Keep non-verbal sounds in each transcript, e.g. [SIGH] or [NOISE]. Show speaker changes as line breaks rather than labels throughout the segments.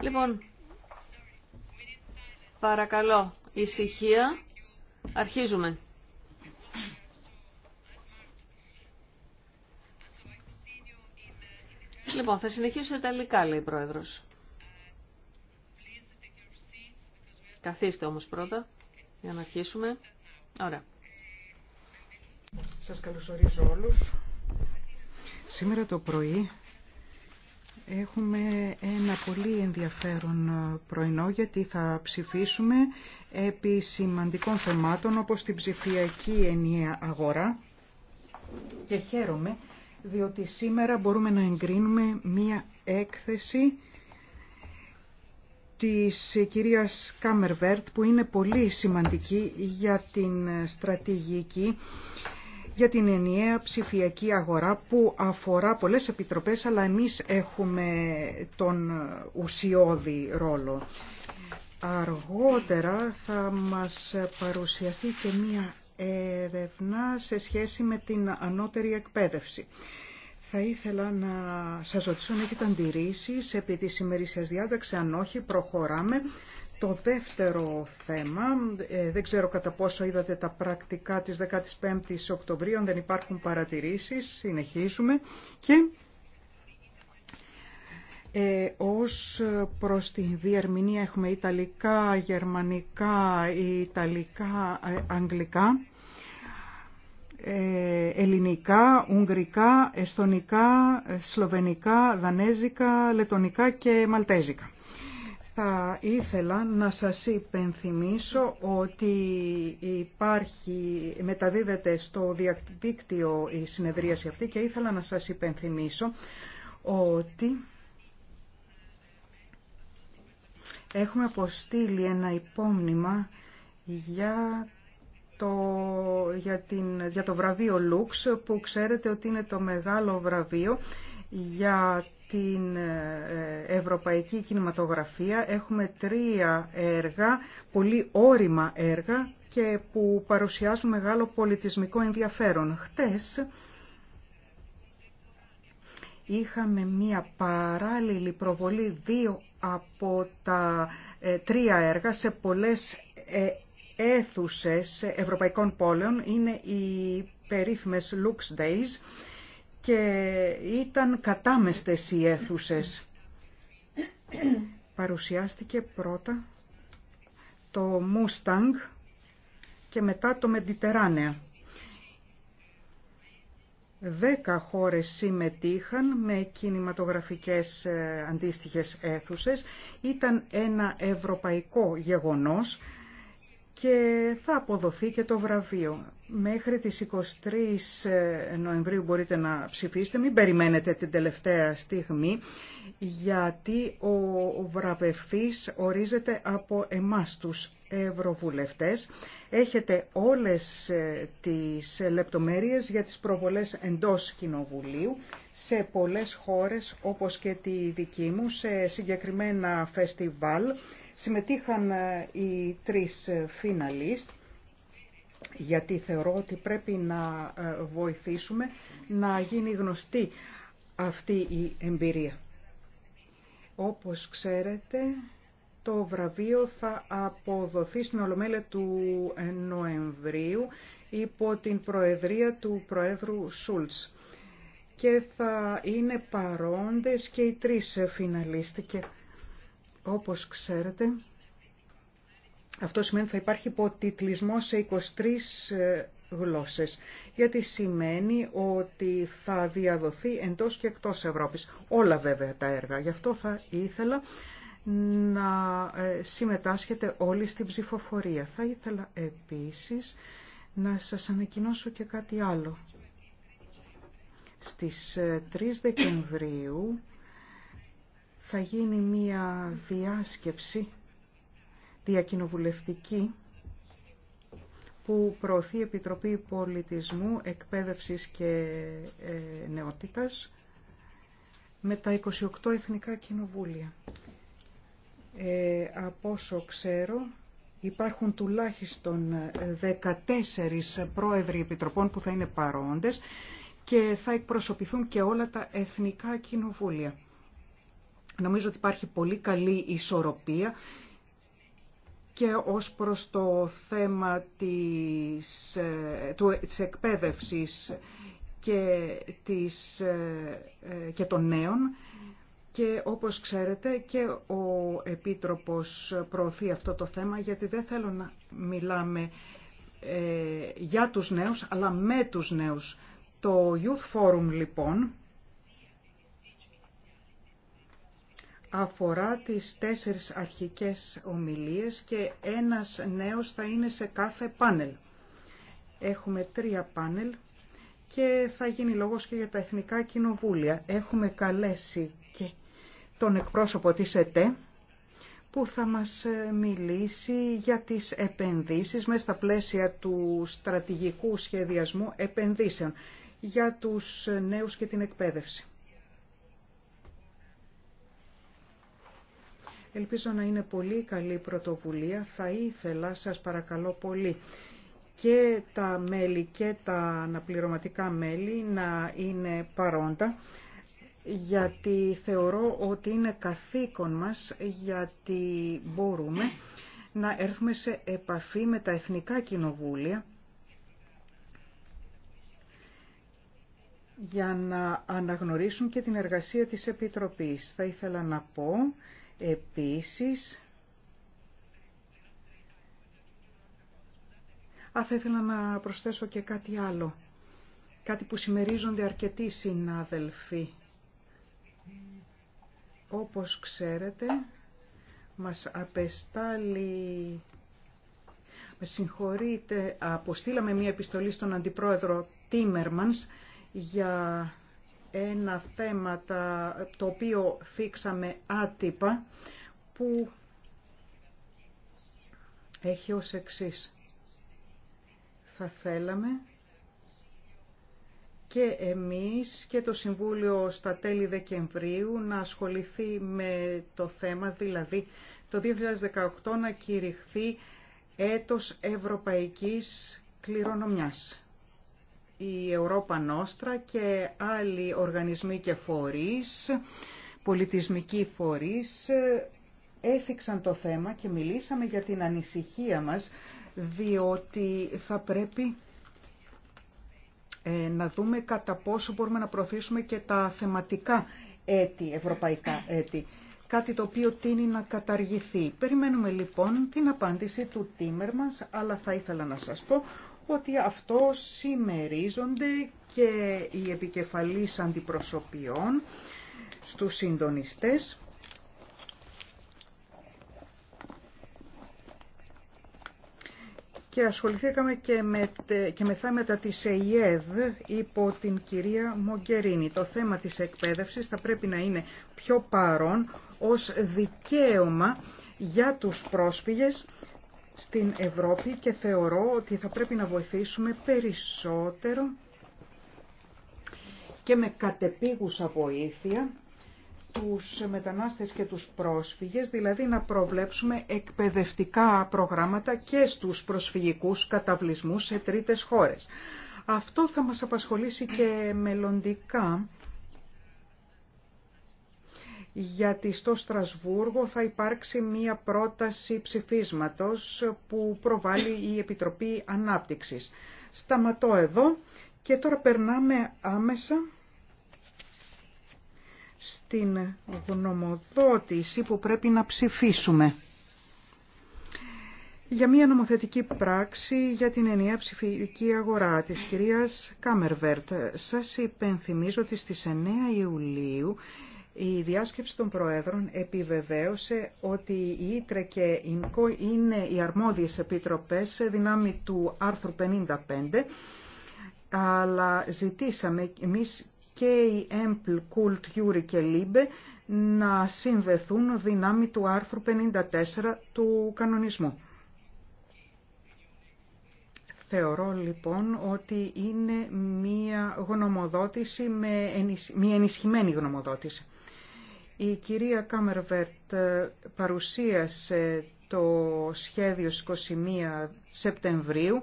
Λοιπόν,
παρακαλώ, ησυχία. Αρχίζουμε. Λοιπόν, θα συνεχίσω Ιταλικά, λέει η Πρόεδρος. Καθίστε όμως πρώτα, για να αρχίσουμε.
Ωραία. Σας καλωσορίζω όλους. Σήμερα το πρωί Έχουμε ένα πολύ ενδιαφέρον πρωινό γιατί θα ψηφίσουμε επί σημαντικών θεμάτων όπως την ψηφιακή ενιαία αγορά και χαίρομαι διότι σήμερα μπορούμε να εγκρίνουμε μία έκθεση της κυρίας Κάμερβέρτ που είναι πολύ σημαντική για την στρατηγική για την ενιαία ψηφιακή αγορά που αφορά πολλές επιτροπές, αλλά εμείς έχουμε τον ουσιώδη ρόλο. Αργότερα θα μας παρουσιαστεί και μία έρευνα σε σχέση με την ανώτερη εκπαίδευση. Θα ήθελα να σας ρωτήσω αν έχετε αντιρρήσεις επί σημερινή ημερήσιας διάταξη, αν όχι προχωράμε το δεύτερο θέμα, ε, δεν ξέρω κατά πόσο είδατε τα πρακτικά της 15ης Οκτωβρίου, δεν υπάρχουν παρατηρήσεις, συνεχίζουμε. Και ε, ως προς τη διερμηνία έχουμε Ιταλικά, Γερμανικά, Ιταλικά, ε, Αγγλικά, ε, Ελληνικά, Ουγγρικά, Εστονικά, Σλοβενικά, Δανέζικα, Λετονικά και Μαλτέζικα. Θα ήθελα να σας υπενθυμίσω ότι υπάρχει, μεταδίδεται στο διαδίκτυο η συνεδρίαση αυτή και ήθελα να σας υπενθυμίσω ότι έχουμε αποστείλει ένα υπόμνημα για το, για, την, για το βραβείο Λουξ που ξέρετε ότι είναι το μεγάλο βραβείο για στην ε, ευρωπαϊκή κινηματογραφία έχουμε τρία έργα, πολύ όριμα έργα και που παρουσιάζουν μεγάλο πολιτισμικό ενδιαφέρον. Χτες είχαμε μία παράλληλη προβολή δύο από τα ε, τρία έργα σε πολλές ε, ευρωπαϊκών πόλεων. Είναι οι περίφημες Lux Days και ήταν κατάμεστες οι αίθουσες. Παρουσιάστηκε πρώτα το Mustang και μετά το Mediterranean. Δέκα χώρες συμμετείχαν με κινηματογραφικές ε, αντίστοιχες αίθουσες. Ήταν ένα ευρωπαϊκό γεγονός και θα αποδοθεί και το βραβείο. Μέχρι τις 23 ε, Νοεμβρίου μπορείτε να ψηφίσετε, μην περιμένετε την τελευταία στιγμή, γιατί ο βραβευτής ορίζεται από εμάς τους ευρωβουλευτές. Έχετε όλες ε, τις λεπτομέρειες για τις προβολές εντός κοινοβουλίου σε πολλές χώρες όπως και τη δική μου, σε συγκεκριμένα φεστιβάλ Συμμετείχαν ε, οι τρεις ε, φιναλίστ γιατί θεωρώ ότι πρέπει να ε, βοηθήσουμε να γίνει γνωστή αυτή η εμπειρία. Όπως ξέρετε, το βραβείο θα αποδοθεί στην Ολομέλεια του Νοεμβρίου υπό την Προεδρία του Προέδρου Σούλτς. Και θα είναι παρόντες και οι τρεις φιναλίστικες. Όπως ξέρετε, αυτό σημαίνει ότι θα υπάρχει υποτιτλισμό σε 23 ε, γλώσσες, γιατί σημαίνει ότι θα διαδοθεί εντός και εκτός Ευρώπης. Όλα βέβαια τα έργα. Γι' αυτό θα ήθελα να ε, συμμετάσχετε όλοι στην ψηφοφορία. Θα ήθελα επίσης να σας ανακοινώσω και κάτι άλλο. Στις 3 ε, Δεκεμβρίου θα γίνει μία διάσκεψη διακοινοβουλευτική που προωθεί η Επιτροπή Πολιτισμού, Εκπαίδευσης και ε, Νεότητας με τα 28 Εθνικά Κοινοβούλια. Ε, από όσο ξέρω, υπάρχουν τουλάχιστον 14 ε, πρόεδροι επιτροπών που θα είναι παρόντες και θα εκπροσωπηθούν και όλα τα Εθνικά Κοινοβούλια. Νομίζω ότι υπάρχει πολύ καλή ισορροπία και ως προς το θέμα της, ε, της εκπαίδευσης και, της, ε, ε, και των νέων και όπως ξέρετε και ο Επίτροπος προωθεί αυτό το θέμα γιατί δεν θέλω να μιλάμε για τους νέους αλλά με τους νέους. Το Youth Forum λοιπόν αφορά τις τέσσερις αρχικές ομιλίες και ένας νέος θα είναι σε κάθε πάνελ. Έχουμε τρία πάνελ και θα γίνει λόγος και για τα Εθνικά Κοινοβούλια. Έχουμε καλέσει και τον εκπρόσωπο της ΕΤΕ που θα μας ε, μιλήσει για τις επενδύσεις μέσα στα πλαίσια του στρατηγικού σχεδιασμού επενδύσεων για τους ε, νέους και την εκπαίδευση. Ελπίζω να είναι πολύ καλή πρωτοβουλία. Θα ήθελα, σας παρακαλώ πολύ, και τα μέλη και τα αναπληρωματικά μέλη να είναι παρόντα γιατί θεωρώ ότι είναι καθήκον μας γιατί μπορούμε να έρθουμε σε επαφή με τα εθνικά κοινοβούλια για να αναγνωρίσουν και την εργασία της Επιτροπής. Θα ήθελα να πω Επίσης, Α, θα ήθελα να προσθέσω και κάτι άλλο. Κάτι που συμμερίζονται αρκετοί συνάδελφοι. Όπως ξέρετε, μας απεστάλλει... Με συγχωρείτε, αποστήλαμε μία επιστολή στον Αντιπρόεδρο Τίμερμανς για ένα θέμα το οποίο θίξαμε άτυπα που έχει ως εξής. Θα θέλαμε και εμείς και το Συμβούλιο στα τέλη Δεκεμβρίου να ασχοληθεί με το θέμα, δηλαδή το 2018 να κηρυχθεί έτος ευρωπαϊκής κληρονομιάς η Ευρώπα Νόστρα και άλλοι οργανισμοί και φορείς, πολιτισμικοί φορείς, έθιξαν το θέμα και μιλήσαμε για την ανησυχία μας, διότι θα πρέπει ε, να δούμε κατά πόσο μπορούμε να προωθήσουμε και τα θεματικά έτη, ευρωπαϊκά έτη. Κάτι το οποίο τίνει να καταργηθεί. Περιμένουμε λοιπόν την απάντηση του μας, αλλά θα ήθελα να σας πω ότι αυτό συμμερίζονται και οι επικεφαλής αντιπροσωπιών στους συντονιστές και ασχοληθήκαμε και, με, και μεθά μετά της υπό την κυρία Μογκερίνη. Το θέμα της εκπαίδευσης θα πρέπει να είναι πιο παρόν ως δικαίωμα για τους πρόσφυγες στην Ευρώπη και θεωρώ ότι θα πρέπει να βοηθήσουμε περισσότερο και με κατεπίγουσα βοήθεια τους μετανάστες και τους πρόσφυγες, δηλαδή να προβλέψουμε εκπαιδευτικά προγράμματα και στους προσφυγικούς καταβλισμούς σε τρίτες χώρες. Αυτό θα μας απασχολήσει και μελλοντικά γιατί στο Στρασβούργο θα υπάρξει μία πρόταση ψηφίσματος που προβάλλει η Επιτροπή Ανάπτυξης. Σταματώ εδώ και τώρα περνάμε άμεσα στην γνωμοδότηση που πρέπει να ψηφίσουμε για μια νομοθετική πράξη για την ενιαία ψηφιακή αγορά της κυρίας Κάμερβερτ. Σας υπενθυμίζω ότι στις 9 Ιουλίου η διάσκεψη των Προέδρων επιβεβαίωσε ότι η Ήτρε και η ΙΜΚΟ είναι οι αρμόδιες επιτροπές σε δυνάμει του άρθρου 55, αλλά ζητήσαμε εμείς και η ΕΜΠΛ, ΚΟΥΛΤ, Γιούρι και ΛΥΜΠΕ να συνδεθούν δυνάμει του άρθρου 54 του κανονισμού. Θεωρώ λοιπόν ότι είναι μία γνωμοδότηση, με, μία ενισχυμένη γνωμοδότηση. Η κυρία Κάμερβερτ ε, παρουσίασε το σχέδιο 21 Σεπτεμβρίου.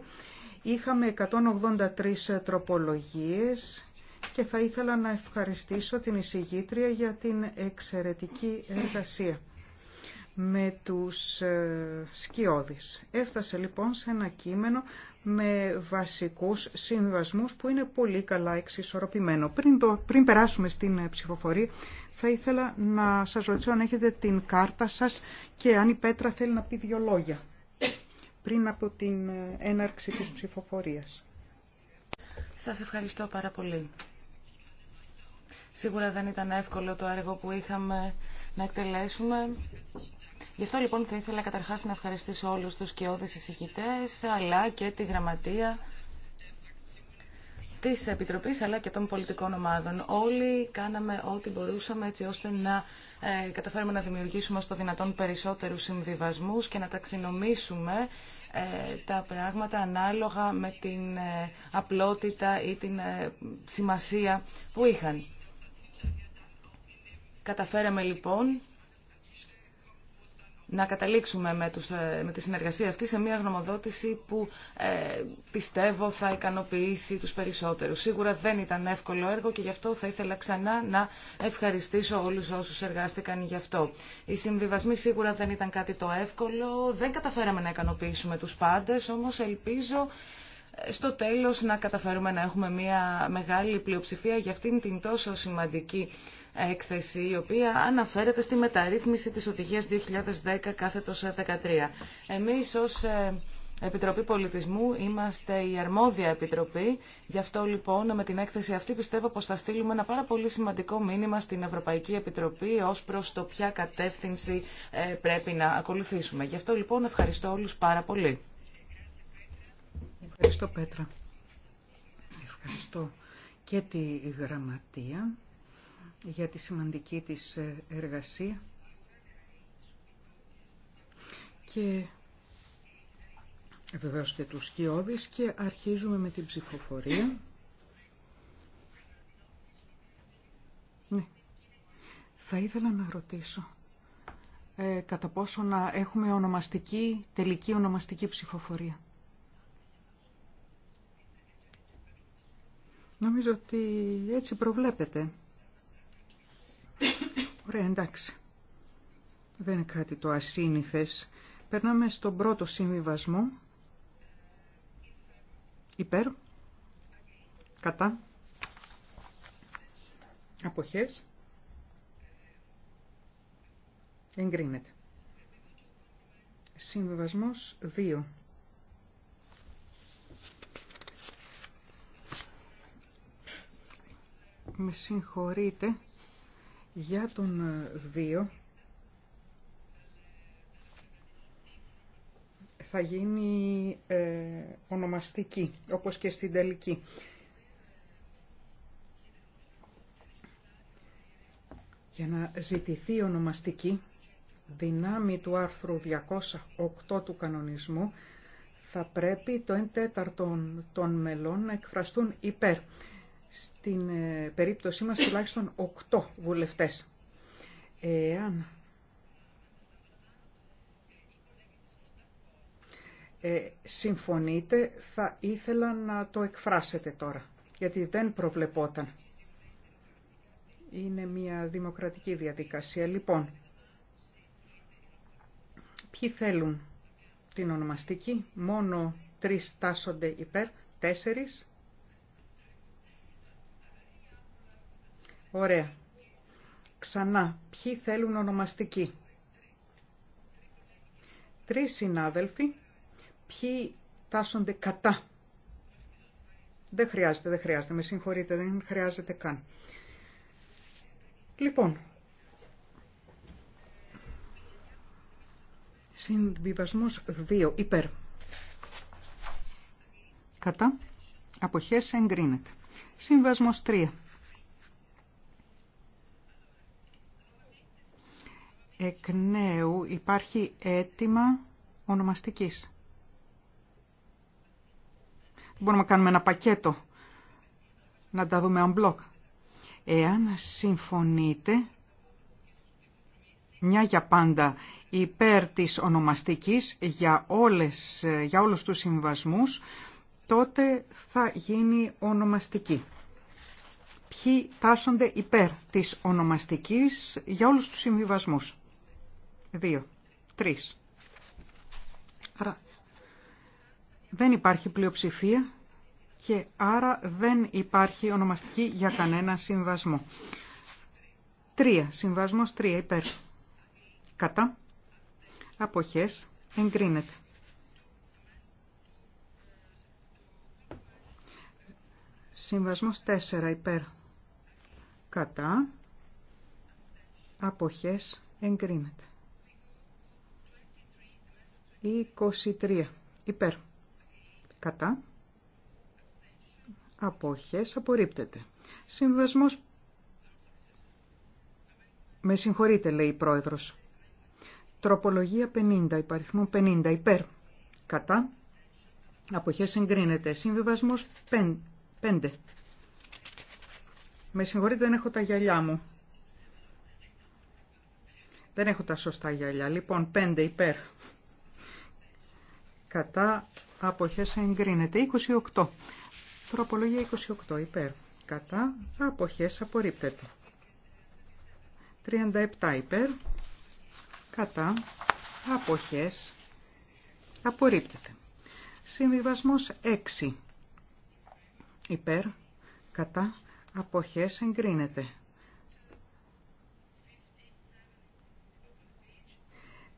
Είχαμε 183 τροπολογίες και θα ήθελα να ευχαριστήσω την εισηγήτρια για την εξαιρετική εργασία με τους ε, σκιώδεις. Έφτασε λοιπόν σε ένα κείμενο με βασικούς συμβασμούς που είναι πολύ καλά εξισορροπημένο. Πριν, το, πριν περάσουμε στην ε, ψηφοφορία θα ήθελα να σας ρωτήσω αν έχετε την κάρτα σας και αν η Πέτρα θέλει να πει δύο λόγια πριν από την ε, έναρξη της ψηφοφορίας.
Σας ευχαριστώ πάρα πολύ. Σίγουρα δεν ήταν εύκολο το έργο που είχαμε να εκτελέσουμε Γι' αυτό λοιπόν θα ήθελα καταρχάς να ευχαριστήσω όλους τους κοιόδες εισηγητές, αλλά και τη γραμματεία της Επιτροπής, αλλά και των πολιτικών ομάδων. Όλοι κάναμε ό,τι μπορούσαμε έτσι ώστε να ε, καταφέρουμε να δημιουργήσουμε στο δυνατόν περισσότερους συμβιβασμούς και να ταξινομήσουμε ε, τα πράγματα ανάλογα με την ε, απλότητα ή την σημασία που είχαν. Καταφέραμε λοιπόν να καταλήξουμε με, τους, ε, με τη συνεργασία αυτή σε μια γνωμοδότηση που ε, πιστεύω θα ικανοποιήσει τους περισσότερους. Σίγουρα δεν ήταν εύκολο έργο και γι' αυτό θα ήθελα ξανά να ευχαριστήσω όλους όσους εργάστηκαν γι' αυτό. Οι συμβιβασμοί σίγουρα δεν ήταν κάτι το εύκολο, δεν καταφέραμε να ικανοποιήσουμε τους πάντες, όμως ελπίζω ε, στο τέλος να καταφέρουμε να έχουμε μια μεγάλη πλειοψηφία για αυτήν την τόσο σημαντική έκθεση η οποία αναφέρεται στη μεταρρύθμιση της οδηγίας 2010 κάθετος 13. Εμείς ως ε, Επιτροπή Πολιτισμού είμαστε η αρμόδια επιτροπή. Γι' αυτό λοιπόν με την έκθεση αυτή πιστεύω πως θα στείλουμε ένα πάρα πολύ σημαντικό μήνυμα στην Ευρωπαϊκή Επιτροπή ως προς το ποια κατεύθυνση ε, πρέπει να ακολουθήσουμε. Γι' αυτό λοιπόν ευχαριστώ όλους πάρα πολύ. Ευχαριστώ
Πέτρα. Ευχαριστώ και τη γραμματεία για τη σημαντική της ε, εργασία και βεβαίως και τους σκιώδεις και αρχίζουμε με την ψηφοφορία. Ναι. Θα ήθελα να ρωτήσω ε, κατά πόσο να έχουμε ονομαστική, τελική ονομαστική ψηφοφορία. Νομίζω ότι έτσι προβλέπεται. Ωραία, εντάξει. Δεν είναι κάτι το ασύνηθες. Περνάμε στον πρώτο συμβιβασμό. Υπέρ. Κατά. Αποχές. Εγκρίνεται. Συμβιβασμός 2. Με συγχωρείτε, για τον 2 ε, θα γίνει ε, ονομαστική, όπως και στην τελική. Για να ζητηθεί ονομαστική, δυνάμει του άρθρου 208 του κανονισμού, θα πρέπει το 1 τέταρτο των μελών να εκφραστούν υπέρ στην ε, περίπτωσή μας τουλάχιστον 8 βουλευτές. Εάν ε, συμφωνείτε, θα ήθελα να το εκφράσετε τώρα, γιατί δεν προβλεπόταν. Είναι μια δημοκρατική διαδικασία. Λοιπόν, ποιοι θέλουν την ονομαστική, μόνο τρεις τάσσονται υπέρ, τέσσερις, Ωραία. Ξανά, ποιοι θέλουν ονομαστική. Τρεις συνάδελφοι, ποιοι τάσσονται κατά. Δεν χρειάζεται, δεν χρειάζεται, με συγχωρείτε, δεν χρειάζεται καν. Λοιπόν, συμβιβασμός 2, υπέρ. Κατά, αποχές εγκρίνεται. Συμβασμός 3, εκ νέου υπάρχει αίτημα ονομαστικής. μπορούμε να κάνουμε ένα πακέτο, να τα δούμε on block. Εάν συμφωνείτε, μια για πάντα υπέρ της ονομαστικής για, όλες, για όλους τους συμβασμούς, τότε θα γίνει ονομαστική. Ποιοι τάσσονται υπέρ της ονομαστικής για όλους τους συμβιβασμούς. Δύο. Τρεις. Άρα δεν υπάρχει πλειοψηφία και άρα δεν υπάρχει ονομαστική για κανένα συμβασμό. Τρία. Συμβασμός τρία υπέρ. Κατά. Αποχές. Εγκρίνεται. Συμβασμός 4 υπέρ. Κατά. Αποχές εγκρίνεται. 23. Υπέρ. Κατά. Απόχες. Απορρίπτεται. Συμβασμός. Με συγχωρείτε, λέει η πρόεδρος. Τροπολογία 50. Υπαριθμό 50. Υπέρ. Κατά. Αποχές Συγκρίνεται. Συμβιβασμός 5. 5. Με συγχωρείτε, δεν έχω τα γυαλιά μου. Δεν έχω τα σωστά γυαλιά. Λοιπόν, 5 υπέρ κατά αποχές εγκρίνεται. 28. Τροπολογία 28 υπέρ. Κατά αποχές απορρίπτεται. 37 υπέρ. Κατά αποχές απορρίπτεται. Συμβιβασμός 6 υπέρ. Κατά αποχές εγκρίνεται.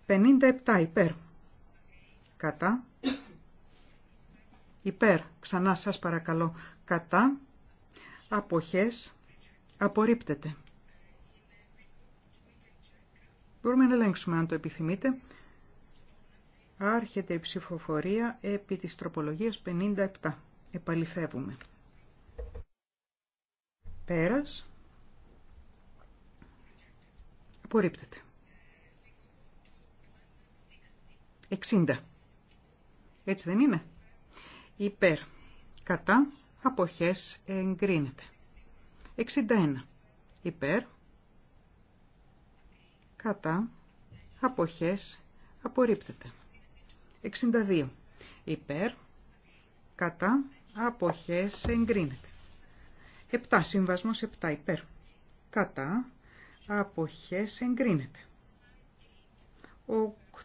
57 υπέρ κατά, υπέρ, ξανά σας παρακαλώ, κατά, αποχές, απορρίπτεται. Μπορούμε να ελέγξουμε αν το επιθυμείτε. Άρχεται η ψηφοφορία επί της τροπολογίας 57. Επαληθεύουμε. Πέρας. Απορρίπτεται. 60. Έτσι δεν είναι. Υπέρ. Κατά. Αποχές εγκρίνεται. 61. Υπέρ. Κατά. Αποχές απορρίπτεται. 62. Υπέρ. Κατά. Αποχές εγκρίνεται. 7. Συμβασμός 7. Υπέρ. Κατά. Αποχές εγκρίνεται.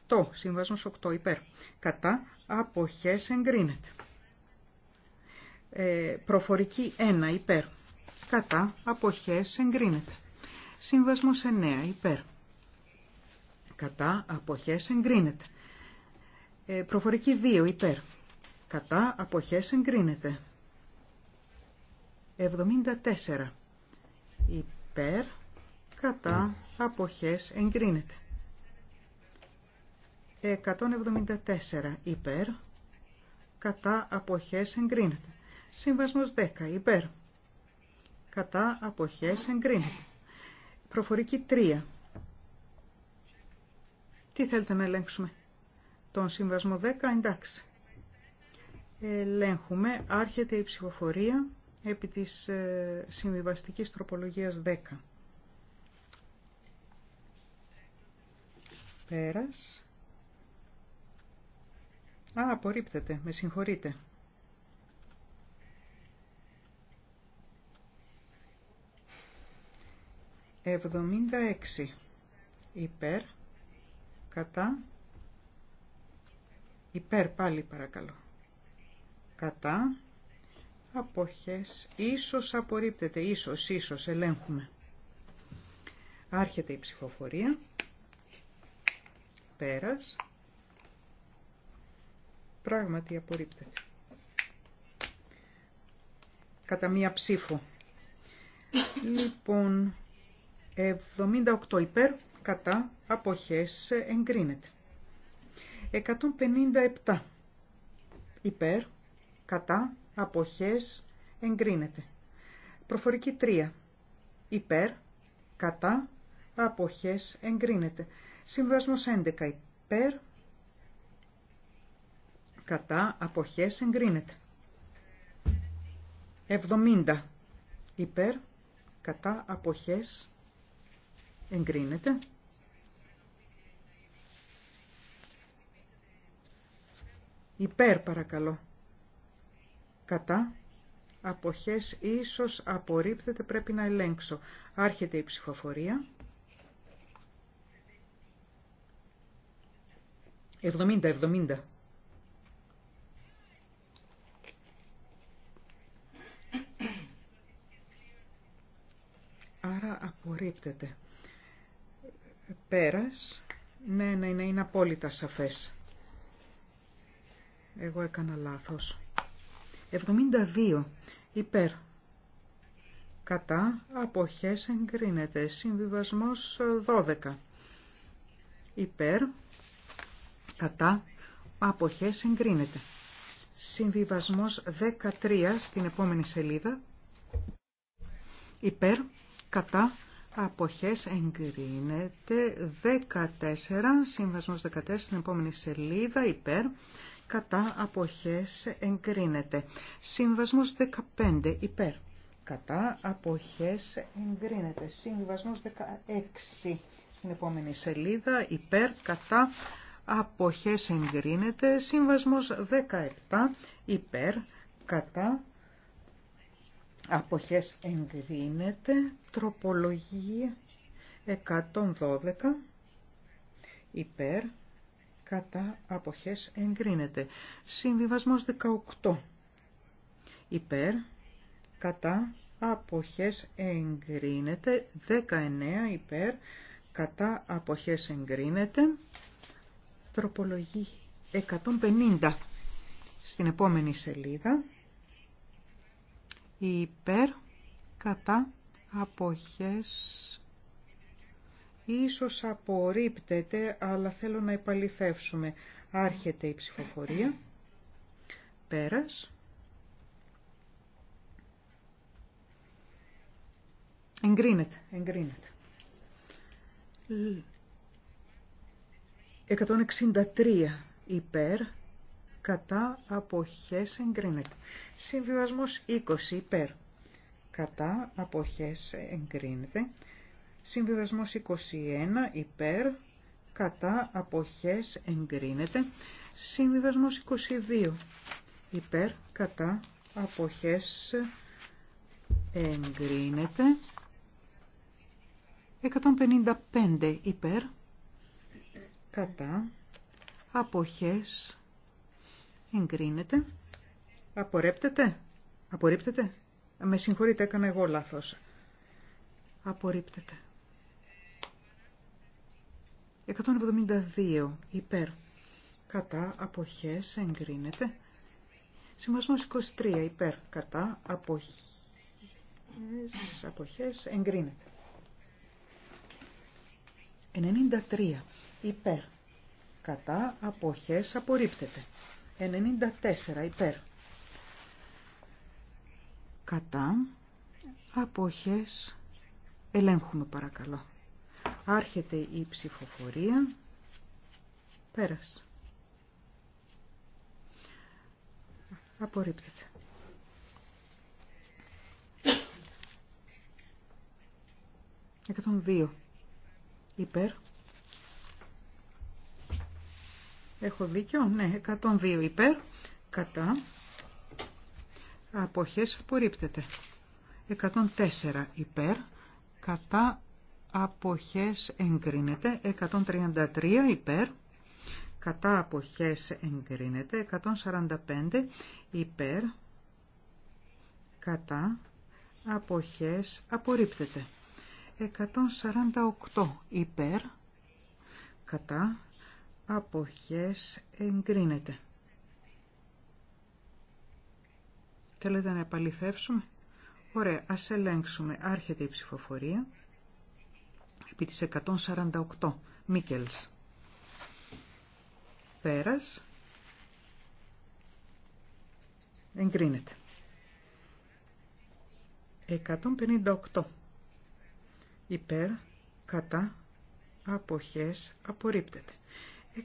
8, συμβασμός 8 υπέρ. Κατά αποχές εγκρίνεται. Ε, προφορική 1 υπέρ. Κατά αποχές εγκρίνεται. Συμβασμός 9 υπέρ. Κατά αποχές εγκρίνεται. Ε, προφορική 2 υπέρ. Κατά αποχές εγκρίνεται. 74 υπέρ. Κατά αποχές εγκρίνεται. 174 υπέρ, κατά αποχές εγκρίνεται. Σύμβασμος 10 υπέρ, κατά αποχές εγκρίνεται. Προφορική 3. Τι θέλετε να ελέγξουμε. Τον Σύμβασμο 10 εντάξει. Ελέγχουμε. Άρχεται η ψηφοφορία επί της ε, συμβιβαστικής τροπολογίας 10. Πέρας. Α, απορρίπτεται. Με συγχωρείτε. 76. Υπέρ. Κατά. Υπέρ πάλι παρακαλώ. Κατά. Αποχές. Ίσως απορρίπτεται. Ίσως, ίσως. Ελέγχουμε. Άρχεται η ψηφοφορία. Πέρας. Πράγματι απορρίπτεται. Κατά μία ψήφο. Λοιπόν, 78 υπέρ, κατά, αποχές, εγκρίνεται. 157 υπέρ, κατά, αποχές, εγκρίνεται. Προφορική 3 υπέρ, κατά, αποχές, εγκρίνεται. Συμβάσμος 11 υπέρ, κατά αποχές εγκρίνεται. 70 υπέρ κατά αποχές εγκρίνεται. Υπέρ παρακαλώ. Κατά αποχές ίσως απορρίπτεται πρέπει να ελέγξω. Άρχεται η ψηφοφορία. 70-70. απορρίπτεται. Πέρας. Ναι, ναι, ναι, είναι απόλυτα σαφές. Εγώ έκανα λάθος. 72. Υπέρ. Κατά. Αποχές εγκρίνεται. Συμβιβασμός 12. Υπέρ. Κατά. Αποχές εγκρίνεται. Συμβιβασμός 13 στην επόμενη σελίδα. Υπέρ κατά αποχές εγκρίνεται 14, σύμβασμος 14 στην επόμενη σελίδα υπέρ, κατά αποχές εγκρίνεται. Σύμβασμος 15 υπέρ, κατά αποχές εγκρίνεται. Σύμβασμος 16 στην επόμενη σελίδα υπέρ, κατά αποχές εγκρίνεται. Σύμβασμος 17 υπέρ, κατά Αποχές εγκρίνεται. Τροπολογία 112 υπέρ. Κατά αποχές εγκρίνεται. Συμβιβασμός 18 υπέρ. Κατά αποχές εγκρίνεται. 19 υπέρ. Κατά αποχές εγκρίνεται. Τροπολογία 150 στην επόμενη σελίδα υπέρ κατά αποχές ίσως απορρίπτεται αλλά θέλω να επαληθεύσουμε άρχεται η ψηφοφορία πέρας εγκρίνεται εγκρίνεται 163 υπέρ κατά αποχές εγκρίνεται. Συμβιβασμός 20 υπέρ, κατά αποχές εγκρίνεται. Συμβιβασμός 21 υπέρ, κατά αποχές εγκρίνεται. Συμβιβασμός 22 υπέρ, κατά αποχές εγκρίνεται. 155 υπέρ, κατά αποχές Εγκρίνεται. Απορρέπτεται. Απορρίπτεται. Με συγχωρείτε, έκανα εγώ λάθος. Απορρίπτεται. 172 υπέρ. Κατά αποχές εγκρίνεται. Συμβασμός 23 υπέρ. Κατά αποχές, αποχές εγκρίνεται. 93 υπέρ. Κατά αποχές απορρίπτεται. 94 υπέρ. Κατά αποχές ελέγχουμε παρακαλώ. Άρχεται η ψηφοφορία. Πέρας. Απορρίπτεται. δύο υπέρ. Έχω δίκιο, ναι, 102 υπέρ, κατά, αποχές απορρίπτεται. 104 υπέρ, κατά, αποχές εγκρίνεται. 133 υπέρ, κατά, αποχές εγκρίνεται. 145 υπέρ, κατά, αποχές απορρίπτεται. 148 υπέρ, κατά, αποχές εγκρίνεται. Θέλετε να επαληθεύσουμε. Ωραία, ας ελέγξουμε. Άρχεται η ψηφοφορία. Επί της 148. Μίκελς. Πέρας. Εγκρίνεται. 158. Υπέρ, κατά, αποχές, απορρίπτεται.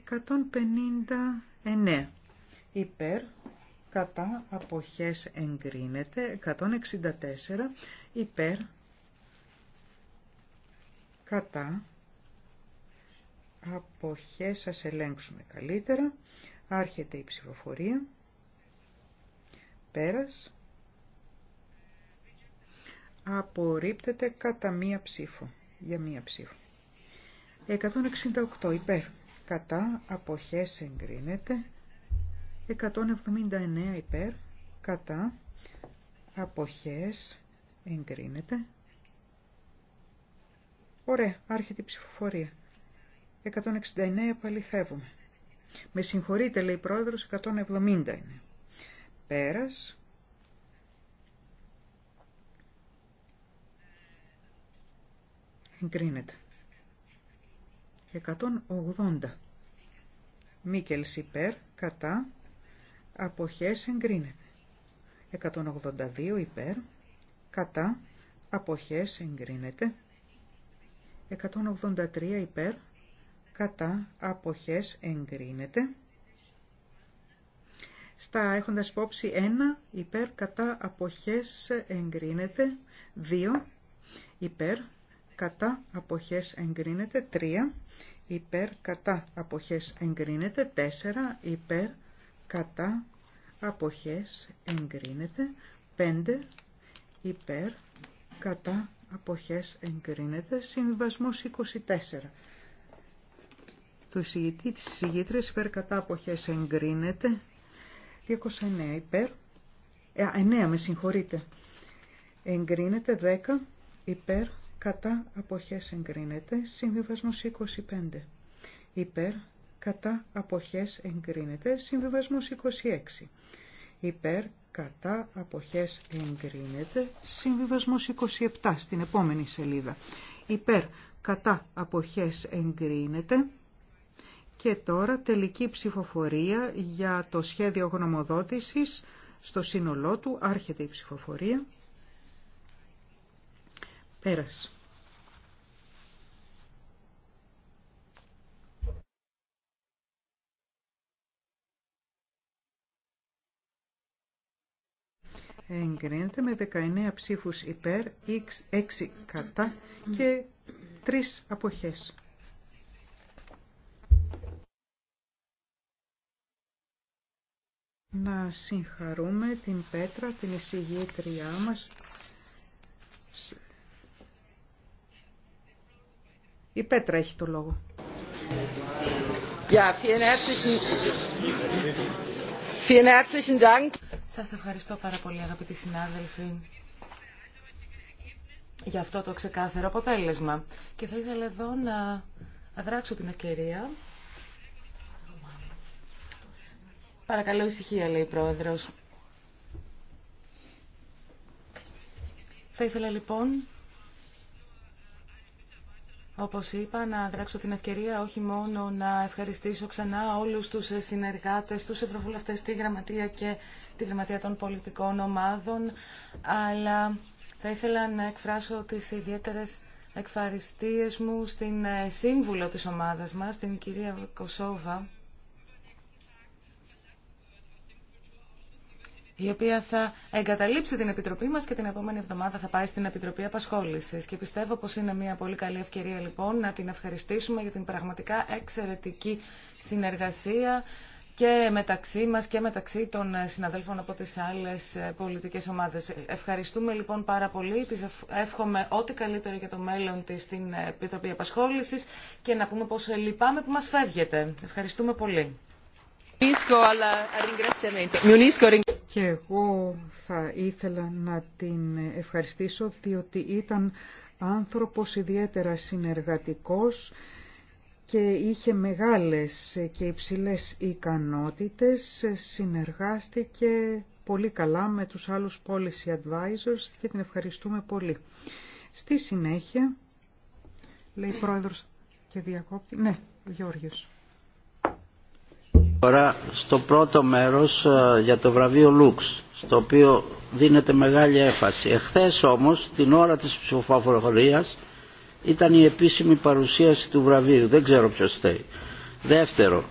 159 υπέρ κατά αποχές εγκρίνεται 164 υπέρ κατά αποχές σας ελέγξουμε καλύτερα άρχεται η ψηφοφορία πέρας απορρίπτεται κατά μία ψήφο για μία ψήφο 168 υπέρ κατά αποχές εγκρίνεται 179 υπέρ κατά αποχές εγκρίνεται Ωραία, άρχεται η ψηφοφορία 169 επαληθεύουμε Με συγχωρείτε λέει η πρόεδρος 170 είναι Πέρας εγκρίνεται 180. μίκελ υπέρ, κατά, αποχές εγκρίνεται. 182 υπέρ, κατά, αποχές εγκρίνεται. 183 υπέρ, κατά, αποχές εγκρίνεται. Στα έχοντας υπόψη 1, υπέρ, κατά, αποχές εγκρίνεται. 2, υπέρ, κατά αποχές εγκρίνεται 3, υπέρ κατά αποχές εγκρίνεται 4, υπέρ κατά αποχές εγκρίνεται 5, υπέρ κατά αποχές εγκρίνεται συμβασμός 24. Το εισηγητή της εισηγήτρες υπέρ κατά αποχές εγκρίνεται 29 υπέρ, ε, 9 με συγχωρείτε, εγκρίνεται 10 υπέρ κατά αποχές εγκρίνεται, συμβιβασμός 25. Υπέρ, κατά αποχές εγκρίνεται, συμβιβασμός 26. Υπέρ, κατά αποχές εγκρίνεται, συμβιβασμός 27 στην επόμενη σελίδα. Υπέρ, κατά αποχές εγκρίνεται, και τώρα τελική ψηφοφορία για το σχέδιο γνωμοδότησης στο σύνολό του. Άρχεται η ψηφοφορία. Πέρασε. εγκρίνεται με 19 ψήφους υπέρ, 6 κατά και 3 αποχές. Να συγχαρούμε την Πέτρα, την εισηγήτριά μας. Η Πέτρα έχει το λόγο.
Σας ευχαριστώ πάρα πολύ αγαπητοί συνάδελφοι για αυτό το ξεκάθαρο αποτέλεσμα. Και θα ήθελα εδώ να αδράξω την ευκαιρία. Παρακαλώ ησυχία, λέει η Πρόεδρος. Θα ήθελα λοιπόν όπως είπα, να δράξω την ευκαιρία όχι μόνο να ευχαριστήσω ξανά όλους τους συνεργάτες, τους ευρωβουλευτές τη Γραμματεία και τη Γραμματεία των Πολιτικών Ομάδων, αλλά θα ήθελα να εκφράσω τις ιδιαίτερες εκφαριστίες μου στην σύμβουλο της ομάδας μας, την κυρία Κοσόβα. η οποία θα εγκαταλείψει την Επιτροπή μας και την επόμενη εβδομάδα θα πάει στην Επιτροπή Απασχόλησης. Και πιστεύω πως είναι μια πολύ καλή ευκαιρία λοιπόν να την ευχαριστήσουμε για την πραγματικά εξαιρετική συνεργασία και μεταξύ μας και μεταξύ των συναδέλφων από τις άλλες πολιτικές ομάδες. Ευχαριστούμε λοιπόν πάρα πολύ. της εύχομαι ό,τι καλύτερο για το μέλλον της στην Επιτροπή Απασχόλησης και να πούμε πόσο λυπάμαι που μας φεύγετε. Ευχαριστούμε πολύ.
Και εγώ θα ήθελα να την ευχαριστήσω διότι ήταν άνθρωπος ιδιαίτερα συνεργατικός και είχε μεγάλες και υψηλές ικανότητες, συνεργάστηκε πολύ καλά με τους άλλους policy advisors και την ευχαριστούμε πολύ. Στη συνέχεια, λέει πρόεδρος και διακόπτη, ναι, Γιώργος.
Τώρα στο πρώτο μέρος ε, για το βραβείο Λουξ, στο οποίο δίνεται μεγάλη έφαση. Εχθές όμως, την ώρα της ψηφοφορίας, ήταν η επίσημη παρουσίαση του βραβείου. Δεν ξέρω ποιος θέλει. Δεύτερο,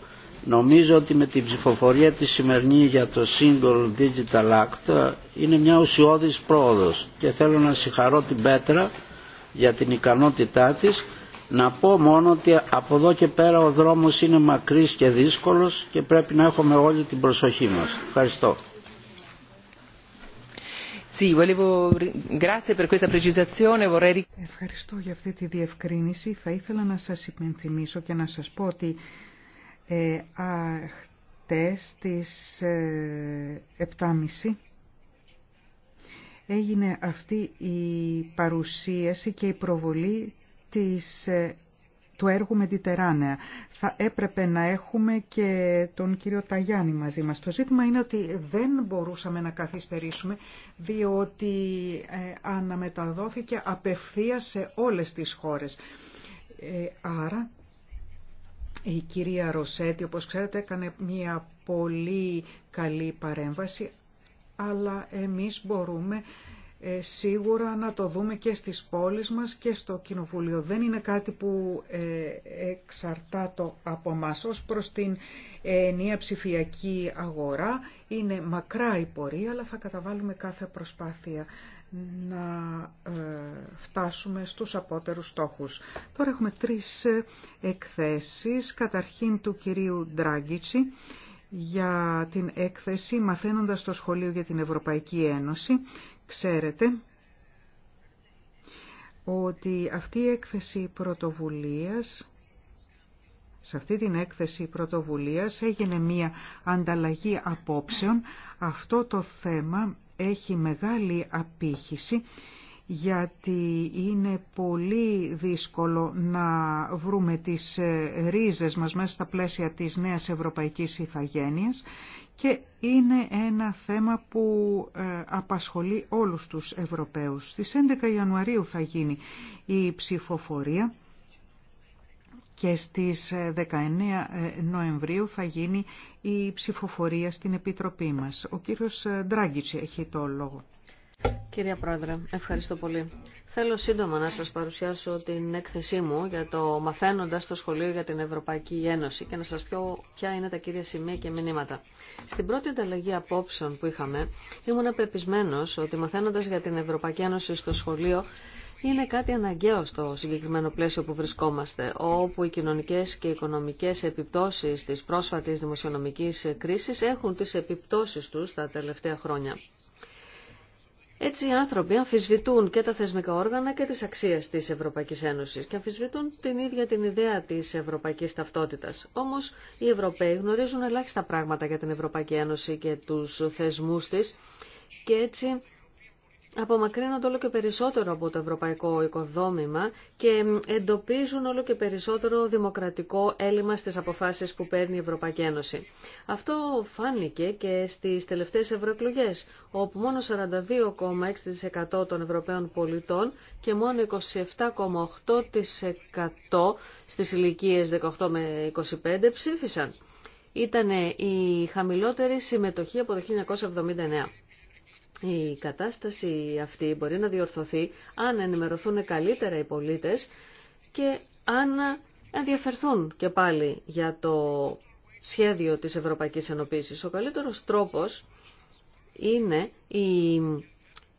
νομίζω ότι με την ψηφοφορία της σημερινή για το Single Digital Act ε, είναι μια ουσιώδης πρόοδος και θέλω να συγχαρώ την Πέτρα για την ικανότητά της να πω μόνο ότι από εδώ και πέρα ο δρόμος είναι μακρύς και δύσκολος και πρέπει να έχουμε όλη την προσοχή μας. Ευχαριστώ.
Ευχαριστώ για αυτή τη διευκρίνηση. Θα ήθελα να σας υπενθυμίσω και να σας πω ότι ε, α, 7.30 ε, έγινε αυτή η παρουσίαση και η προβολή της, ε, του έργου Μεντιτεράνεα. Θα έπρεπε να έχουμε και τον κύριο Ταγιάννη μαζί μας. Το ζήτημα είναι ότι δεν μπορούσαμε να καθυστερήσουμε, διότι ε, αναμεταδόθηκε απευθείας σε όλες τις χώρες. Ε, άρα η κυρία Ροσέτη, όπως ξέρετε, έκανε μια πολύ καλή παρέμβαση, αλλά εμείς μπορούμε ε, σίγουρα να το δούμε και στις πόλεις μας και στο Κοινοβούλιο. Δεν είναι κάτι που ε, εξαρτάται από μας ως προς την ε, νέα ψηφιακή αγορά. Είναι μακρά η πορεία, αλλά θα καταβάλουμε κάθε προσπάθεια να ε, φτάσουμε στους απότερους στόχους. Τώρα έχουμε τρεις εκθέσεις, καταρχήν του κυρίου Ντράγκητσι για την έκθεση «Μαθαίνοντας το σχολείο για την Ευρωπαϊκή Ένωση» Ξέρετε ότι αυτή η έκθεση πρωτοβουλίας, σε αυτή την έκθεση πρωτοβουλίας έγινε μία ανταλλαγή απόψεων. Αυτό το θέμα έχει μεγάλη απήχηση γιατί είναι πολύ δύσκολο να βρούμε τις ρίζες μας μέσα στα πλαίσια της νέας ευρωπαϊκής ηθαγένειας και είναι ένα θέμα που ε, απασχολεί όλους τους Ευρωπαίους. Στις 11 Ιανουαρίου θα γίνει η ψηφοφορία και στις 19 ε, ε, Νοεμβρίου θα γίνει η ψηφοφορία στην Επιτροπή μας. Ο κύριος Ντράγκητς έχει το λόγο.
Κυρία Πρόεδρε, ευχαριστώ πολύ. Θέλω σύντομα να σας παρουσιάσω την έκθεσή μου για το μαθαίνοντας στο σχολείο για την Ευρωπαϊκή Ένωση και να σας πω ποια είναι τα κύρια σημεία και μηνύματα. Στην πρώτη ανταλλαγή απόψεων που είχαμε, ήμουν απεπισμένος ότι μαθαίνοντας για την Ευρωπαϊκή Ένωση στο σχολείο είναι κάτι αναγκαίο στο συγκεκριμένο πλαίσιο που βρισκόμαστε, όπου οι κοινωνικές και οικονομικές επιπτώσεις της πρόσφατης δημοσιονομικής κρίσης έχουν τις επιπτώσεις τους τα τελευταία χρόνια. Έτσι οι άνθρωποι αμφισβητούν και τα θεσμικά όργανα και τις αξίες της Ευρωπαϊκής Ένωσης και αμφισβητούν την ίδια την ιδέα της ευρωπαϊκής ταυτότητας. Όμως οι Ευρωπαίοι γνωρίζουν ελάχιστα πράγματα για την Ευρωπαϊκή Ένωση και τους θεσμούς της και έτσι απομακρύνονται όλο και περισσότερο από το ευρωπαϊκό οικοδόμημα και εντοπίζουν όλο και περισσότερο δημοκρατικό έλλειμμα στις αποφάσεις που παίρνει η Ευρωπαϊκή Ένωση. Αυτό φάνηκε και στις τελευταίες ευρωεκλογέ, όπου μόνο 42,6% των Ευρωπαίων πολιτών και μόνο 27,8% στις ηλικίες 18 με 25 ψήφισαν. Ήταν η χαμηλότερη συμμετοχή από το 1979. Η κατάσταση αυτή μπορεί να διορθωθεί αν ενημερωθούν καλύτερα οι πολίτες και αν ενδιαφερθούν και πάλι για το σχέδιο της Ευρωπαϊκής Ενωπήσης. Ο καλύτερος τρόπος είναι η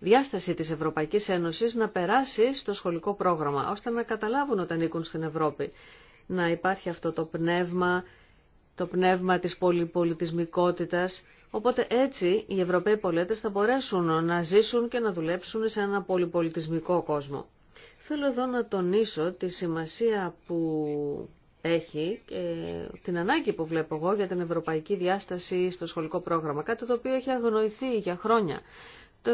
διάσταση της Ευρωπαϊκής Ένωσης να περάσει στο σχολικό πρόγραμμα, ώστε να καταλάβουν όταν ανήκουν στην Ευρώπη. Να υπάρχει αυτό το πνεύμα, το πνεύμα της πολυπολιτισμικότητας Οπότε έτσι οι Ευρωπαίοι πολίτες θα μπορέσουν να ζήσουν και να δουλέψουν σε ένα πολυπολιτισμικό κόσμο. Θέλω εδώ να τονίσω τη σημασία που έχει και την ανάγκη που βλέπω εγώ για την ευρωπαϊκή διάσταση στο σχολικό πρόγραμμα, κάτι το οποίο έχει αγνοηθεί για χρόνια. Το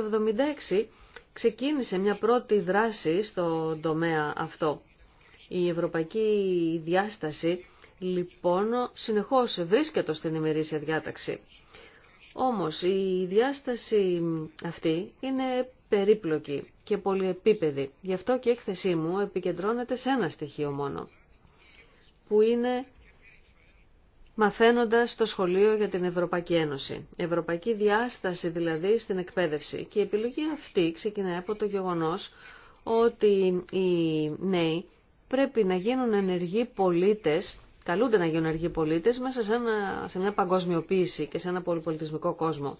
1976 ξεκίνησε μια πρώτη δράση στον τομέα αυτό. Η ευρωπαϊκή διάσταση λοιπόν συνεχώς βρίσκεται στην ημερήσια διάταξη. Όμως η διάσταση αυτή είναι περίπλοκη και πολυεπίπεδη. Γι' αυτό και η έκθεσή μου επικεντρώνεται σε ένα στοιχείο μόνο, που είναι μαθαίνοντας το σχολείο για την Ευρωπαϊκή Ένωση. Ευρωπαϊκή διάσταση δηλαδή στην εκπαίδευση. Και η επιλογή αυτή ξεκινάει από το γεγονός ότι οι νέοι πρέπει να γίνουν ενεργοί πολίτες καλούνται να γίνουν αργοί πολίτες μέσα σε, ένα, σε μια παγκοσμιοποίηση και σε ένα πολυπολιτισμικό κόσμο.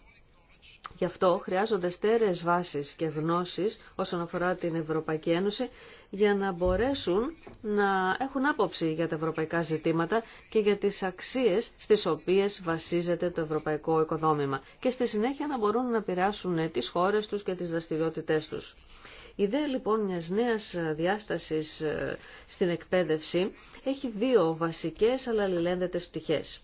Γι' αυτό χρειάζονται στέρεες βάσεις και γνώσεις όσον αφορά την Ευρωπαϊκή Ένωση για να μπορέσουν να έχουν άποψη για τα ευρωπαϊκά ζητήματα και για τις αξίες στις οποίες βασίζεται το ευρωπαϊκό οικοδόμημα και στη συνέχεια να μπορούν να πειράσουν τις χώρες τους και τις δραστηριότητές τους. Η ιδέα λοιπόν μιας νέας ε, διάστασης ε, στην εκπαίδευση έχει δύο βασικές αλλά αλληλένδετες πτυχές.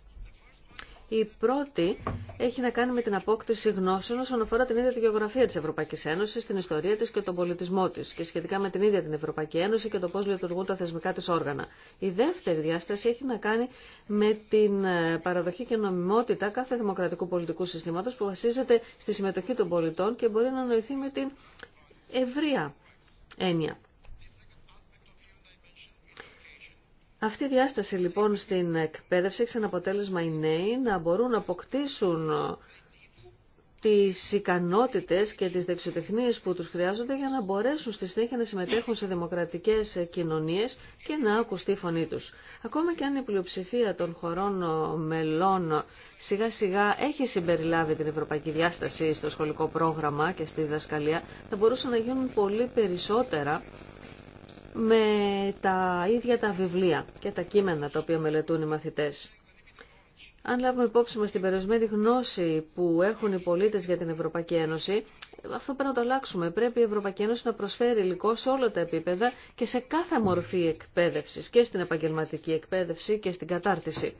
Η πρώτη έχει να κάνει με την απόκτηση γνώσεων όσον αφορά την ίδια τη γεωγραφία τη Ευρωπαϊκή Ένωση, την ιστορία τη και τον πολιτισμό τη και σχετικά με την ίδια την Ευρωπαϊκή Ένωση και το πώ λειτουργούν τα θεσμικά τη όργανα. Η δεύτερη διάσταση έχει να κάνει με την ε, παραδοχή και νομιμότητα κάθε δημοκρατικού πολιτικού συστήματο που βασίζεται στη συμμετοχή των πολιτών και μπορεί να νοηθεί με την ευρεία έννοια. Αυτή η διάσταση λοιπόν στην εκπαίδευση έχει σαν αποτέλεσμα οι νέοι να μπορούν να αποκτήσουν τις ικανότητες και τις δεξιοτεχνίες που τους χρειάζονται για να μπορέσουν στη συνέχεια να συμμετέχουν σε δημοκρατικές κοινωνίες και να ακουστεί η φωνή τους. Ακόμα και αν η πλειοψηφία των χωρών μελών σιγά σιγά έχει συμπεριλάβει την ευρωπαϊκή διάσταση στο σχολικό πρόγραμμα και στη διδασκαλία, θα μπορούσαν να γίνουν πολύ περισσότερα με τα ίδια τα βιβλία και τα κείμενα τα οποία μελετούν οι μαθητές. Αν λάβουμε υπόψη μας την περιορισμένη γνώση που έχουν οι πολίτες για την Ευρωπαϊκή Ένωση, αυτό πρέπει να το αλλάξουμε. Πρέπει η Ευρωπαϊκή Ένωση να προσφέρει υλικό σε όλα τα επίπεδα και σε κάθε μορφή εκπαίδευση και στην επαγγελματική εκπαίδευση και στην κατάρτιση.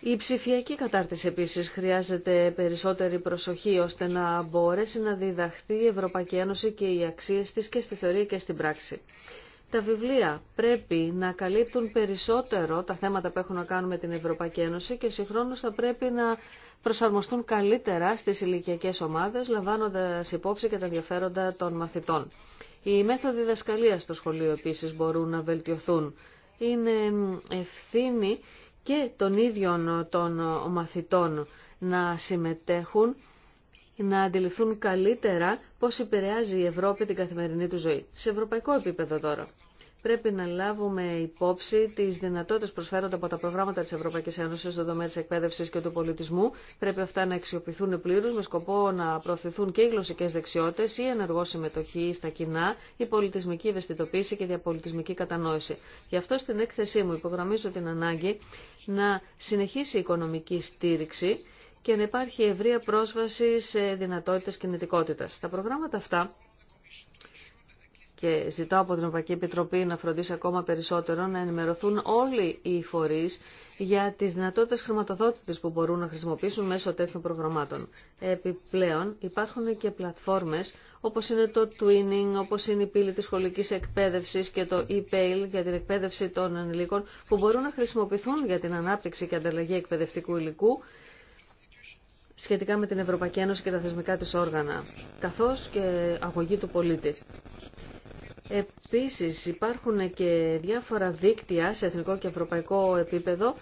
Η ψηφιακή κατάρτιση επίσης χρειάζεται περισσότερη προσοχή ώστε να μπορέσει να διδαχθεί η Ευρωπαϊκή Ένωση και οι αξίες της και στη θεωρία και στην πράξη. Τα βιβλία πρέπει να καλύπτουν περισσότερο τα θέματα που έχουν να κάνουν με την Ευρωπαϊκή Ένωση και συγχρόνως θα πρέπει να προσαρμοστούν καλύτερα στις ηλικιακέ ομάδες, λαμβάνοντας υπόψη και τα ενδιαφέροντα των μαθητών. Οι μέθοδοι διδασκαλίας στο σχολείο επίσης μπορούν να βελτιωθούν. Είναι ευθύνη και των ίδιων των μαθητών να συμμετέχουν να αντιληφθούν καλύτερα πώς επηρεάζει η Ευρώπη την καθημερινή του ζωή. Σε ευρωπαϊκό επίπεδο τώρα. Πρέπει να λάβουμε υπόψη τι δυνατότητε προσφέρονται από τα προγράμματα τη Ευρωπαϊκή Ένωση στον τομέα τη εκπαίδευση και του πολιτισμού. Πρέπει αυτά να αξιοποιηθούν πλήρω με σκοπό να προωθηθούν και οι γλωσσικέ δεξιότητε, η ενεργό συμμετοχή στα κοινά, η πολιτισμική ευαισθητοποίηση και η διαπολιτισμική κατανόηση. Γι' αυτό στην έκθεσή μου υπογραμμίζω την ανάγκη να συνεχίσει η οικονομική στήριξη και να υπάρχει ευρεία πρόσβαση σε δυνατότητες κινητικότητας. Τα προγράμματα αυτά και ζητάω από την Ευρωπαϊκή Επιτροπή να φροντίσει ακόμα περισσότερο να ενημερωθούν όλοι οι φορείς για τις δυνατότητες χρηματοδότητες που μπορούν να χρησιμοποιήσουν μέσω τέτοιων προγραμμάτων. Επιπλέον υπάρχουν και πλατφόρμες όπως είναι το Twinning, όπως είναι η πύλη της σχολικής εκπαίδευσης και το e-Pail για την εκπαίδευση των ανηλίκων που μπορούν να χρησιμοποιηθούν για την ανάπτυξη και ανταλλαγή εκπαιδευτικού υλικού σχετικά με την Ευρωπαϊκή Ένωση και τα θεσμικά της όργανα, καθώς και αγωγή του πολίτη. Επίσης υπάρχουν και διάφορα δίκτυα σε εθνικό και ευρωπαϊκό επίπεδο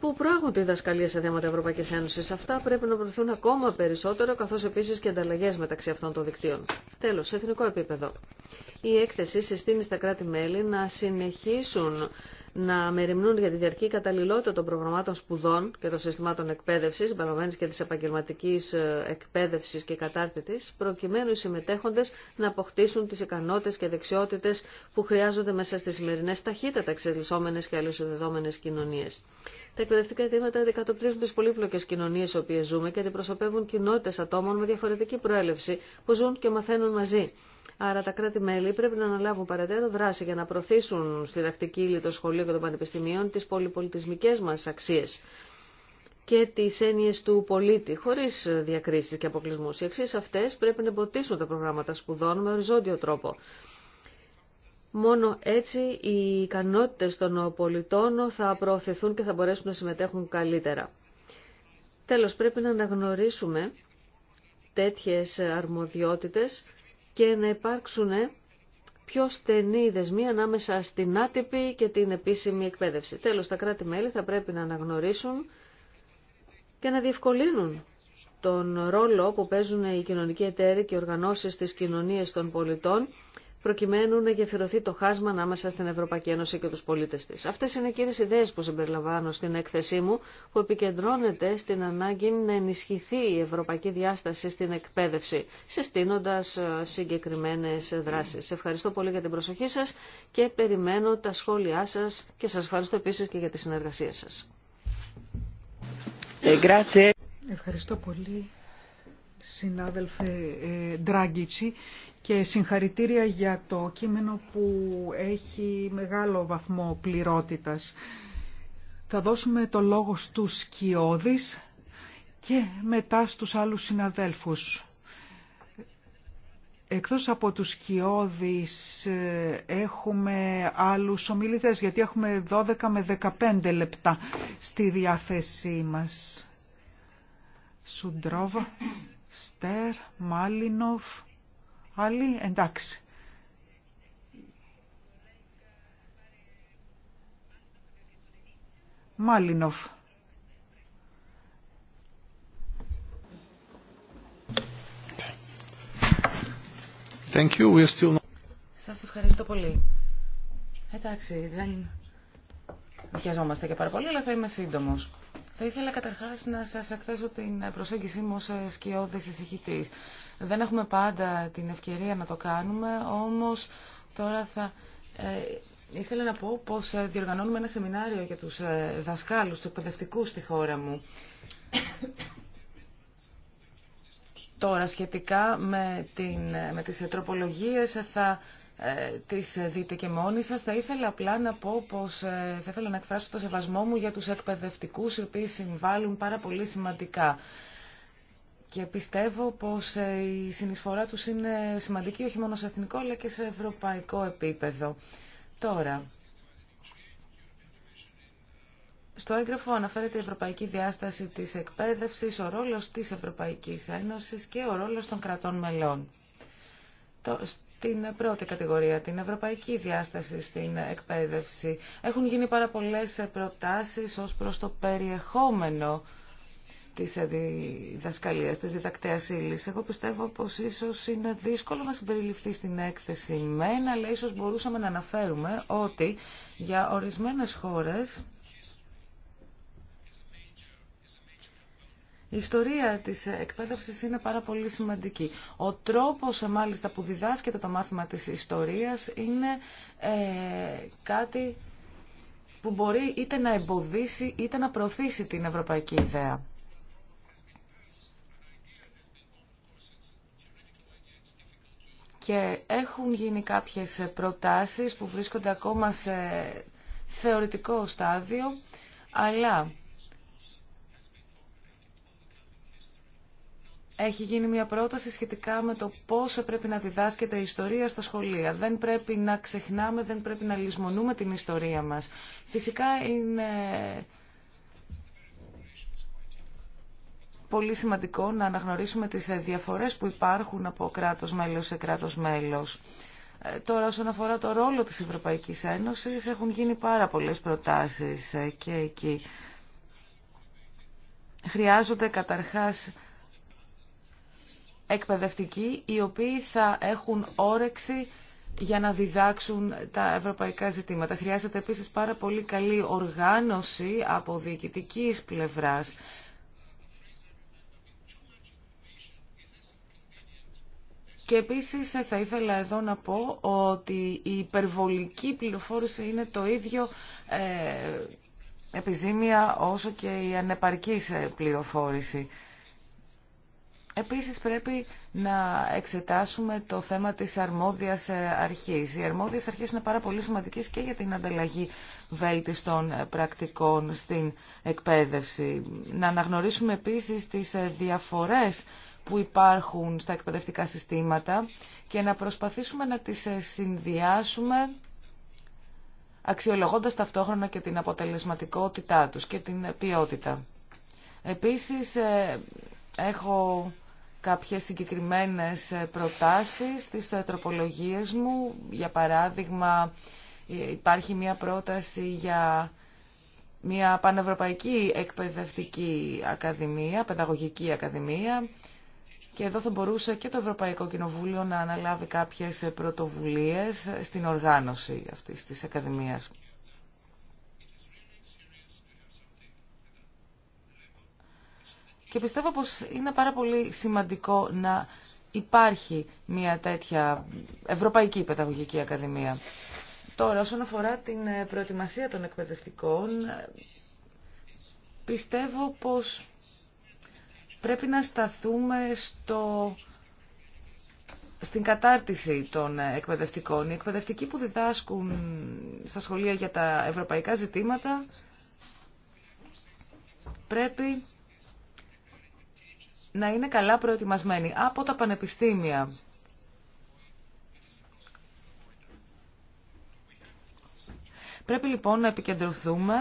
που προάγουν τη δασκαλία σε θέματα Ευρωπαϊκή Ένωση. Αυτά πρέπει να προωθούν ακόμα περισσότερο, καθώ επίση και ανταλλαγές μεταξύ αυτών των δικτύων. Τέλο, σε εθνικό επίπεδο. Η έκθεση συστήνει στα κράτη-μέλη να συνεχίσουν να μεριμνούν για τη διαρκή καταλληλότητα των προγραμμάτων σπουδών και των συστημάτων εκπαίδευση, μπαλωμένη και τη επαγγελματική ε, εκπαίδευση και κατάρτιση, προκειμένου οι συμμετέχοντε να αποκτήσουν τι ικανότητε και δεξιότητε που χρειάζονται μέσα στι σημερινέ ταχύτατα εξελισσόμενε και αλληλοσυνδεδόμενε κοινωνίε. Τα εκπαιδευτικά αιτήματα αντικατοπτρίζουν τι πολύπλοκε κοινωνίε οι οποίε ζούμε και αντιπροσωπεύουν κοινότητε ατόμων με διαφορετική προέλευση που ζουν και μαθαίνουν μαζί. Άρα τα κράτη-μέλη πρέπει να αναλάβουν παρατέρω δράση για να προωθήσουν στη δακτική ύλη των σχολείων και των πανεπιστημίων τις πολυπολιτισμικές μας αξίες και τις έννοιες του πολίτη, χωρίς διακρίσεις και αποκλεισμού. Οι αξίες αυτές πρέπει να εμποτίσουν τα προγράμματα σπουδών με οριζόντιο τρόπο. Μόνο έτσι οι ικανότητε των πολιτών θα προωθηθούν και θα μπορέσουν να συμμετέχουν καλύτερα. Τέλος, πρέπει να αναγνωρίσουμε τέτοιε αρμοδιότητες και να υπάρξουν πιο στενοί δεσμοί ανάμεσα στην άτυπη και την επίσημη εκπαίδευση. Τέλος, τα κράτη-μέλη θα πρέπει να αναγνωρίσουν και να διευκολύνουν τον ρόλο που παίζουν οι κοινωνικοί εταίροι και οι οργανώσεις της κοινωνίας των πολιτών προκειμένου να γεφυρωθεί το χάσμα ανάμεσα στην Ευρωπαϊκή Ένωση και τους πολίτες της. Αυτές είναι κύριες ιδέες που συμπεριλαμβάνω στην έκθεσή μου, που επικεντρώνεται στην ανάγκη να ενισχυθεί η ευρωπαϊκή διάσταση στην εκπαίδευση, συστήνοντας ε, συγκεκριμένες δράσεις. Ευχαριστώ πολύ για την προσοχή σας και περιμένω τα σχόλιά σας και σας ευχαριστώ επίσης και για τη συνεργασία σας.
Ε, ευχαριστώ πολύ συνάδελφε ε, Ντράγκητσι και συγχαρητήρια για το κείμενο που έχει μεγάλο βαθμό πληρότητας. Θα δώσουμε το λόγο στους Κιώδης και μετά στους άλλους συναδέλφους. Εκτός από τους κιόδης ε, έχουμε άλλους ομιλητές γιατί έχουμε 12 με 15 λεπτά στη διάθεσή μας. Σουντρόβα. Στέρ, Μάλινοφ, άλλοι, εντάξει. Μάλινοφ.
Thank Σας ευχαριστώ πολύ. Εντάξει, δεν βιαζόμαστε και πάρα πολύ, αλλά θα είμαι σύντομος. Θα ήθελα καταρχάς να σας εκθέσω την προσέγγιση μου σε σκιώδη εισηγητής. Δεν έχουμε πάντα την ευκαιρία να το κάνουμε, όμως τώρα θα... Ε, ήθελα να πω πως ε, διοργανώνουμε ένα σεμινάριο για τους ε, δασκάλους, του εκπαιδευτικού στη χώρα μου. Τώρα σχετικά με, την, με τις ετροπολογίες θα ε, τις δείτε και μόνοι σας. Θα ήθελα απλά να πω πως ε, θα ήθελα να εκφράσω το σεβασμό μου για τους εκπαιδευτικούς οι οποίοι συμβάλλουν πάρα πολύ σημαντικά. Και πιστεύω πως ε, η συνεισφορά τους είναι σημαντική όχι μόνο σε εθνικό αλλά και σε ευρωπαϊκό επίπεδο. Τώρα, στο έγγραφο αναφέρεται η ευρωπαϊκή διάσταση της εκπαίδευσης, ο ρόλος της Ευρωπαϊκής Ένωσης και ο ρόλος των κρατών μελών την πρώτη κατηγορία, την ευρωπαϊκή διάσταση στην εκπαίδευση. Έχουν γίνει πάρα πολλές προτάσεις ως προς το περιεχόμενο της διδασκαλίας, της διδακτέας ύλη. Εγώ πιστεύω πως ίσως είναι δύσκολο να συμπεριληφθεί στην έκθεση Μένα αλλά ίσως μπορούσαμε να αναφέρουμε ότι για ορισμένες χώρες Η ιστορία της εκπαίδευσης είναι πάρα πολύ σημαντική. Ο τρόπος μάλιστα που διδάσκεται το μάθημα της ιστορίας είναι ε, κάτι που μπορεί είτε να εμποδίσει είτε να προωθήσει την ευρωπαϊκή ιδέα. Και έχουν γίνει κάποιες προτάσεις που βρίσκονται ακόμα σε θεωρητικό στάδιο, αλλά έχει γίνει μια πρόταση σχετικά με το πώς πρέπει να διδάσκεται η ιστορία στα σχολεία. Δεν πρέπει να ξεχνάμε, δεν πρέπει να λησμονούμε την ιστορία μας. Φυσικά είναι πολύ σημαντικό να αναγνωρίσουμε τις διαφορές που υπάρχουν από κράτος μέλος σε κράτος μέλος. Ε, τώρα όσον αφορά το ρόλο της Ευρωπαϊκής Ένωσης έχουν γίνει πάρα πολλές προτάσεις ε, και εκεί. Χρειάζονται καταρχάς εκπαιδευτικοί οι οποίοι θα έχουν όρεξη για να διδάξουν τα ευρωπαϊκά ζητήματα. Χρειάζεται επίσης πάρα πολύ καλή οργάνωση από διοικητική πλευράς. Και επίσης θα ήθελα εδώ να πω ότι η υπερβολική πληροφόρηση είναι το ίδιο ε, επιζήμια όσο και η ανεπαρκής πληροφόρηση. Επίσης πρέπει να εξετάσουμε το θέμα της αρμόδιας ε, αρχής. Οι αρμόδιες αρχές είναι πάρα πολύ σημαντικέ και για την ανταλλαγή βέλτιστων ε, πρακτικών στην εκπαίδευση. Να αναγνωρίσουμε επίσης τις ε, διαφορές που υπάρχουν στα εκπαιδευτικά συστήματα και να προσπαθήσουμε να τις συνδυάσουμε αξιολογώντας ταυτόχρονα και την αποτελεσματικότητά τους και την ποιότητα. Επίσης, έχω κάποιες συγκεκριμένες ε, προτάσεις στις ε, τροπολογίες μου. Για παράδειγμα, ε, υπάρχει μια πρόταση για μια πανευρωπαϊκή εκπαιδευτική ακαδημία, παιδαγωγική ακαδημία και εδώ θα μπορούσε και το Ευρωπαϊκό Κοινοβούλιο να αναλάβει κάποιες πρωτοβουλίες στην οργάνωση αυτής της ακαδημίας. Και πιστεύω πως είναι πάρα πολύ σημαντικό να υπάρχει μια τέτοια Ευρωπαϊκή Παιδαγωγική Ακαδημία. Τώρα, όσον αφορά την ε, προετοιμασία των εκπαιδευτικών, ε, πιστεύω πως πρέπει να σταθούμε στο... στην κατάρτιση των ε, εκπαιδευτικών. Οι εκπαιδευτικοί που διδάσκουν στα σχολεία για τα ευρωπαϊκά ζητήματα πρέπει να είναι καλά προετοιμασμένοι από τα πανεπιστήμια. Πρέπει λοιπόν να επικεντρωθούμε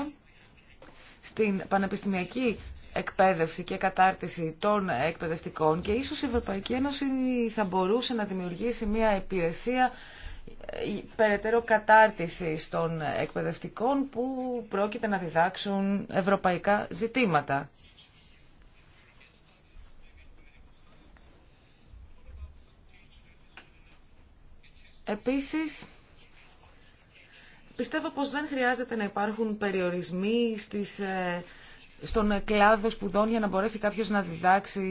στην πανεπιστημιακή εκπαίδευση και κατάρτιση των εκπαιδευτικών και ίσως η Ευρωπαϊκή Ένωση θα μπορούσε να δημιουργήσει μια υπηρεσία ε, περαιτέρω κατάρτιση των εκπαιδευτικών που πρόκειται να διδάξουν ευρωπαϊκά ζητήματα. Επίσης, πιστεύω πως δεν χρειάζεται να υπάρχουν περιορισμοί στις, ε, στον κλάδο σπουδών για να μπορέσει κάποιος να διδάξει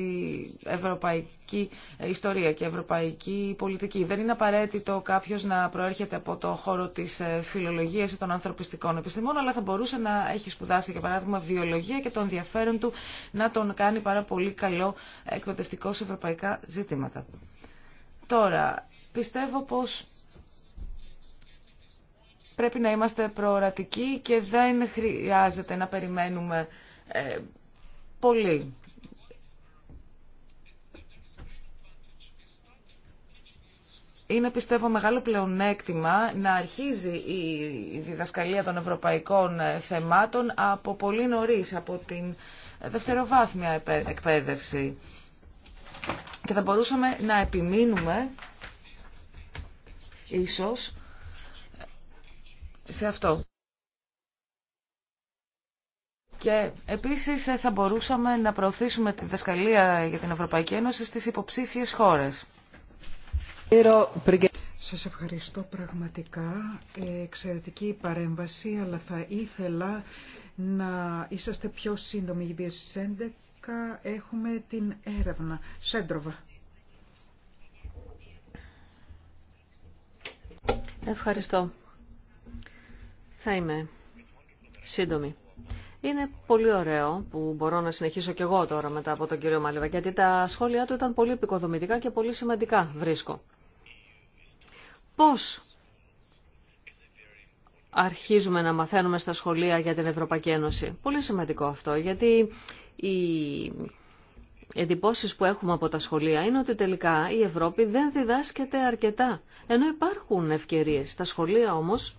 ευρωπαϊκή ιστορία και ευρωπαϊκή πολιτική. Δεν είναι απαραίτητο κάποιος να προέρχεται από το χώρο της ε, φιλολογίας ή των ανθρωπιστικών επιστημών, αλλά θα μπορούσε να έχει σπουδάσει, για παράδειγμα, βιολογία και το ενδιαφέρον του να τον κάνει πάρα πολύ καλό εκπαιδευτικό σε ευρωπαϊκά ζητήματα. Τώρα, Πιστεύω πως πρέπει να είμαστε προορατικοί και δεν χρειάζεται να περιμένουμε ε, πολύ. Είναι πιστεύω μεγάλο πλεονέκτημα να αρχίζει η διδασκαλία των ευρωπαϊκών ε, θεμάτων από πολύ νωρίς, από την δευτεροβάθμια εκπαίδευση. Και θα μπορούσαμε να επιμείνουμε ίσως σε αυτό. Και επίσης ε, θα μπορούσαμε να προωθήσουμε τη δασκαλία για την Ευρωπαϊκή Ένωση στις υποψήφιες χώρες.
Σας ευχαριστώ πραγματικά. Εξαιρετική παρέμβαση, αλλά θα ήθελα να είσαστε πιο σύντομοι, γιατί στις 11 έχουμε την έρευνα. Σέντροβα. Ευχαριστώ.
Θα είμαι σύντομη. Είναι πολύ ωραίο που μπορώ να συνεχίσω κι εγώ τώρα μετά από τον κύριο Μαλίβα γιατί τα σχόλιά του ήταν πολύ επικοδομητικά και πολύ σημαντικά, βρίσκω. Πώς αρχίζουμε να μαθαίνουμε στα σχολεία για την Ευρωπαϊκή Ένωση. Πολύ σημαντικό αυτό, γιατί η εντυπώσεις που έχουμε από τα σχολεία είναι ότι τελικά η Ευρώπη δεν διδάσκεται αρκετά. Ενώ υπάρχουν ευκαιρίες. Τα σχολεία όμως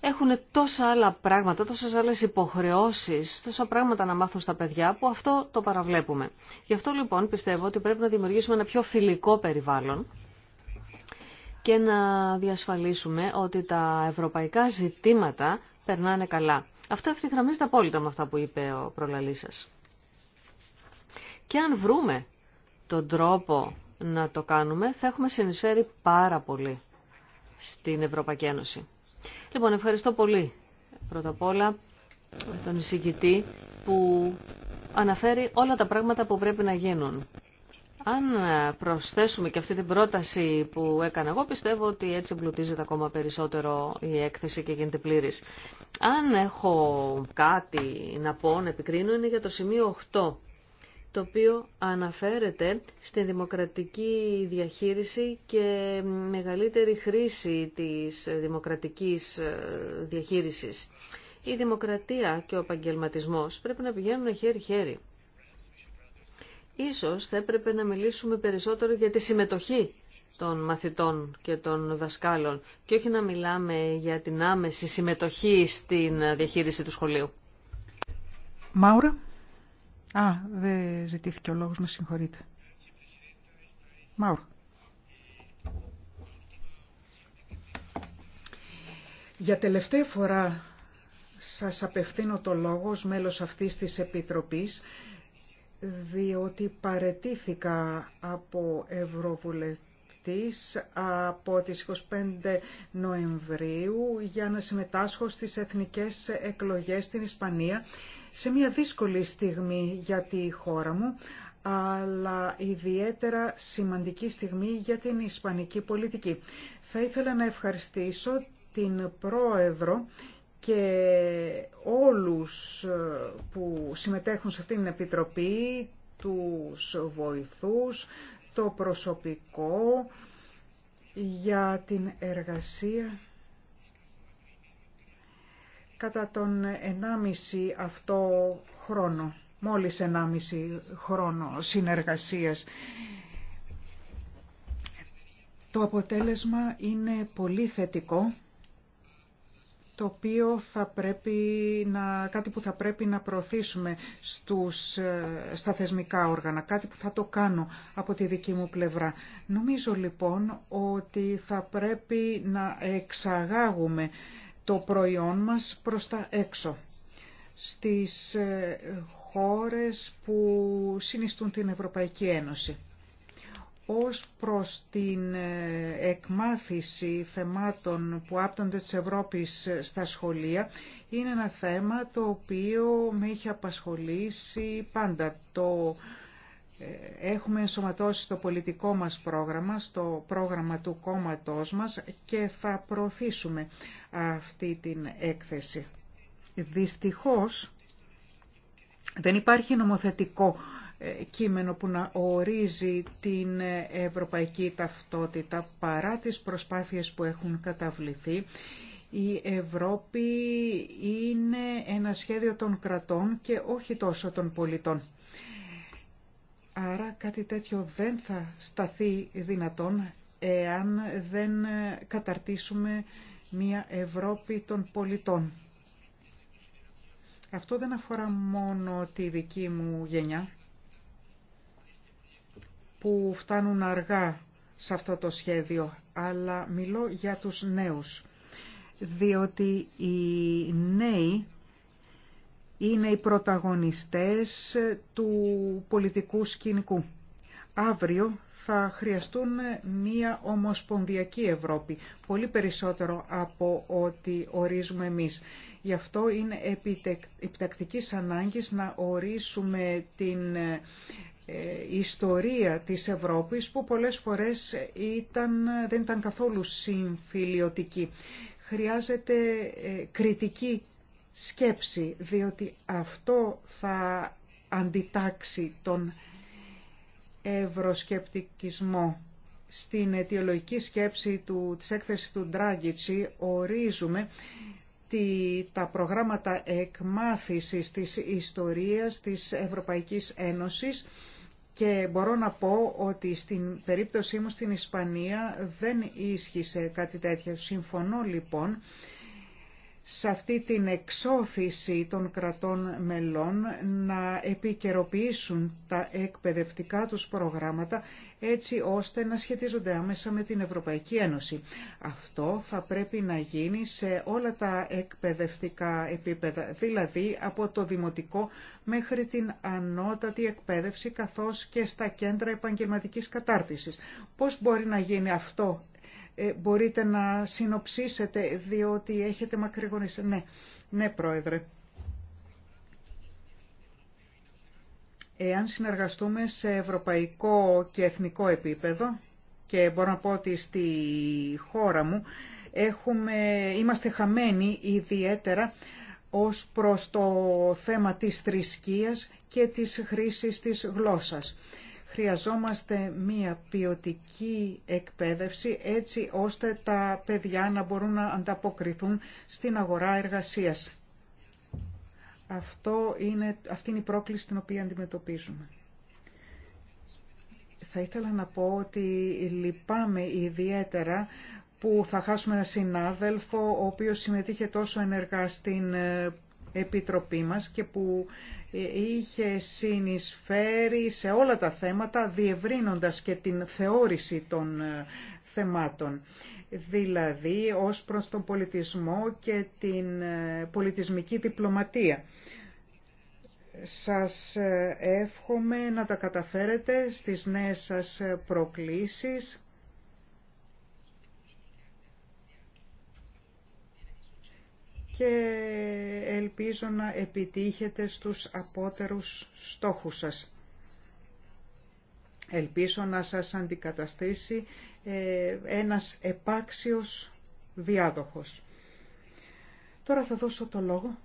έχουν τόσα άλλα πράγματα, τόσε άλλε υποχρεώσει, τόσα πράγματα να μάθουν στα παιδιά που αυτό το παραβλέπουμε. Γι' αυτό λοιπόν πιστεύω ότι πρέπει να δημιουργήσουμε ένα πιο φιλικό περιβάλλον και να διασφαλίσουμε ότι τα ευρωπαϊκά ζητήματα περνάνε καλά. Αυτό ευθυγραμμίζεται απόλυτα με αυτά που είπε ο προλαλής σας. Και αν βρούμε τον τρόπο να το κάνουμε, θα έχουμε συνεισφέρει πάρα πολύ στην Ευρωπαϊκή Ένωση. Λοιπόν, ευχαριστώ πολύ πρώτα απ' όλα τον εισηγητή που αναφέρει όλα τα πράγματα που πρέπει να γίνουν. Αν προσθέσουμε και αυτή την πρόταση που έκανα εγώ, πιστεύω ότι έτσι εμπλουτίζεται ακόμα περισσότερο η έκθεση και γίνεται πλήρης. Αν έχω κάτι να πω, να επικρίνω, είναι για το σημείο 8 το οποίο αναφέρεται στη δημοκρατική διαχείριση και μεγαλύτερη χρήση της δημοκρατικής ε, διαχείρισης. Η δημοκρατία και ο επαγγελματισμό πρέπει να πηγαίνουν χέρι-χέρι. Ίσως θα έπρεπε να μιλήσουμε περισσότερο για τη συμμετοχή των μαθητών και των δασκάλων και όχι να μιλάμε για την άμεση συμμετοχή στην ε, διαχείριση του σχολείου.
Μάουρα. Α, δεν ζητήθηκε ο λόγος, με συγχωρείτε. Μαουρ. Για τελευταία φορά σας απευθύνω το λόγο μέλος αυτής της Επιτροπής, διότι παρετήθηκα από Ευρωβουλευτής από τις 25 Νοεμβρίου για να συμμετάσχω στις εθνικές εκλογές στην Ισπανία σε μια δύσκολη στιγμή για τη χώρα μου, αλλά ιδιαίτερα σημαντική στιγμή για την ισπανική πολιτική. Θα ήθελα να ευχαριστήσω την Πρόεδρο και όλους ε, που συμμετέχουν σε αυτήν την Επιτροπή, τους βοηθούς, το προσωπικό για την εργασία κατά τον 1,5 αυτό χρόνο, μόλις 1,5 χρόνο συνεργασίας. Το αποτέλεσμα είναι πολύ θετικό, το οποίο θα πρέπει να, κάτι που θα πρέπει να προωθήσουμε στους, στα θεσμικά όργανα, κάτι που θα το κάνω από τη δική μου πλευρά. Νομίζω λοιπόν ότι θα πρέπει να εξαγάγουμε το προϊόν μας προς τα έξω στις ε, χώρες που συνιστούν την Ευρωπαϊκή Ένωση. Ως προς την ε, εκμάθηση θεμάτων που άπτονται της Ευρώπης ε, στα σχολεία, είναι ένα θέμα το οποίο με έχει απασχολήσει πάντα. Το ε, έχουμε ενσωματώσει στο πολιτικό μας πρόγραμμα, στο πρόγραμμα του κόμματός μας και θα προωθήσουμε αυτή την έκθεση. Δυστυχώς δεν υπάρχει νομοθετικό ε, κείμενο που να ορίζει την ευρωπαϊκή ταυτότητα παρά τις προσπάθειες που έχουν καταβληθεί. Η Ευρώπη είναι ένα σχέδιο των κρατών και όχι τόσο των πολιτών. Άρα κάτι τέτοιο δεν θα σταθεί δυνατόν εάν δεν καταρτήσουμε μια Ευρώπη των πολιτών. Αυτό δεν αφορά μόνο τη δική μου γενιά που φτάνουν αργά σε αυτό το σχέδιο, αλλά μιλώ για τους νέους. Διότι οι νέοι είναι οι πρωταγωνιστές του πολιτικού σκηνικού. Αύριο θα χρειαστούν μία ομοσπονδιακή Ευρώπη, πολύ περισσότερο από ό,τι ορίζουμε εμείς. Γι' αυτό είναι επιτακτικής ανάγκης να ορίσουμε την ε, ιστορία της Ευρώπης που πολλές φορές ήταν, δεν ήταν καθόλου συμφιλιωτική. Χρειάζεται ε, κριτική σκέψη, διότι αυτό θα αντιτάξει τον ευρωσκεπτικισμό. Στην αιτιολογική σκέψη του, της έκθεσης του Ντράγκητσι ορίζουμε τη, τα προγράμματα εκμάθησης της ιστορίας της Ευρωπαϊκής Ένωσης και μπορώ να πω ότι στην περίπτωσή μου στην Ισπανία δεν ίσχυσε κάτι τέτοιο. Συμφωνώ λοιπόν σε αυτή την εξώθηση των κρατών μελών να επικαιροποιήσουν τα εκπαιδευτικά τους προγράμματα έτσι ώστε να σχετίζονται άμεσα με την Ευρωπαϊκή Ένωση. Αυτό θα πρέπει να γίνει σε όλα τα εκπαιδευτικά επίπεδα, δηλαδή από το δημοτικό μέχρι την ανώτατη εκπαίδευση καθώς και στα κέντρα επαγγελματικής κατάρτισης. Πώς μπορεί να γίνει αυτό ε, μπορείτε να συνοψίσετε διότι έχετε μακρηγορήσει. Ναι, ναι πρόεδρε. Εάν συνεργαστούμε σε ευρωπαϊκό και εθνικό επίπεδο και μπορώ να πω ότι στη χώρα μου έχουμε, είμαστε χαμένοι ιδιαίτερα ως προς το θέμα της θρησκείας και της χρήσης της γλώσσας. Χρειαζόμαστε μία ποιοτική εκπαίδευση έτσι ώστε τα παιδιά να μπορούν να ανταποκριθούν στην αγορά εργασίας. Αυτό είναι, αυτή είναι η πρόκληση την οποία αντιμετωπίζουμε. Θα ήθελα να πω ότι λυπάμαι ιδιαίτερα που θα χάσουμε ένα συνάδελφο ο οποίος συμμετείχε τόσο ενεργά στην ε, Επιτροπή και που είχε συνεισφέρει σε όλα τα θέματα διευρύνοντας και την θεώρηση των ε, θεμάτων. Δηλαδή ως προς τον πολιτισμό και την ε, πολιτισμική διπλωματία. Σας ε, εύχομαι να τα καταφέρετε στις νέες σας προκλήσεις και ελπίζω να επιτύχετε στους απότερους στόχους σας. Ελπίζω να σας αντικαταστήσει ε, ένας επάξιος διάδοχος. Τώρα θα δώσω το λόγο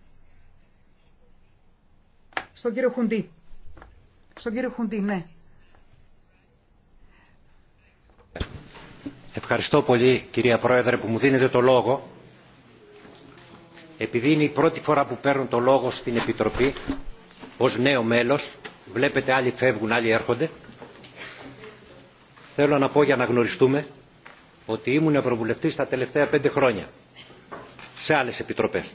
στον κύριο Χουντή. Στον κύριο Χουντή, ναι.
Ευχαριστώ πολύ κυρία Πρόεδρε που μου δίνετε το λόγο επειδή είναι η πρώτη φορά που παίρνω το λόγο στην Επιτροπή ως νέο μέλος, βλέπετε άλλοι φεύγουν, άλλοι έρχονται, θέλω να πω για να γνωριστούμε ότι ήμουν Ευρωβουλευτής τα τελευταία πέντε χρόνια σε άλλες επιτροπές,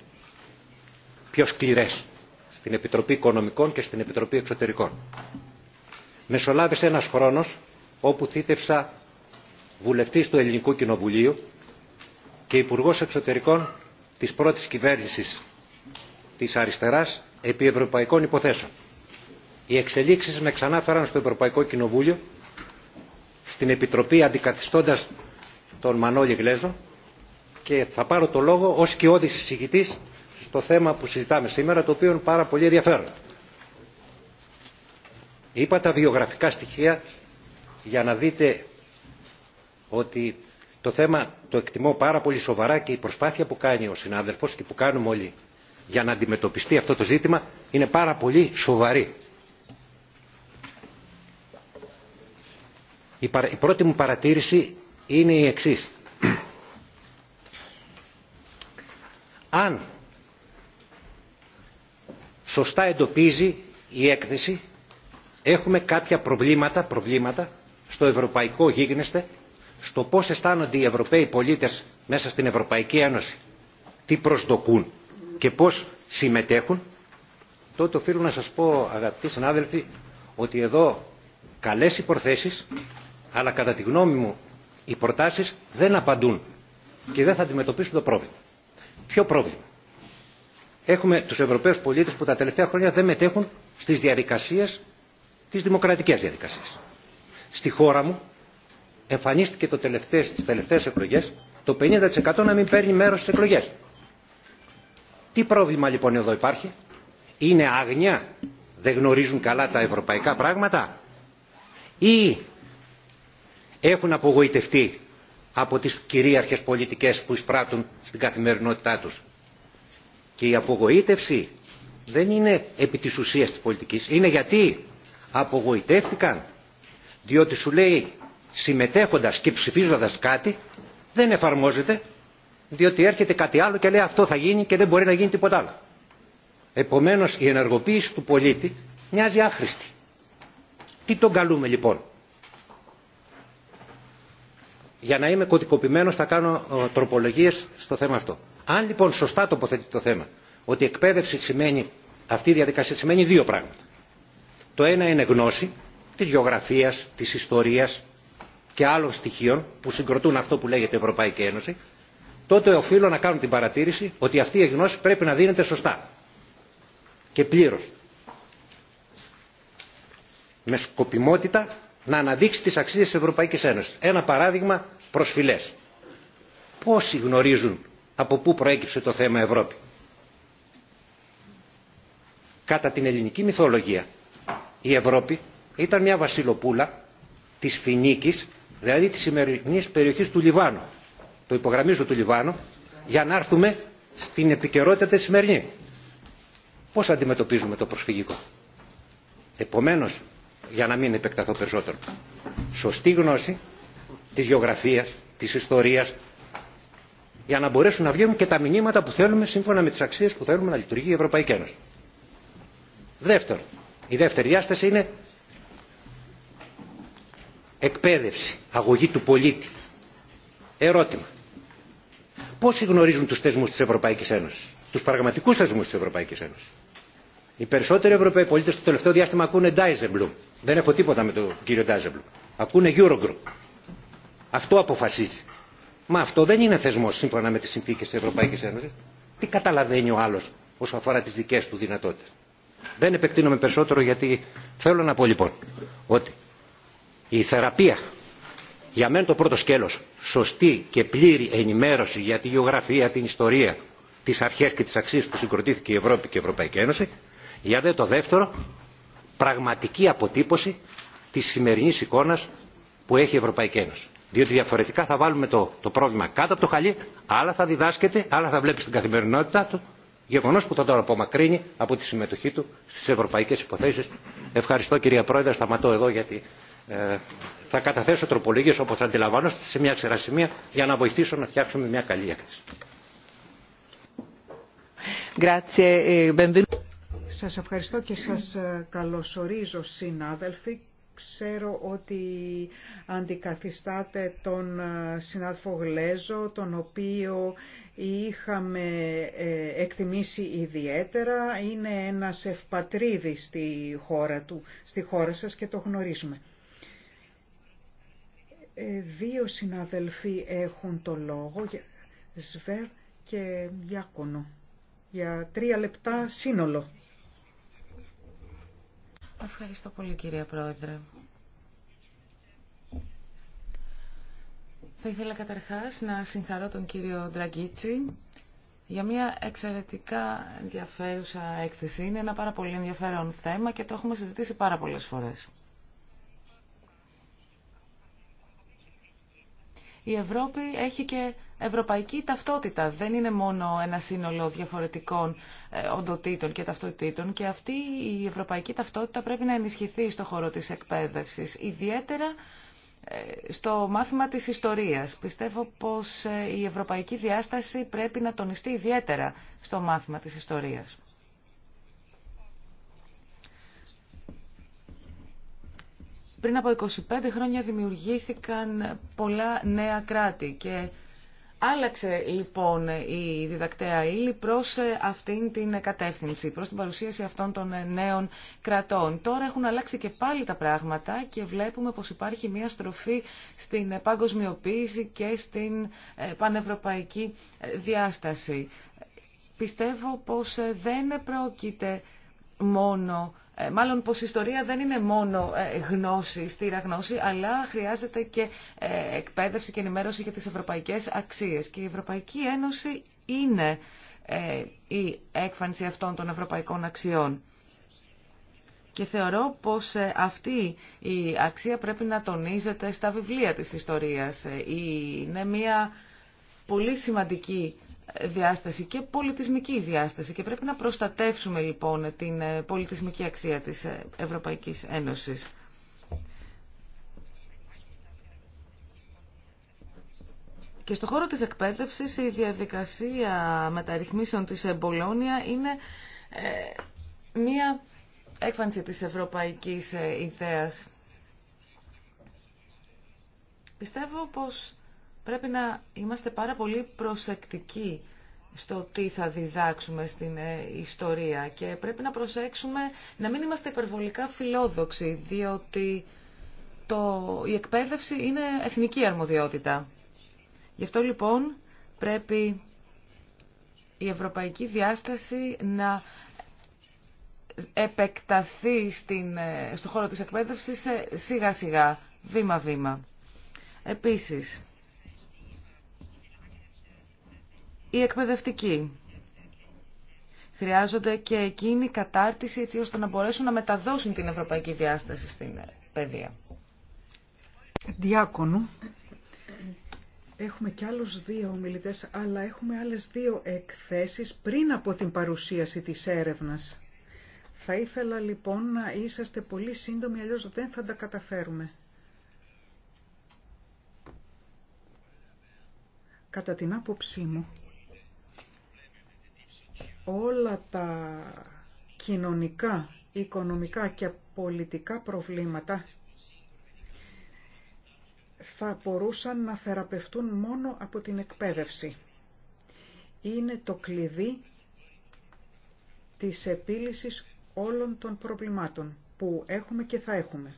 πιο σκληρές, στην Επιτροπή Οικονομικών και στην Επιτροπή Εξωτερικών. Μεσολάβησε ένας χρόνος όπου θύτευσα βουλευτής του Ελληνικού Κοινοβουλίου και Υπουργός Εξωτερικών της πρώτης κυβέρνησης της αριστεράς επί ευρωπαϊκών υποθέσεων. Οι εξελίξεις με ξανάφεραν στο Ευρωπαϊκό Κοινοβούλιο, στην Επιτροπή αντικαθιστώντας τον Μανώλη Γλέζο και θα πάρω το λόγο ως κοιόδης συζητητής στο θέμα που συζητάμε σήμερα, το οποίο είναι πάρα πολύ ενδιαφέρον. Είπα τα βιογραφικά στοιχεία για να δείτε ότι το θέμα το εκτιμώ πάρα πολύ σοβαρά και η προσπάθεια που κάνει ο συνάδελφος και που κάνουμε όλοι για να αντιμετωπιστεί αυτό το ζήτημα είναι πάρα πολύ σοβαρή. Η, πρώτη μου παρατήρηση είναι η εξής. Αν σωστά εντοπίζει η έκθεση έχουμε κάποια προβλήματα, προβλήματα στο ευρωπαϊκό γίγνεσθε στο πώς αισθάνονται οι Ευρωπαίοι πολίτες μέσα στην Ευρωπαϊκή Ένωση, τι προσδοκούν και πώς συμμετέχουν, τότε οφείλω να σας πω αγαπητοί συνάδελφοι ότι εδώ καλές οι αλλά κατά τη γνώμη μου οι προτάσεις δεν απαντούν και δεν θα αντιμετωπίσουν το πρόβλημα. Ποιο πρόβλημα. Έχουμε τους Ευρωπαίους πολίτες που τα τελευταία χρόνια δεν μετέχουν στις διαδικασίες, τις δημοκρατικές διαδικασίες. Στη χώρα μου εμφανίστηκε το τελευταίο στις τελευταίες εκλογές το 50% να μην παίρνει μέρος στις εκλογές. Τι πρόβλημα λοιπόν εδώ υπάρχει. Είναι άγνοια. Δεν γνωρίζουν καλά τα ευρωπαϊκά πράγματα. Ή έχουν απογοητευτεί από τις κυρίαρχες πολιτικές που εισπράττουν στην καθημερινότητά τους. Και η απογοήτευση δεν είναι επί της ουσίας της πολιτικής. Είναι γιατί απογοητεύτηκαν διότι σου λέει συμμετέχοντας και ψηφίζοντας κάτι δεν εφαρμόζεται διότι έρχεται κάτι άλλο και λέει αυτό θα γίνει και δεν μπορεί να γίνει τίποτα άλλο. Επομένως η ενεργοποίηση του πολίτη μοιάζει άχρηστη. Τι τον καλούμε λοιπόν. Για να είμαι κωδικοποιημένος θα κάνω ε, τροπολογίες στο θέμα αυτό. Αν λοιπόν σωστά τοποθετεί το θέμα ότι εκπαίδευση σημαίνει, αυτή η διαδικασία σημαίνει δύο πράγματα. Το ένα είναι γνώση της γεωγραφίας, της ιστορίας, και άλλων στοιχείων που συγκροτούν αυτό που λέγεται Ευρωπαϊκή Ένωση, τότε οφείλω να κάνω την παρατήρηση ότι αυτή η γνώση πρέπει να δίνεται σωστά και πλήρω. Με σκοπιμότητα να αναδείξει τι αξίε τη Ευρωπαϊκή Ένωση. Ένα παράδειγμα προσφυλές. Πόσοι γνωρίζουν από πού προέκυψε το θέμα Ευρώπη. Κατά την ελληνική μυθολογία η Ευρώπη ήταν μια βασιλοπούλα της Φινίκης δηλαδή της σημερινής περιοχής του Λιβάνου, το υπογραμμίζω του Λιβάνου, για να έρθουμε στην επικαιρότητα τη σημερινή. Πώς αντιμετωπίζουμε το προσφυγικό. Επομένως, για να μην επεκταθώ περισσότερο, σωστή γνώση της γεωγραφίας, της ιστορίας, για να μπορέσουν να βγαίνουν και τα μηνύματα που θέλουμε σύμφωνα με τις αξίες που θέλουμε να λειτουργεί η Ευρωπαϊκή Ένωση. Δεύτερο, η δεύτερη διάσταση είναι εκπαίδευση, αγωγή του πολίτη. Ερώτημα. Πόσοι γνωρίζουν τους θεσμούς της Ευρωπαϊκής Ένωσης, τους πραγματικούς θεσμούς της Ευρωπαϊκής Ένωσης. Οι περισσότεροι Ευρωπαίοι πολίτες στο τελευταίο διάστημα ακούνε Dijsselbloem. Δεν έχω τίποτα με τον κύριο Dijsselbloem. Ακούνε Eurogroup. Αυτό αποφασίζει. Μα αυτό δεν είναι θεσμός σύμφωνα με τις συνθήκες της Ευρωπαϊκής Ένωσης. Τι καταλαβαίνει ο άλλος όσον αφορά τις δικέ του δυνατότητε. Δεν επεκτείνομαι περισσότερο γιατί θέλω να πω λοιπόν ότι η θεραπεία για μένα το πρώτο σκέλος σωστή και πλήρη ενημέρωση για τη γεωγραφία την ιστορία τις αρχές και τις αξίες που συγκροτήθηκε η ευρώπη και η ευρωπαϊκή ένωση για δε το δεύτερο πραγματική αποτύπωση της σημερινής εικόνας που έχει η ευρωπαϊκή ένωση διότι διαφορετικά θα βάλουμε το, πρόβλημα κάτω από το χαλί άλλα θα διδάσκεται άλλα θα βλέπει στην καθημερινότητά του γεγονός που θα το απομακρύνει από τη συμμετοχή του στις ευρωπαϊκές υποθέσεις. Ευχαριστώ κυρία Πρόεδρε, σταματώ εδώ γιατί ε, θα καταθέσω τροπολογίες όπως αντιλαμβάνω σε μια σειρά σημεία για να βοηθήσω να φτιάξουμε μια καλή έκθεση.
Ε, σας ευχαριστώ και σας ε, καλωσορίζω συνάδελφοι. Ξέρω ότι αντικαθιστάτε τον συνάδελφο Γλέζο, τον οποίο είχαμε εκτιμήσει ιδιαίτερα. Είναι ένας ευπατρίδης στη χώρα του, στη χώρα σας και το γνωρίζουμε. Ε, δύο συναδελφοί έχουν το λόγο, Σβέρ και Γιάκονο, για τρία λεπτά σύνολο.
Ευχαριστώ πολύ κυρία Πρόεδρε. Θα ήθελα καταρχάς να συγχαρώ τον κύριο Ντραγκίτσι για μια εξαιρετικά ενδιαφέρουσα έκθεση. Είναι ένα πάρα πολύ ενδιαφέρον θέμα και το έχουμε συζητήσει πάρα πολλές φορές. η Ευρώπη έχει και ευρωπαϊκή ταυτότητα. Δεν είναι μόνο ένα σύνολο διαφορετικών ε, οντοτήτων και ταυτοτήτων και αυτή η ευρωπαϊκή ταυτότητα πρέπει να ενισχυθεί στο χώρο της εκπαίδευσης, ιδιαίτερα ε, στο μάθημα της ιστορίας. Πιστεύω πως ε, η ευρωπαϊκή διάσταση πρέπει να τονιστεί ιδιαίτερα στο μάθημα της ιστορίας. Πριν από 25 χρόνια δημιουργήθηκαν πολλά νέα κράτη και άλλαξε λοιπόν η διδακτέα ύλη προς ε, αυτήν την κατεύθυνση, προς την παρουσίαση αυτών των ε, νέων κρατών. Τώρα έχουν αλλάξει και πάλι τα πράγματα και βλέπουμε πως υπάρχει μια στροφή στην ε, παγκοσμιοποίηση και στην πανευρωπαϊκή διάσταση. Πιστεύω πως δεν πρόκειται μόνο ε, μάλλον πως η ιστορία δεν είναι μόνο ε, γνώση, στήρα γνώση, αλλά χρειάζεται και ε, εκπαίδευση και ενημέρωση για τις ευρωπαϊκές αξίες. Και η Ευρωπαϊκή Ένωση είναι η έκφανση αυτών των ευρωπαϊκών αξιών. Και θεωρώ πως αυτή η αξία πρέπει να τονίζεται στα βιβλία της ιστορίας. Είναι μια πολύ σημαντική διάσταση και πολιτισμική διάσταση και πρέπει να προστατεύσουμε λοιπόν την ε, πολιτισμική αξία της ε, Ευρωπαϊκής Ένωσης. Και στον χώρο της εκπαίδευσης η διαδικασία μεταρρυθμίσεων της ε, Μπολόνια είναι μία έκφανση της ευρωπαϊκής ιδέας. Πιστεύω πως πρέπει να είμαστε πάρα πολύ προσεκτικοί στο τι θα διδάξουμε στην ε, ιστορία και πρέπει να προσέξουμε να μην είμαστε υπερβολικά φιλόδοξοι, διότι το, η εκπαίδευση είναι εθνική αρμοδιότητα. Γι' αυτό λοιπόν πρέπει η ευρωπαϊκή διάσταση να επεκταθεί στην, ε, στο χώρο της εκπαίδευσης σιγά σιγά, βήμα βήμα. Επίσης, Οι εκπαιδευτικοί χρειάζονται και εκείνη κατάρτιση έτσι ώστε να μπορέσουν να μεταδώσουν την ευρωπαϊκή διάσταση στην παιδεία.
Διάκονο, Έχουμε και άλλους δύο ομιλητές, αλλά έχουμε άλλες δύο εκθέσεις πριν από την παρουσίαση της έρευνας. Θα ήθελα λοιπόν να είσαστε πολύ σύντομοι, αλλιώς δεν θα τα καταφέρουμε. Κατά την άποψή μου, όλα τα κοινωνικά, οικονομικά και πολιτικά προβλήματα θα μπορούσαν να θεραπευτούν μόνο από την εκπαίδευση. Είναι το κλειδί της επίλυσης όλων των προβλημάτων που έχουμε και θα έχουμε.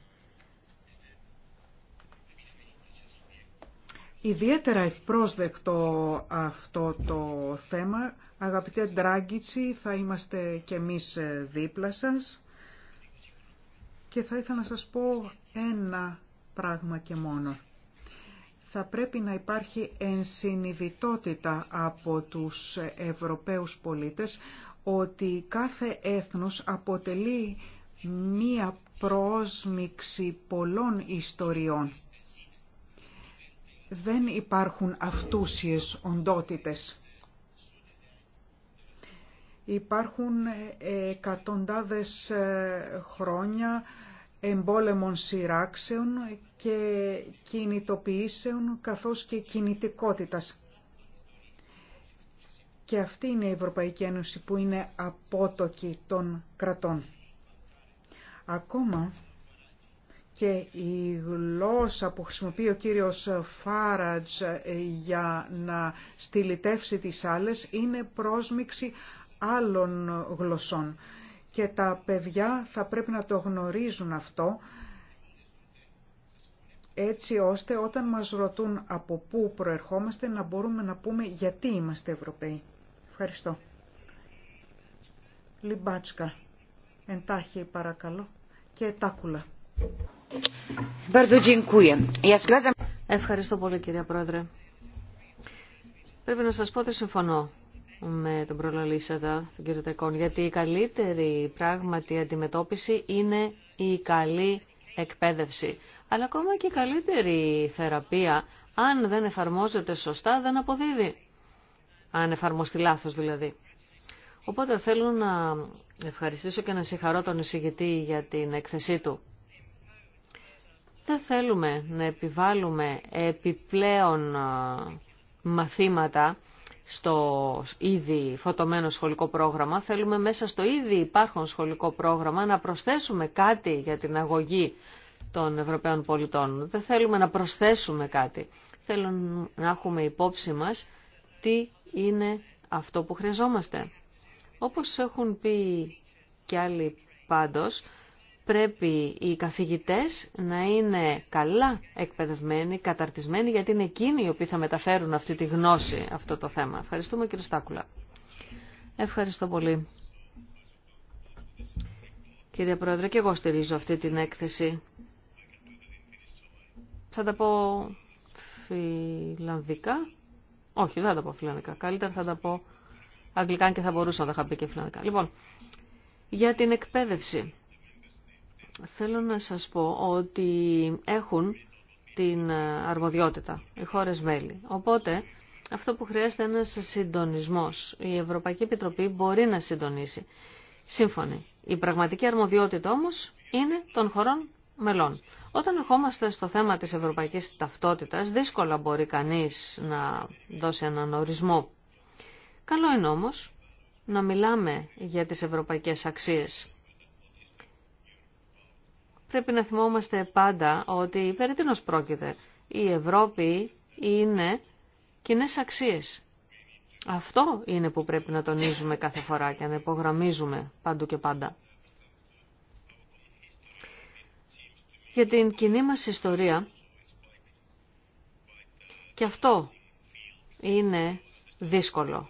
Ιδιαίτερα ευπρόσδεκτο αυτό το θέμα Αγαπητέ Ντράγκητσι, θα είμαστε κι εμείς ε, δίπλα σας και θα ήθελα να σας πω ένα πράγμα και μόνο. Θα πρέπει να υπάρχει ενσυνειδητότητα από τους Ευρωπαίους πολίτες ότι κάθε έθνος αποτελεί μία πρόσμιξη πολλών ιστοριών. Δεν υπάρχουν αυτούσιες οντότητες. Υπάρχουν ε, εκατοντάδες ε, χρόνια εμπόλεμων σειράξεων και κινητοποιήσεων καθώς και κινητικότητας. Και αυτή είναι η Ευρωπαϊκή Ένωση που είναι απότοκη των κρατών. Ακόμα και η γλώσσα που χρησιμοποιεί ο κύριος Φάρατζ ε, για να στυλιτεύσει τις άλλες είναι πρόσμιξη άλλων γλωσσών. Και τα παιδιά θα πρέπει να το γνωρίζουν αυτό, έτσι ώστε όταν μας ρωτούν από πού προερχόμαστε να μπορούμε να πούμε γιατί είμαστε Ευρωπαίοι. Ευχαριστώ. Λιμπάτσκα, εντάχει παρακαλώ και τάκουλα.
Ευχαριστώ πολύ κυρία Πρόεδρε. Πρέπει να σας πω ότι συμφωνώ με τον προλαλήσατα, τον κύριο Τεκόν, γιατί η καλύτερη πράγματι αντιμετώπιση είναι η καλή εκπαίδευση. Αλλά ακόμα και η καλύτερη θεραπεία, αν δεν εφαρμόζεται σωστά, δεν αποδίδει. Αν εφαρμοστεί λάθος δηλαδή. Οπότε θέλω να ευχαριστήσω και να συγχαρώ τον εισηγητή για την έκθεσή του. Δεν θέλουμε να επιβάλλουμε επιπλέον μαθήματα στο ήδη φωτομένο σχολικό πρόγραμμα. Θέλουμε μέσα στο ήδη υπάρχον σχολικό πρόγραμμα να προσθέσουμε κάτι για την αγωγή των Ευρωπαίων πολιτών. Δεν θέλουμε να προσθέσουμε κάτι. Θέλουμε να έχουμε υπόψη μας τι είναι αυτό που χρειαζόμαστε. Όπως έχουν πει και άλλοι πάντως, πρέπει οι καθηγητές να είναι καλά εκπαιδευμένοι, καταρτισμένοι, γιατί είναι εκείνοι οι οποίοι θα μεταφέρουν αυτή τη γνώση, αυτό το θέμα. Ευχαριστούμε κύριε Στάκουλα. Ευχαριστώ πολύ. Κύριε Πρόεδρε, και εγώ στηρίζω αυτή την έκθεση. Θα τα πω φιλανδικά. Όχι, δεν θα τα πω φιλανδικά. Καλύτερα θα τα πω αγγλικά και θα μπορούσα να τα είχα πει και φιλανδικά. Λοιπόν, για την εκπαίδευση. Θέλω να σας πω ότι έχουν την αρμοδιότητα οι χώρες μέλη. Οπότε αυτό που χρειάζεται είναι ένας συντονισμός. Η Ευρωπαϊκή Επιτροπή μπορεί να συντονίσει. Σύμφωνοι. Η πραγματική αρμοδιότητα όμως είναι των χωρών μελών. Όταν ερχόμαστε στο θέμα της ευρωπαϊκής ταυτότητας, δύσκολα μπορεί κανείς να δώσει έναν ορισμό. Καλό είναι όμως να μιλάμε για τις ευρωπαϊκές αξίες πρέπει να θυμόμαστε πάντα ότι περί τίνος πρόκειται. Η Ευρώπη είναι κοινέ αξίες. Αυτό είναι που πρέπει να τονίζουμε κάθε φορά και να υπογραμμίζουμε παντού και πάντα. Για την κοινή μας ιστορία, και αυτό είναι δύσκολο.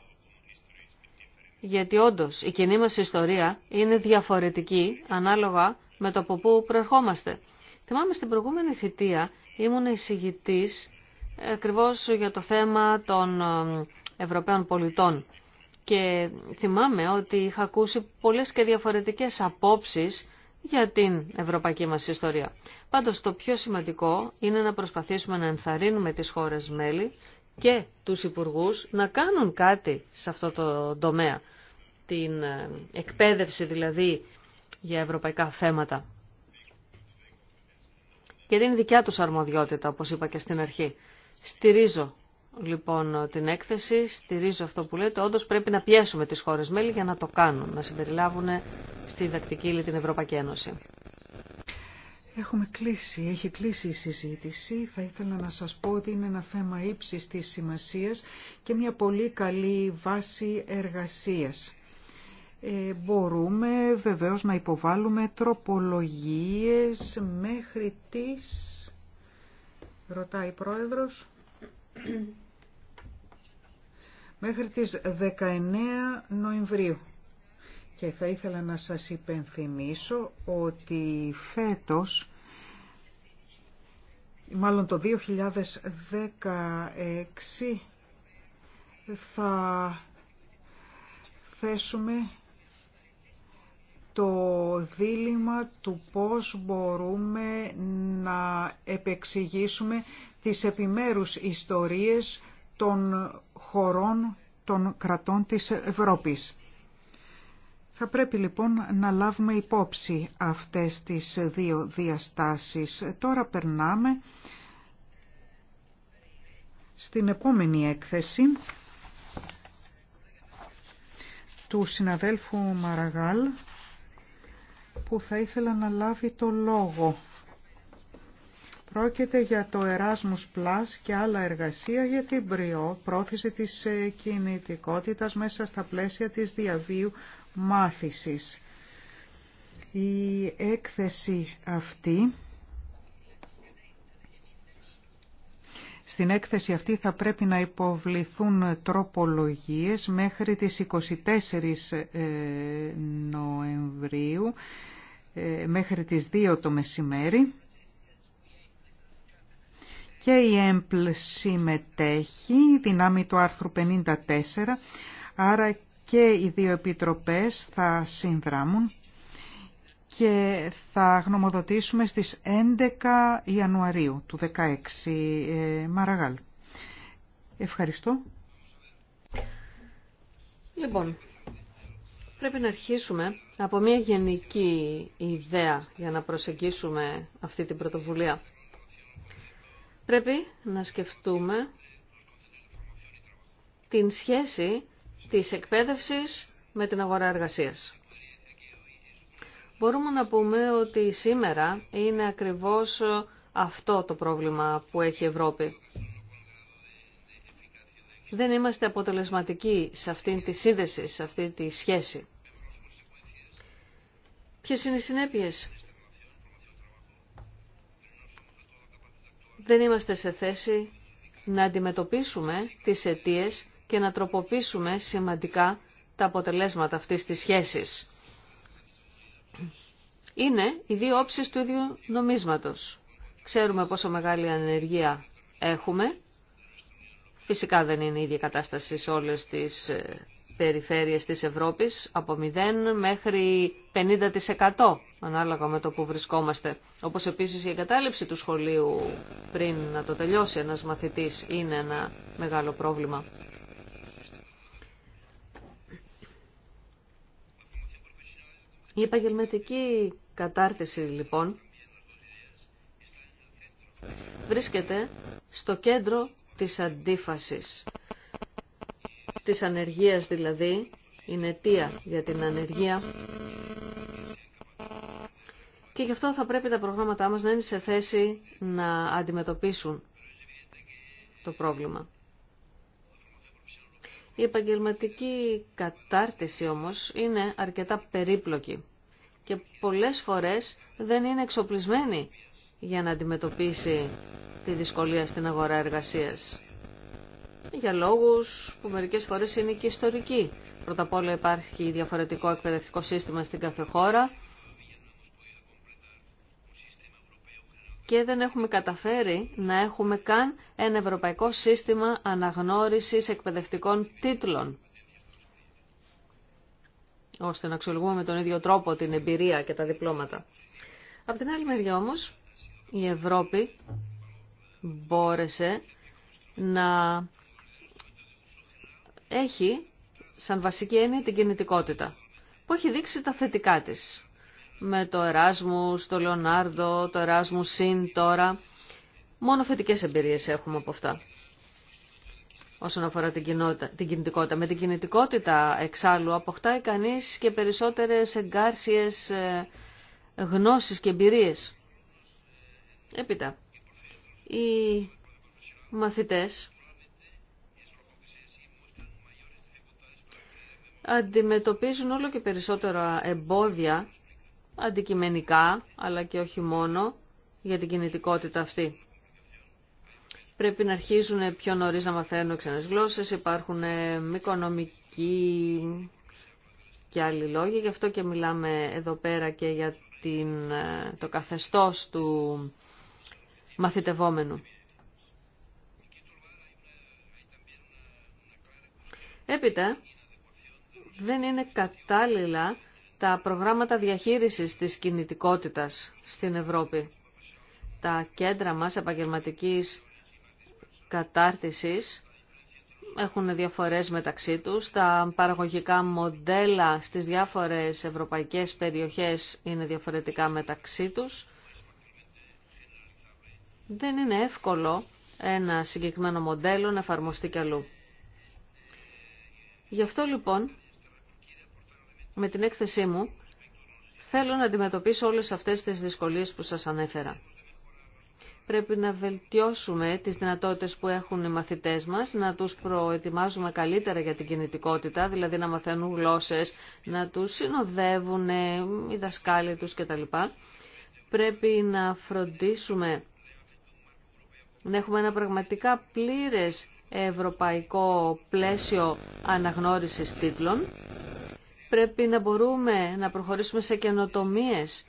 Γιατί όντως η κοινή μας ιστορία είναι διαφορετική ανάλογα με το από πού προερχόμαστε. Θυμάμαι στην προηγούμενη θητεία ήμουν εισηγητή ακριβώ για το θέμα των ε, Ευρωπαίων πολιτών. Και θυμάμαι ότι είχα ακούσει πολλές και διαφορετικές απόψεις για την ευρωπαϊκή μας ιστορία. Πάντως το πιο σημαντικό είναι να προσπαθήσουμε να ενθαρρύνουμε τις χώρες μέλη και τους υπουργούς να κάνουν κάτι σε αυτό το τομέα. Την ε, εκπαίδευση δηλαδή για ευρωπαϊκά θέματα. Και είναι δικιά τους αρμοδιότητα, όπως είπα και στην αρχή. Στηρίζω λοιπόν την έκθεση, στηρίζω αυτό που λέτε. Όντως πρέπει να πιέσουμε τις χώρες μέλη για να το κάνουν, να συμπεριλάβουν στη διδακτική ύλη την Ευρωπαϊκή Ένωση.
Έχουμε κλείσει, έχει κλείσει η συζήτηση. Θα ήθελα να σας πω ότι είναι ένα θέμα ύψης της σημασίας και μια πολύ καλή βάση εργασίας. Ε, μπορούμε βεβαίως να υποβάλουμε τροπολογίες μέχρι τις... Ρωτάει η Πρόεδρος. Μέχρι τις 19 Νοεμβρίου. Και θα ήθελα να σας υπενθυμίσω ότι φέτος, μάλλον το 2016, θα θέσουμε το δίλημα του πώς μπορούμε να επεξηγήσουμε τις επιμέρους ιστορίες των χωρών των κρατών της Ευρώπης. Θα πρέπει λοιπόν να λάβουμε υπόψη αυτές τις δύο διαστάσεις. Τώρα περνάμε στην επόμενη έκθεση του συναδέλφου Μαραγάλ που θα ήθελα να λάβει το λόγο. Πρόκειται για το Erasmus Plus και άλλα εργασία για την πρόθεση της ε, κινητικότητας μέσα στα πλαίσια της διαβίου μάθησης. Η έκθεση αυτή Στην έκθεση αυτή θα πρέπει να υποβληθούν τροπολογίες μέχρι τις 24 ε, Νοεμβρίου, ε, μέχρι τις 2 το μεσημέρι. Και η ΕΜΠΛ συμμετέχει, δυνάμει του άρθρου 54, άρα και οι δύο επιτροπές θα συνδράμουν και θα γνωμοδοτήσουμε στις 11 Ιανουαρίου του 16 ε, Μαραγάλ. Ευχαριστώ.
Λοιπόν, πρέπει να αρχίσουμε από μια γενική ιδέα για να προσεγγίσουμε αυτή την πρωτοβουλία. Πρέπει να σκεφτούμε την σχέση της εκπαίδευσης με την αγορά εργασίας. Μπορούμε να πούμε ότι σήμερα είναι ακριβώς αυτό το πρόβλημα που έχει η Ευρώπη. Δεν είμαστε αποτελεσματικοί σε αυτήν τη σύνδεση, σε αυτή τη σχέση. Ποιες είναι οι συνέπειες. Δεν είμαστε σε θέση να αντιμετωπίσουμε τις αιτίες και να τροποποιήσουμε σημαντικά τα αποτελέσματα αυτής της σχέσης είναι οι δύο όψεις του ίδιου νομίσματος. Ξέρουμε πόσο μεγάλη ανεργία έχουμε. Φυσικά δεν είναι η ίδια κατάσταση σε όλες τις ε, περιφέρειες της Ευρώπης, από 0 μέχρι 50% ανάλογα με το που βρισκόμαστε. Όπως επίσης η εγκατάλειψη του σχολείου πριν να το τελειώσει ένας μαθητής είναι ένα μεγάλο πρόβλημα. Η επαγγελματική κατάρτιση λοιπόν βρίσκεται στο κέντρο της αντίφασης. Της ανεργίας δηλαδή, είναι αιτία για την ανεργία. Και γι' αυτό θα πρέπει τα προγράμματά μας να είναι σε θέση να αντιμετωπίσουν το πρόβλημα. Η επαγγελματική κατάρτιση όμως είναι αρκετά περίπλοκη και πολλές φορές δεν είναι εξοπλισμένη για να αντιμετωπίσει τη δυσκολία στην αγορά εργασίας. Για λόγους που μερικές φορές είναι και ιστορικοί. Πρώτα απ' όλα υπάρχει διαφορετικό εκπαιδευτικό σύστημα στην κάθε χώρα και δεν έχουμε καταφέρει να έχουμε καν ένα ευρωπαϊκό σύστημα αναγνώρισης εκπαιδευτικών τίτλων ώστε να αξιολογούμε με τον ίδιο τρόπο την εμπειρία και τα διπλώματα. Από την άλλη μεριά όμως, η Ευρώπη μπόρεσε να έχει σαν βασική έννοια την κινητικότητα, που έχει δείξει τα θετικά της. Με το Εράσμους, το Λεωνάρδο, το Εράσμους Συν τώρα, μόνο θετικές εμπειρίες έχουμε από αυτά όσον αφορά την, κινητικότητα. Με την κινητικότητα εξάλλου αποκτάει κανείς και περισσότερες εγκάρσιες ε, γνώσεις και εμπειρίες. Έπειτα, οι μαθητές αντιμετωπίζουν όλο και περισσότερα εμπόδια αντικειμενικά, αλλά και όχι μόνο, για την κινητικότητα αυτή πρέπει να αρχίζουν πιο νωρί να μαθαίνουν ξένες γλώσσε, υπάρχουν ε, οικονομικοί και άλλοι λόγοι, γι' αυτό και μιλάμε εδώ πέρα και για την, ε, το καθεστώς του μαθητευόμενου. Έπειτα, δεν είναι κατάλληλα τα προγράμματα διαχείρισης της κινητικότητας στην Ευρώπη. Τα κέντρα μας επαγγελματικής κατάρτισης έχουν διαφορές μεταξύ τους. Τα παραγωγικά μοντέλα στις διάφορες ευρωπαϊκές περιοχές είναι διαφορετικά μεταξύ τους. Δεν είναι εύκολο ένα συγκεκριμένο μοντέλο να εφαρμοστεί κι αλλού. Γι' αυτό λοιπόν, με την έκθεσή μου, θέλω να αντιμετωπίσω όλες αυτές τις δυσκολίες που σας ανέφερα πρέπει να βελτιώσουμε τις δυνατότητες που έχουν οι μαθητές μας, να τους προετοιμάζουμε καλύτερα για την κινητικότητα, δηλαδή να μαθαίνουν γλώσσες, να τους συνοδεύουν οι δασκάλοι τους κτλ. Πρέπει να φροντίσουμε να έχουμε ένα πραγματικά πλήρες ευρωπαϊκό πλαίσιο αναγνώρισης τίτλων. Πρέπει να μπορούμε να προχωρήσουμε σε καινοτομίες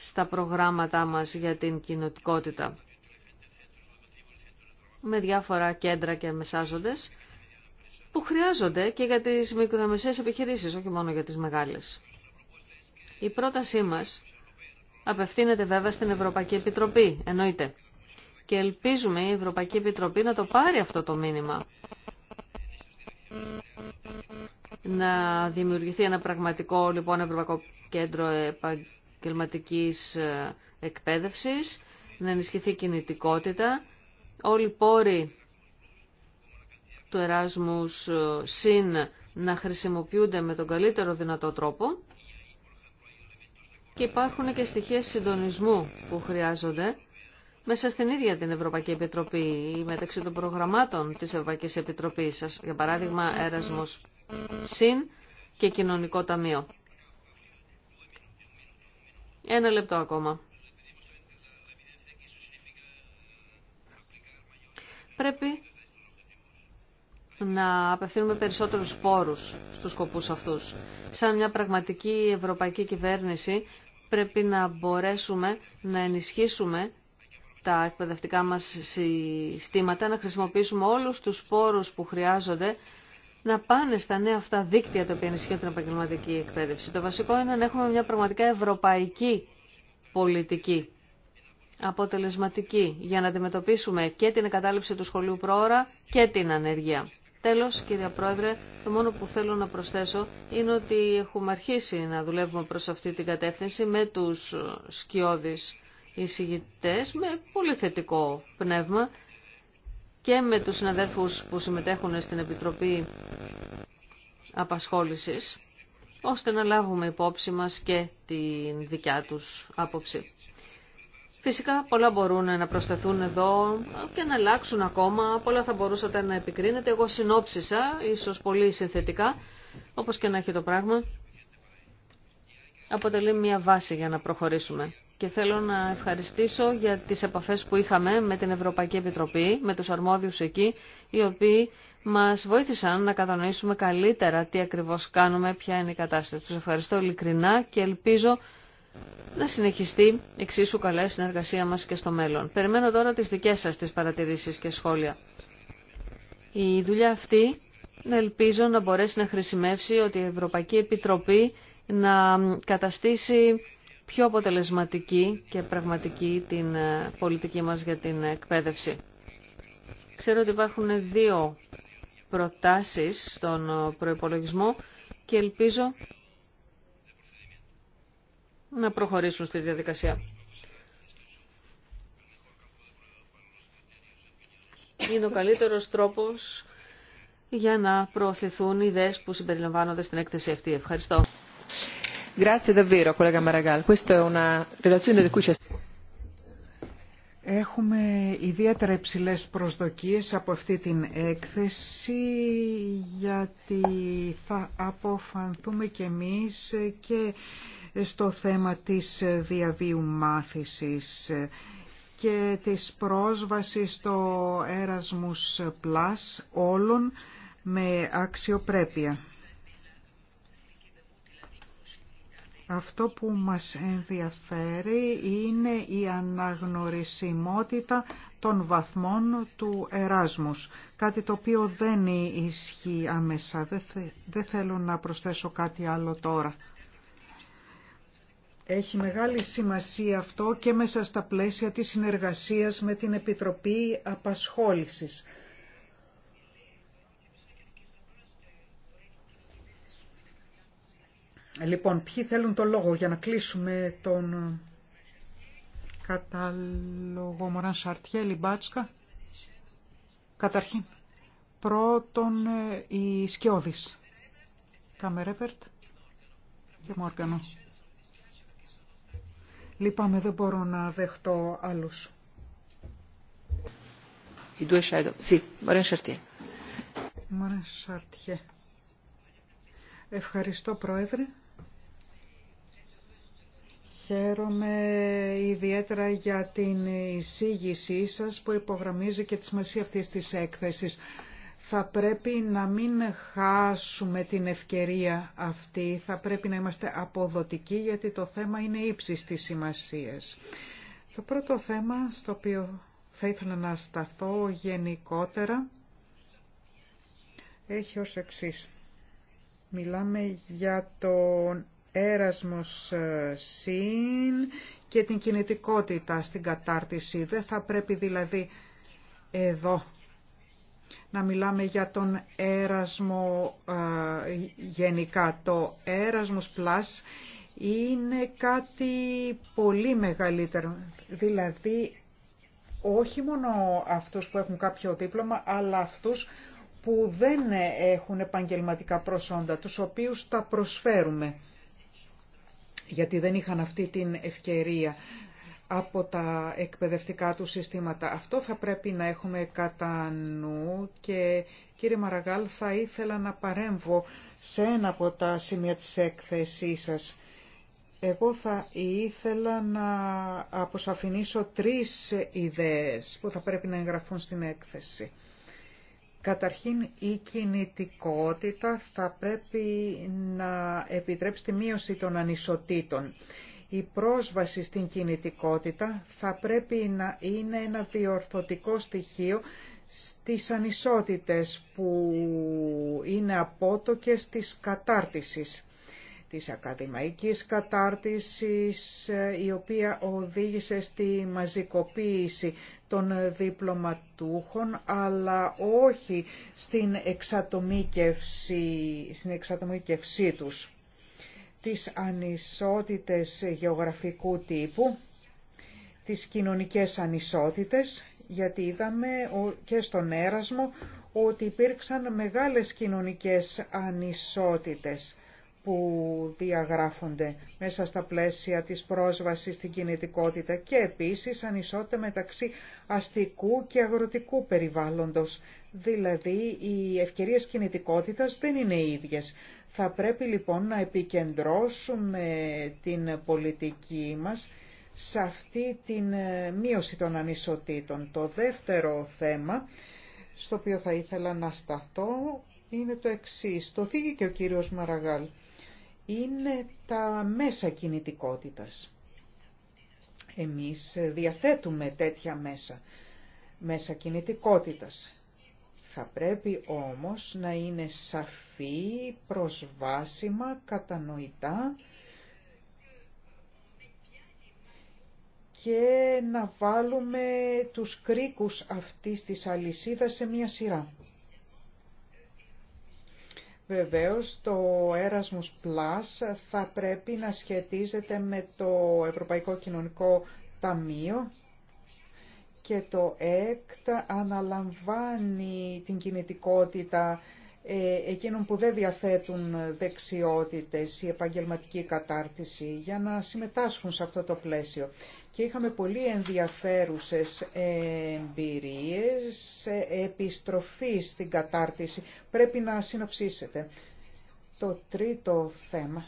στα προγράμματά μας για την κοινοτικότητα με διάφορα κέντρα και μεσάζοντες που χρειάζονται και για τις μικρομεσαίες επιχειρήσεις, όχι μόνο για τις μεγάλες. Η πρότασή μας απευθύνεται βέβαια στην Ευρωπαϊκή Επιτροπή, εννοείται. Και ελπίζουμε η Ευρωπαϊκή Επιτροπή να το πάρει αυτό το μήνυμα. Να δημιουργηθεί ένα πραγματικό λοιπόν Ευρωπαϊκό Κέντρο Επαγγελματικής ε, Εκπαίδευσης, να ενισχυθεί κινητικότητα, όλοι οι πόροι του Εράσμους ε, συν να χρησιμοποιούνται με τον καλύτερο δυνατό τρόπο και υπάρχουν και στοιχεία συντονισμού που χρειάζονται μέσα στην ίδια την Ευρωπαϊκή Επιτροπή ή μεταξύ των προγραμμάτων της Ευρωπαϊκής Επιτροπής σας, για παράδειγμα Έρασμος ΣΥΝ και Κοινωνικό Ταμείο. Ένα λεπτό ακόμα. πρέπει να απευθύνουμε περισσότερους σπόρους στους σκοπούς αυτούς. Σαν μια πραγματική ευρωπαϊκή κυβέρνηση πρέπει να μπορέσουμε να ενισχύσουμε τα εκπαιδευτικά μας συστήματα, να χρησιμοποιήσουμε όλους τους σπόρους που χρειάζονται να πάνε στα νέα αυτά δίκτυα τα οποία ενισχύουν την επαγγελματική εκπαίδευση. Το βασικό είναι να έχουμε μια πραγματικά ευρωπαϊκή πολιτική αποτελεσματική για να αντιμετωπίσουμε και την εγκατάλειψη του σχολείου πρόωρα και την ανεργία. Τέλος, κύριε Πρόεδρε, το μόνο που θέλω να προσθέσω είναι ότι έχουμε αρχίσει να δουλεύουμε προς αυτή την κατεύθυνση με τους σκιώδεις εισηγητές με πολύ θετικό πνεύμα και με τους συναδέλφους που συμμετέχουν στην Επιτροπή Απασχόλησης ώστε να λάβουμε υπόψη μας και την δικιά τους άποψη. Φυσικά πολλά μπορούν να προσθεθούν εδώ και να αλλάξουν ακόμα, πολλά θα μπορούσατε να επικρίνετε. Εγώ συνόψισα, ίσως πολύ συνθετικά, όπως και να έχει το πράγμα. Αποτελεί μια βάση για να προχωρήσουμε. Και θέλω να ευχαριστήσω για τις επαφές που είχαμε με την Ευρωπαϊκή Επιτροπή, με τους αρμόδιους εκεί, οι οποίοι μας βοήθησαν να κατανοήσουμε καλύτερα τι ακριβώς κάνουμε, ποια είναι η κατάσταση. Τους ευχαριστώ ειλικρινά και ελπίζω να συνεχιστεί εξίσου καλά η συνεργασία μας και στο μέλλον. Περιμένω τώρα τις δικές σας τις παρατηρήσεις και σχόλια. Η δουλειά αυτή ελπίζω να μπορέσει να χρησιμεύσει ότι η Ευρωπαϊκή Επιτροπή να καταστήσει πιο αποτελεσματική και πραγματική την ε, πολιτική μας για την εκπαίδευση. Ξέρω ότι υπάρχουν δύο προτάσεις στον ε, προϋπολογισμό και ελπίζω να προχωρήσουν στη διαδικασία. Είναι ο καλύτερος τρόπος για να προωθηθούν οι ιδέες που συμπεριλαμβάνονται στην έκθεση αυτή. Ευχαριστώ.
Έχουμε ιδιαίτερα υψηλές προσδοκίες από αυτή την έκθεση γιατί θα αποφανθούμε κι εμείς και στο θέμα της διαβίου μάθησης και της πρόσβασης στο Erasmus Plus όλων με αξιοπρέπεια. Αυτό που μας ενδιαφέρει είναι η αναγνωρισιμότητα των βαθμών του Erasmus, Κάτι το οποίο δεν ισχύει αμέσα. Δεν θέλω να προσθέσω κάτι άλλο τώρα. Έχει μεγάλη σημασία αυτό και μέσα στα πλαίσια της συνεργασίας με την Επιτροπή Απασχόλησης. Λοιπόν, ποιοι θέλουν το λόγο για να κλείσουμε τον κατάλογο Μωράν Σαρτιέ, Λιμπάτσκα. Καταρχήν, πρώτον ε, η Σκιώδης. Καμερέβερτ και Μόργανο. Λυπάμαι, δεν μπορώ να δεχτώ άλλους. Ευχαριστώ, Πρόεδρε. Χαίρομαι ιδιαίτερα για την εισήγησή σας που υπογραμμίζει και τη σημασία αυτής της έκθεσης θα πρέπει να μην χάσουμε την ευκαιρία αυτή, θα πρέπει να είμαστε αποδοτικοί γιατί το θέμα είναι ύψης τη σημασίας. Το πρώτο θέμα στο οποίο θα ήθελα να σταθώ γενικότερα έχει ως εξής. Μιλάμε για τον έρασμος ε, συν και την κινητικότητα στην κατάρτιση. Δεν θα πρέπει δηλαδή εδώ να μιλάμε για τον έρασμο ε, γενικά. Το έρασμος πλάς είναι κάτι πολύ μεγαλύτερο. Δηλαδή, όχι μόνο αυτούς που έχουν κάποιο δίπλωμα, αλλά αυτούς που δεν έχουν επαγγελματικά προσόντα, τους οποίους τα προσφέρουμε, γιατί δεν είχαν αυτή την ευκαιρία από τα εκπαιδευτικά του συστήματα. Αυτό θα πρέπει να έχουμε κατά νου και κύριε Μαραγάλ θα ήθελα να παρέμβω σε ένα από τα σημεία της έκθεσής σας. Εγώ θα ήθελα να αποσαφηνίσω τρεις ιδέες που θα πρέπει να εγγραφούν στην έκθεση. Καταρχήν η κινητικότητα θα πρέπει να επιτρέψει τη μείωση των ανισοτήτων. Η πρόσβαση στην κινητικότητα θα πρέπει να είναι ένα διορθωτικό στοιχείο στις ανισότητες που είναι απότοκες της κατάρτισης της ακαδημαϊκής κατάρτισης ε, η οποία οδήγησε στη μαζικοποίηση των διπλωματούχων αλλά όχι στην εξατομίκευση, στην εξατομίκευσή τους τις ανισότητες γεωγραφικού τύπου, τις κοινωνικές ανισότητες, γιατί είδαμε και στον έρασμο ότι υπήρξαν μεγάλες κοινωνικές ανισότητες που διαγράφονται μέσα στα πλαίσια της πρόσβασης στην κινητικότητα και επίσης ανισότητα μεταξύ αστικού και αγροτικού περιβάλλοντος. Δηλαδή οι ευκαιρίες κινητικότητας δεν είναι ίδιες. Θα πρέπει λοιπόν να επικεντρώσουμε την πολιτική μας σε αυτή την ε, μείωση των ανισοτήτων. Το δεύτερο θέμα στο οποίο θα ήθελα να σταθώ είναι το εξής. Το θίγει και ο κύριος Μαραγάλ. Είναι τα μέσα κινητικότητας. Εμείς διαθέτουμε τέτοια μέσα, μέσα κινητικότητας. Θα πρέπει όμως να είναι σαφή, προσβάσιμα, κατανοητά και να βάλουμε τους κρίκους αυτής της αλυσίδας σε μία σειρά. Βεβαίως το Erasmus Plus θα πρέπει να σχετίζεται με το Ευρωπαϊκό Κοινωνικό Ταμείο και το ΕΚΤ αναλαμβάνει την κινητικότητα ε, εκείνων που δεν διαθέτουν δεξιότητες ή επαγγελματική κατάρτιση για να συμμετάσχουν σε αυτό το πλαίσιο. Και είχαμε πολύ ενδιαφέρουσες εμπειρίες, επιστροφή στην κατάρτιση. Πρέπει να συνοψίσετε. Το τρίτο θέμα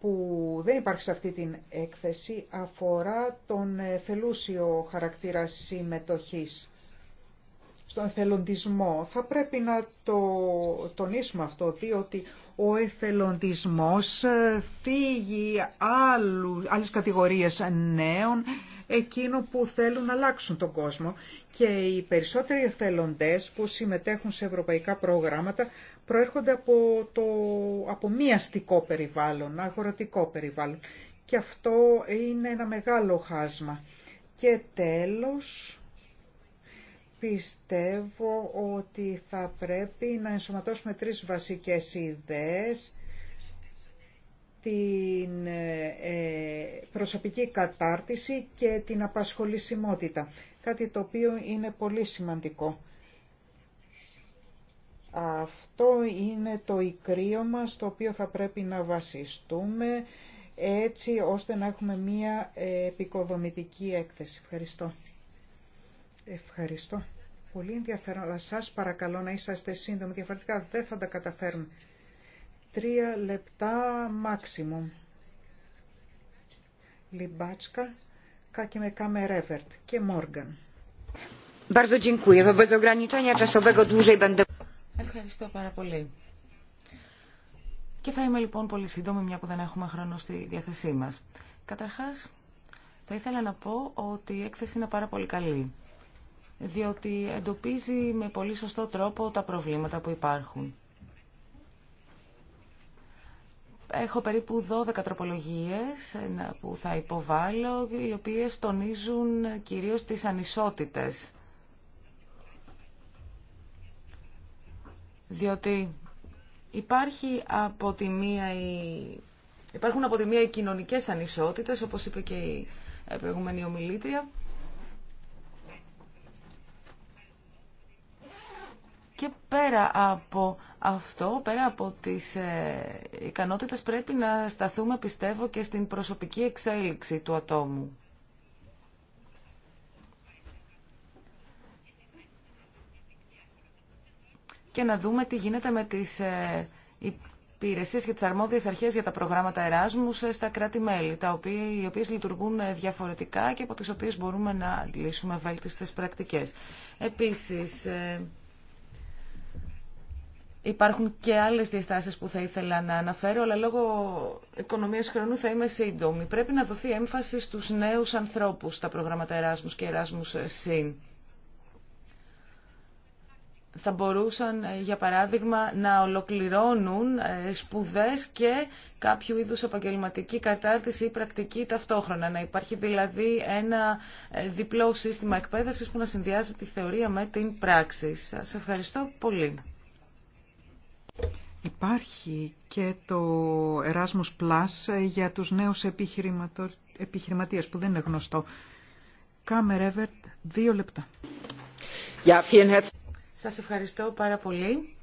που δεν υπάρχει σε αυτή την έκθεση αφορά τον ε, θελούσιο χαρακτήρα συμμετοχής στον εθελοντισμό. Θα πρέπει να το τονίσουμε αυτό, διότι ο εθελοντισμός ε, φύγει άλλου άλλες κατηγορίες νέων, εκείνο που θέλουν να αλλάξουν τον κόσμο. Και οι περισσότεροι εθελοντές που συμμετέχουν σε ευρωπαϊκά προγράμματα προέρχονται από, το, από μη αστικό περιβάλλον, αγορατικό περιβάλλον. Και αυτό είναι ένα μεγάλο χάσμα. Και τέλος, πιστεύω ότι θα πρέπει να ενσωματώσουμε τρεις βασικές ιδέες την ε, ε, προσωπική κατάρτιση και την απασχολησιμότητα. Κάτι το οποίο είναι πολύ σημαντικό. Αυτό είναι το ικρίο μας το οποίο θα πρέπει να βασιστούμε έτσι ώστε να έχουμε μία ε, επικοδομητική έκθεση. Ευχαριστώ. Ευχαριστώ. Πολύ ενδιαφέρον, αλλά σας παρακαλώ να είσαστε σύντομοι, διαφορετικά δεν θα τα καταφέρουν. Τρία λεπτά μάξιμουμ. Λιμπάτσκα, Κάκιμε Καμερέβερτ και Μόργαν.
Ευχαριστώ πάρα πολύ. Και θα είμαι λοιπόν πολύ σύντομη, μια που δεν έχουμε χρόνο στη διάθεσή μας. Καταρχάς, θα ήθελα να πω ότι η έκθεση είναι πάρα πολύ καλή διότι εντοπίζει με πολύ σωστό τρόπο τα προβλήματα που υπάρχουν. Έχω περίπου 12 τροπολογίες που θα υποβάλω, οι οποίες τονίζουν κυρίως τις ανισότητες. Διότι υπάρχει από τη μία η... υπάρχουν από τη μία οι κοινωνικές ανισότητες, όπως είπε και η ε, προηγούμενη ομιλήτρια, Και πέρα από αυτό, πέρα από τις ε, ικανότητες, πρέπει να σταθούμε, πιστεύω, και στην προσωπική εξέλιξη του ατόμου. Και να δούμε τι γίνεται με τις ε, υπηρεσίες και τις αρμόδιες αρχές για τα προγράμματα Εράσμους στα κράτη-μέλη, οι οποίες λειτουργούν ε, διαφορετικά και από τις οποίες μπορούμε να λύσουμε βέλτιστες πρακτικές. Επίσης... Ε, Υπάρχουν και άλλες διαστάσεις που θα ήθελα να αναφέρω, αλλά λόγω οικονομίας χρονού θα είμαι σύντομη. Πρέπει να δοθεί έμφαση στους νέους ανθρώπους στα προγράμματα Εράσμους και Εράσμους ΣΥΝ. Θα μπορούσαν, ε, για παράδειγμα, να ολοκληρώνουν ε, σπουδές και κάποιο είδους επαγγελματική κατάρτιση ή πρακτική ταυτόχρονα. Να υπάρχει δηλαδή ένα ε, διπλό σύστημα εκπαίδευσης που να συνδυάζει τη θεωρία με την πράξη. Σας ευχαριστώ πολύ.
Υπάρχει και το Erasmus Plus για τους νέους επιχειρηματίες που δεν είναι γνωστό. Κάμε Ρέβερτ, δύο λεπτά. Yeah, Σας ευχαριστώ πάρα πολύ.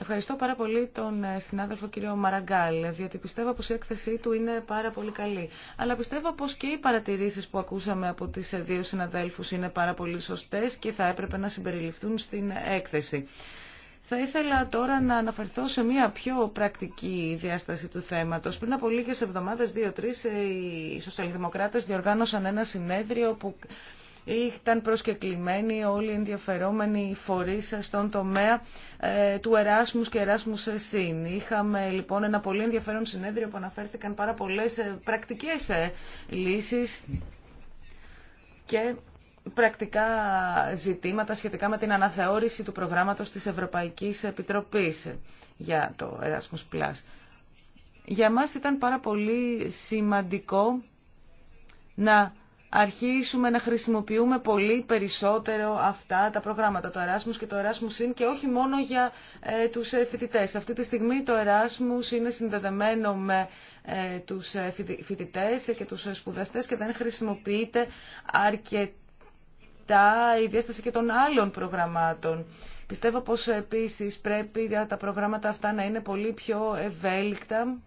Ευχαριστώ πάρα πολύ τον
ε, συνάδελφο κύριο Μαραγκάλ, διότι πιστεύω πως η έκθεσή του είναι πάρα πολύ καλή. Αλλά πιστεύω πως και οι παρατηρήσεις που ακούσαμε από τις ε, δύο συναδέλφους είναι πάρα πολύ σωστές και θα έπρεπε να συμπεριληφθούν στην ε, έκθεση. Θα ήθελα τώρα να αναφερθώ σε μια πιο πρακτική διάσταση του θέματος. Πριν από λίγες εβδομάδες, δύο-τρεις, ε, οι σοσιαλδημοκράτες διοργάνωσαν ένα συνέδριο που ήταν προσκεκλημένοι όλοι οι ενδιαφερόμενοι φορείς στον τομέα ε, του Εράσμους και Εράσμους ΕΣΥΝ. Είχαμε λοιπόν ένα πολύ ενδιαφέρον συνέδριο που αναφέρθηκαν πάρα πολλές ε, πρακτικές λύσεις και πρακτικά ζητήματα σχετικά με την αναθεώρηση του προγράμματος της Ευρωπαϊκής Επιτροπής για το Erasmus+. Για μας ήταν πάρα πολύ σημαντικό να αρχίσουμε να χρησιμοποιούμε πολύ περισσότερο αυτά τα προγράμματα, το Erasmus και το Erasmus και όχι μόνο για ε, τους ε, φοιτητέ. Αυτή τη στιγμή το Erasmus είναι συνδεδεμένο με ε, τους ε, φοιτητέ και τους ε, σπουδαστές και δεν χρησιμοποιείται αρκετά μετά η διάσταση και των άλλων προγραμμάτων. Πιστεύω πως επίσης πρέπει τα προγράμματα αυτά να είναι πολύ πιο ευέλικτα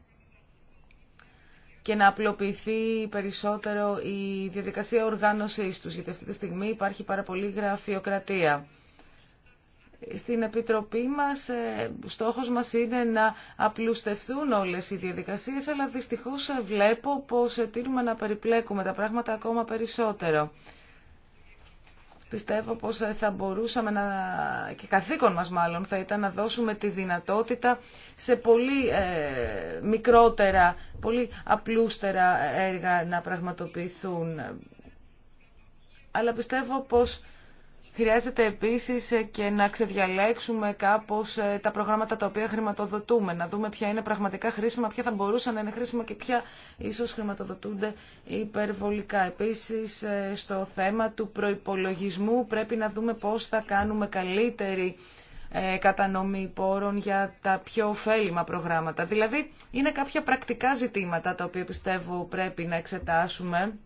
και να απλοποιηθεί περισσότερο η διαδικασία οργάνωσής τους, γιατί αυτή τη στιγμή υπάρχει πάρα πολύ γραφειοκρατία. Στην Επιτροπή μας ε, στόχος μας είναι να απλουστευτούν όλες οι διαδικασίες, αλλά δυστυχώς βλέπω πως ε, τείνουμε να περιπλέκουμε τα πράγματα ακόμα περισσότερο. Πιστεύω πως ε, θα μπορούσαμε να, και καθήκον μας μάλλον θα ήταν να δώσουμε τη δυνατότητα σε πολύ ε, μικρότερα, πολύ απλούστερα έργα να πραγματοποιηθούν. Αλλά πιστεύω πως Χρειάζεται επίσης και να ξεδιαλέξουμε κάπως ε, τα προγράμματα τα οποία χρηματοδοτούμε, να δούμε ποια είναι πραγματικά χρήσιμα, ποια θα μπορούσαν να είναι χρήσιμα και ποια ίσως χρηματοδοτούνται υπερβολικά. Επίσης ε, στο θέμα του προϋπολογισμού πρέπει να δούμε πώς θα κάνουμε καλύτερη ε, κατανομή πόρων για τα πιο ωφέλιμα προγράμματα. Δηλαδή είναι κάποια πρακτικά ζητήματα τα οποία πιστεύω πρέπει να εξετάσουμε,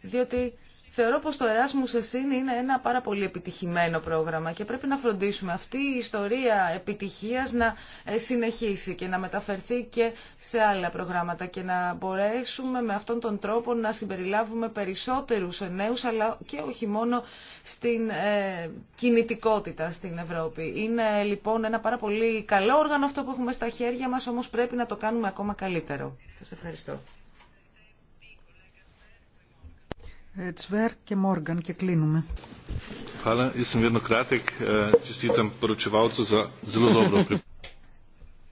διότι Θεωρώ πως το Erasmus Εσύ είναι ένα πάρα πολύ επιτυχημένο πρόγραμμα και πρέπει να φροντίσουμε αυτή η ιστορία επιτυχίας να ε, συνεχίσει και να μεταφερθεί και σε άλλα προγράμματα και να μπορέσουμε με αυτόν τον τρόπο να συμπεριλάβουμε περισσότερους νέους αλλά και όχι μόνο στην ε, κινητικότητα στην Ευρώπη. Είναι λοιπόν ένα πάρα πολύ καλό όργανο αυτό που έχουμε στα χέρια μας όμως πρέπει να το κάνουμε ακόμα καλύτερο. Σας
ευχαριστώ. Τσβέρ και Μόργαν και κλείνουμε.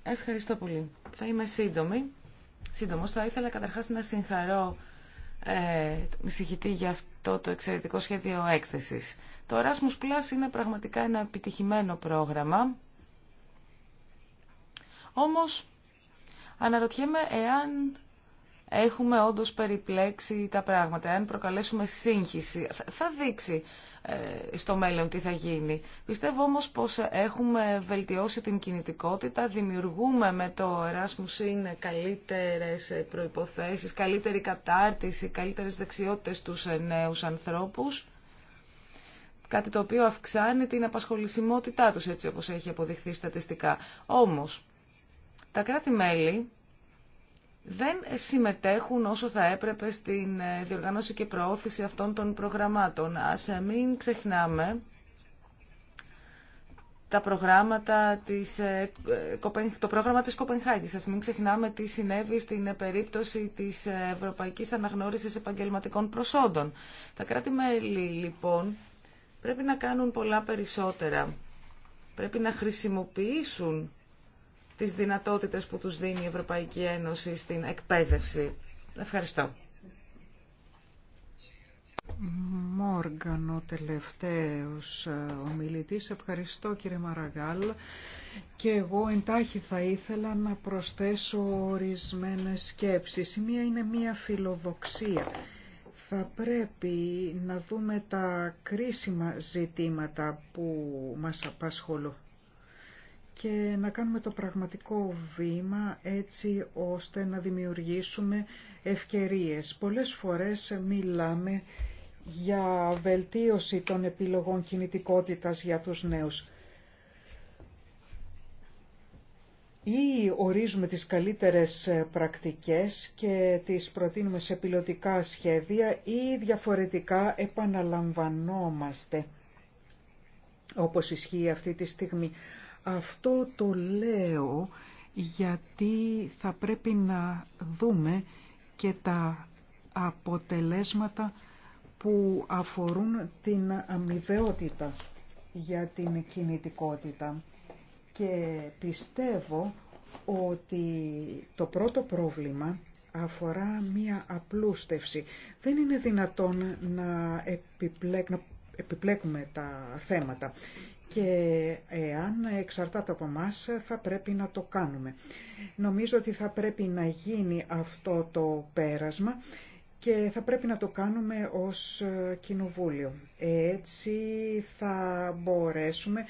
Ευχαριστώ πολύ. Θα είμαι σύντομη. Σύντομος, θα ήθελα καταρχάς να συγχαρώ ε, συγχυτή για αυτό το εξαιρετικό σχέδιο έκθεσης. Το Erasmus Plus είναι πραγματικά ένα επιτυχημένο πρόγραμμα. Όμως αναρωτιέμαι εάν έχουμε όντως περιπλέξει τα πράγματα. Αν προκαλέσουμε σύγχυση, θα δείξει ε, στο μέλλον τι θα γίνει. Πιστεύω όμως πως έχουμε βελτιώσει την κινητικότητα, δημιουργούμε με το Erasmus είναι καλύτερες προϋποθέσεις, καλύτερη κατάρτιση, καλύτερες δεξιότητες στους νέους ανθρώπους κάτι το οποίο αυξάνει την απασχολησιμότητά τους, έτσι όπως έχει αποδειχθεί στατιστικά. Όμως, τα κράτη-μέλη δεν συμμετέχουν όσο θα έπρεπε στην ε, διοργάνωση και προώθηση αυτών των προγραμμάτων. Ας ε, μην ξεχνάμε τα προγράμματα της, ε, το πρόγραμμα της Κοπενχάγης. Ας μην ξεχνάμε τι συνέβη στην περίπτωση της Ευρωπαϊκής Αναγνώρισης Επαγγελματικών Προσόντων. Τα κράτη-μέλη, λοιπόν, πρέπει να κάνουν πολλά περισσότερα. Πρέπει να χρησιμοποιήσουν τις δυνατότητες που τους δίνει η Ευρωπαϊκή Ένωση στην εκπαίδευση. Ευχαριστώ.
Μόργαν ο τελευταίος ε, ομιλητής. Ευχαριστώ κύριε Μαραγκάλ. Και εγώ εντάχει θα ήθελα να προσθέσω ορισμένες σκέψεις. Η μία είναι μία φιλοδοξία. Θα πρέπει να δούμε τα κρίσιμα ζητήματα που μας απασχολούν και να κάνουμε το πραγματικό βήμα έτσι ώστε να δημιουργήσουμε ευκαιρίες. Πολλές φορές μιλάμε για βελτίωση των επιλογών κινητικότητας για τους νέους. Ή ορίζουμε τις καλύτερες πρακτικές και τις προτείνουμε σε πιλωτικά σχέδια ή διαφορετικά επαναλαμβανόμαστε όπως ισχύει αυτή τη στιγμή. Αυτό το λέω γιατί θα πρέπει να δούμε και τα αποτελέσματα που αφορούν την αμοιβαιότητα για την κινητικότητα. Και πιστεύω ότι το πρώτο πρόβλημα αφορά μία απλούστευση. Δεν είναι δυνατόν να, επιπλέ, επιπλέκουμε τα θέματα και εάν εξαρτάται από μας θα πρέπει να το κάνουμε. Νομίζω ότι θα πρέπει να γίνει αυτό το πέρασμα και θα πρέπει να το κάνουμε ως κοινοβούλιο. Έτσι θα μπορέσουμε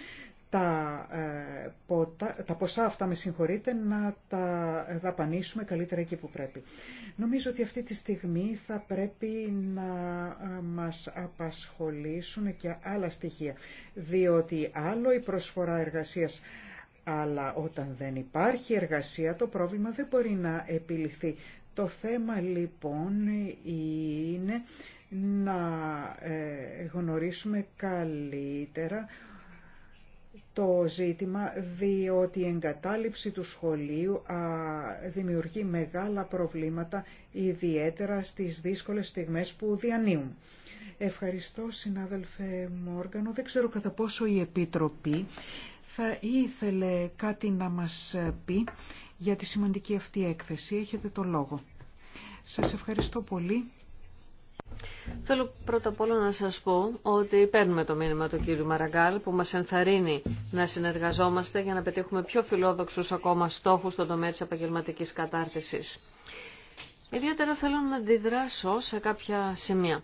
ε, τα, ποσά αυτά, με συγχωρείτε, να τα δαπανίσουμε καλύτερα εκεί που πρέπει. Νομίζω ότι αυτή τη στιγμή θα πρέπει να ε, μας απασχολήσουν και άλλα στοιχεία, διότι άλλο η προσφορά εργασίας αλλά όταν δεν υπάρχει εργασία το πρόβλημα δεν μπορεί να επιληθεί. Το θέμα λοιπόν είναι να ε, γνωρίσουμε καλύτερα το ζήτημα διότι η εγκατάλειψη του σχολείου α, δημιουργεί μεγάλα προβλήματα ιδιαίτερα στις δύσκολες στιγμές που διανύουν. Ευχαριστώ συνάδελφε Μόργανο. Δεν ξέρω κατά πόσο η Επιτροπή θα ήθελε κάτι να μας πει για τη σημαντική αυτή έκθεση. Έχετε το λόγο. Σας ευχαριστώ πολύ.
Θέλω πρώτα απ' όλα να σας πω ότι παίρνουμε το μήνυμα του κύριου Μαραγκάλ που μας ενθαρρύνει να συνεργαζόμαστε για να πετύχουμε πιο φιλόδοξους ακόμα στόχους στον τομέα της επαγγελματική κατάρτισης. Ιδιαίτερα θέλω να αντιδράσω σε κάποια σημεία.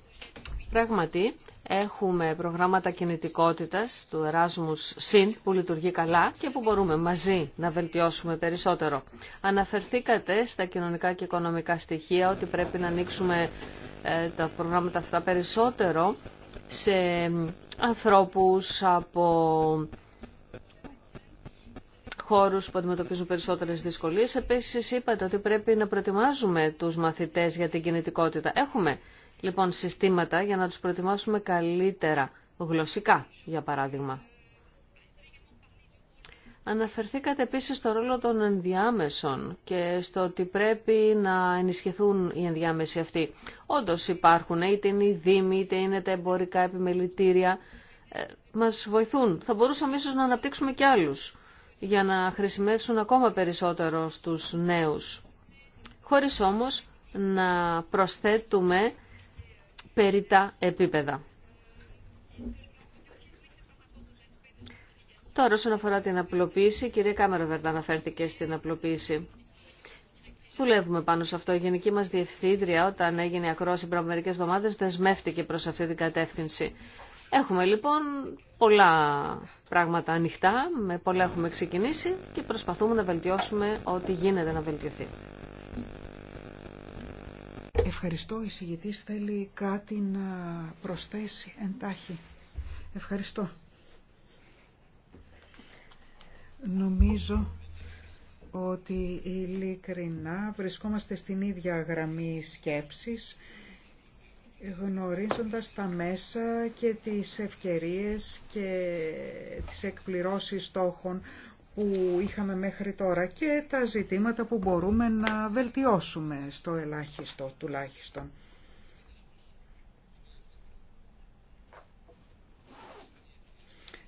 Πράγματι, έχουμε προγράμματα κινητικότητας του Erasmus Συν που λειτουργεί καλά και που μπορούμε μαζί να βελτιώσουμε περισσότερο. Αναφερθήκατε στα κοινωνικά και οικονομικά στοιχεία ότι πρέπει να ανοίξουμε ε, τα προγράμματα αυτά περισσότερο σε ανθρώπους από χώρους που αντιμετωπίζουν περισσότερες δυσκολίες. Επίσης είπατε ότι πρέπει να προετοιμάζουμε τους μαθητές για την κινητικότητα. Έχουμε λοιπόν συστήματα για να τους προετοιμάσουμε καλύτερα, γλωσσικά για παράδειγμα. Αναφερθήκατε επίσης στο ρόλο των ενδιάμεσων και στο ότι πρέπει να ενισχυθούν οι ενδιάμεσοι αυτοί. Όντως υπάρχουν, είτε είναι οι δήμοι, είτε είναι τα εμπορικά επιμελητήρια, ε, μας βοηθούν. Θα μπορούσαμε ίσως να αναπτύξουμε και άλλους για να χρησιμεύσουν ακόμα περισσότερο στους νέους. Χωρίς όμως να προσθέτουμε περιτά επίπεδα. Τώρα, όσον αφορά την απλοποίηση, η κυρία Κάμερο Βερτά αναφέρθηκε στην απλοποίηση. Δουλεύουμε πάνω σε αυτό. Η γενική μα διευθύντρια, όταν έγινε η ακρόαση πριν από μερικέ εβδομάδε, δεσμεύτηκε προ αυτή την κατεύθυνση. Έχουμε λοιπόν πολλά πράγματα ανοιχτά, με πολλά έχουμε ξεκινήσει και προσπαθούμε να βελτιώσουμε ό,τι γίνεται να βελτιωθεί.
Ευχαριστώ. Η συγητής θέλει κάτι να προσθέσει εντάχει. Ευχαριστώ. Νομίζω ότι ειλικρινά βρισκόμαστε στην ίδια γραμμή σκέψης, γνωρίζοντας τα μέσα και τις ευκαιρίες και τις εκπληρώσεις στόχων που είχαμε μέχρι τώρα και τα ζητήματα που μπορούμε να βελτιώσουμε στο ελάχιστο τουλάχιστον.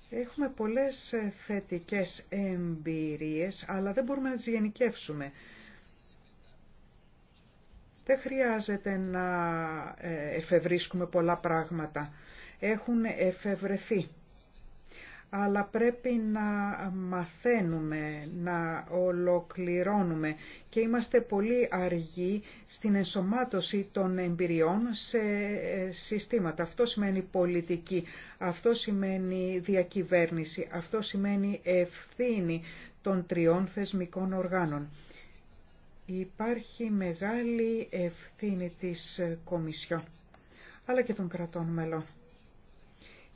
Έχουμε πολλές ε, θετικές εμπειρίες, αλλά δεν μπορούμε να τις γενικεύσουμε. Δεν χρειάζεται να ε, εφευρίσκουμε πολλά πράγματα. Έχουν εφευρεθεί αλλά πρέπει να μαθαίνουμε, να ολοκληρώνουμε και είμαστε πολύ αργοί στην ενσωμάτωση των εμπειριών σε ε, συστήματα. Αυτό σημαίνει πολιτική, αυτό σημαίνει διακυβέρνηση, αυτό σημαίνει ευθύνη των τριών θεσμικών οργάνων. Υπάρχει μεγάλη ευθύνη της Κομισιό αλλά και των κρατών μελών.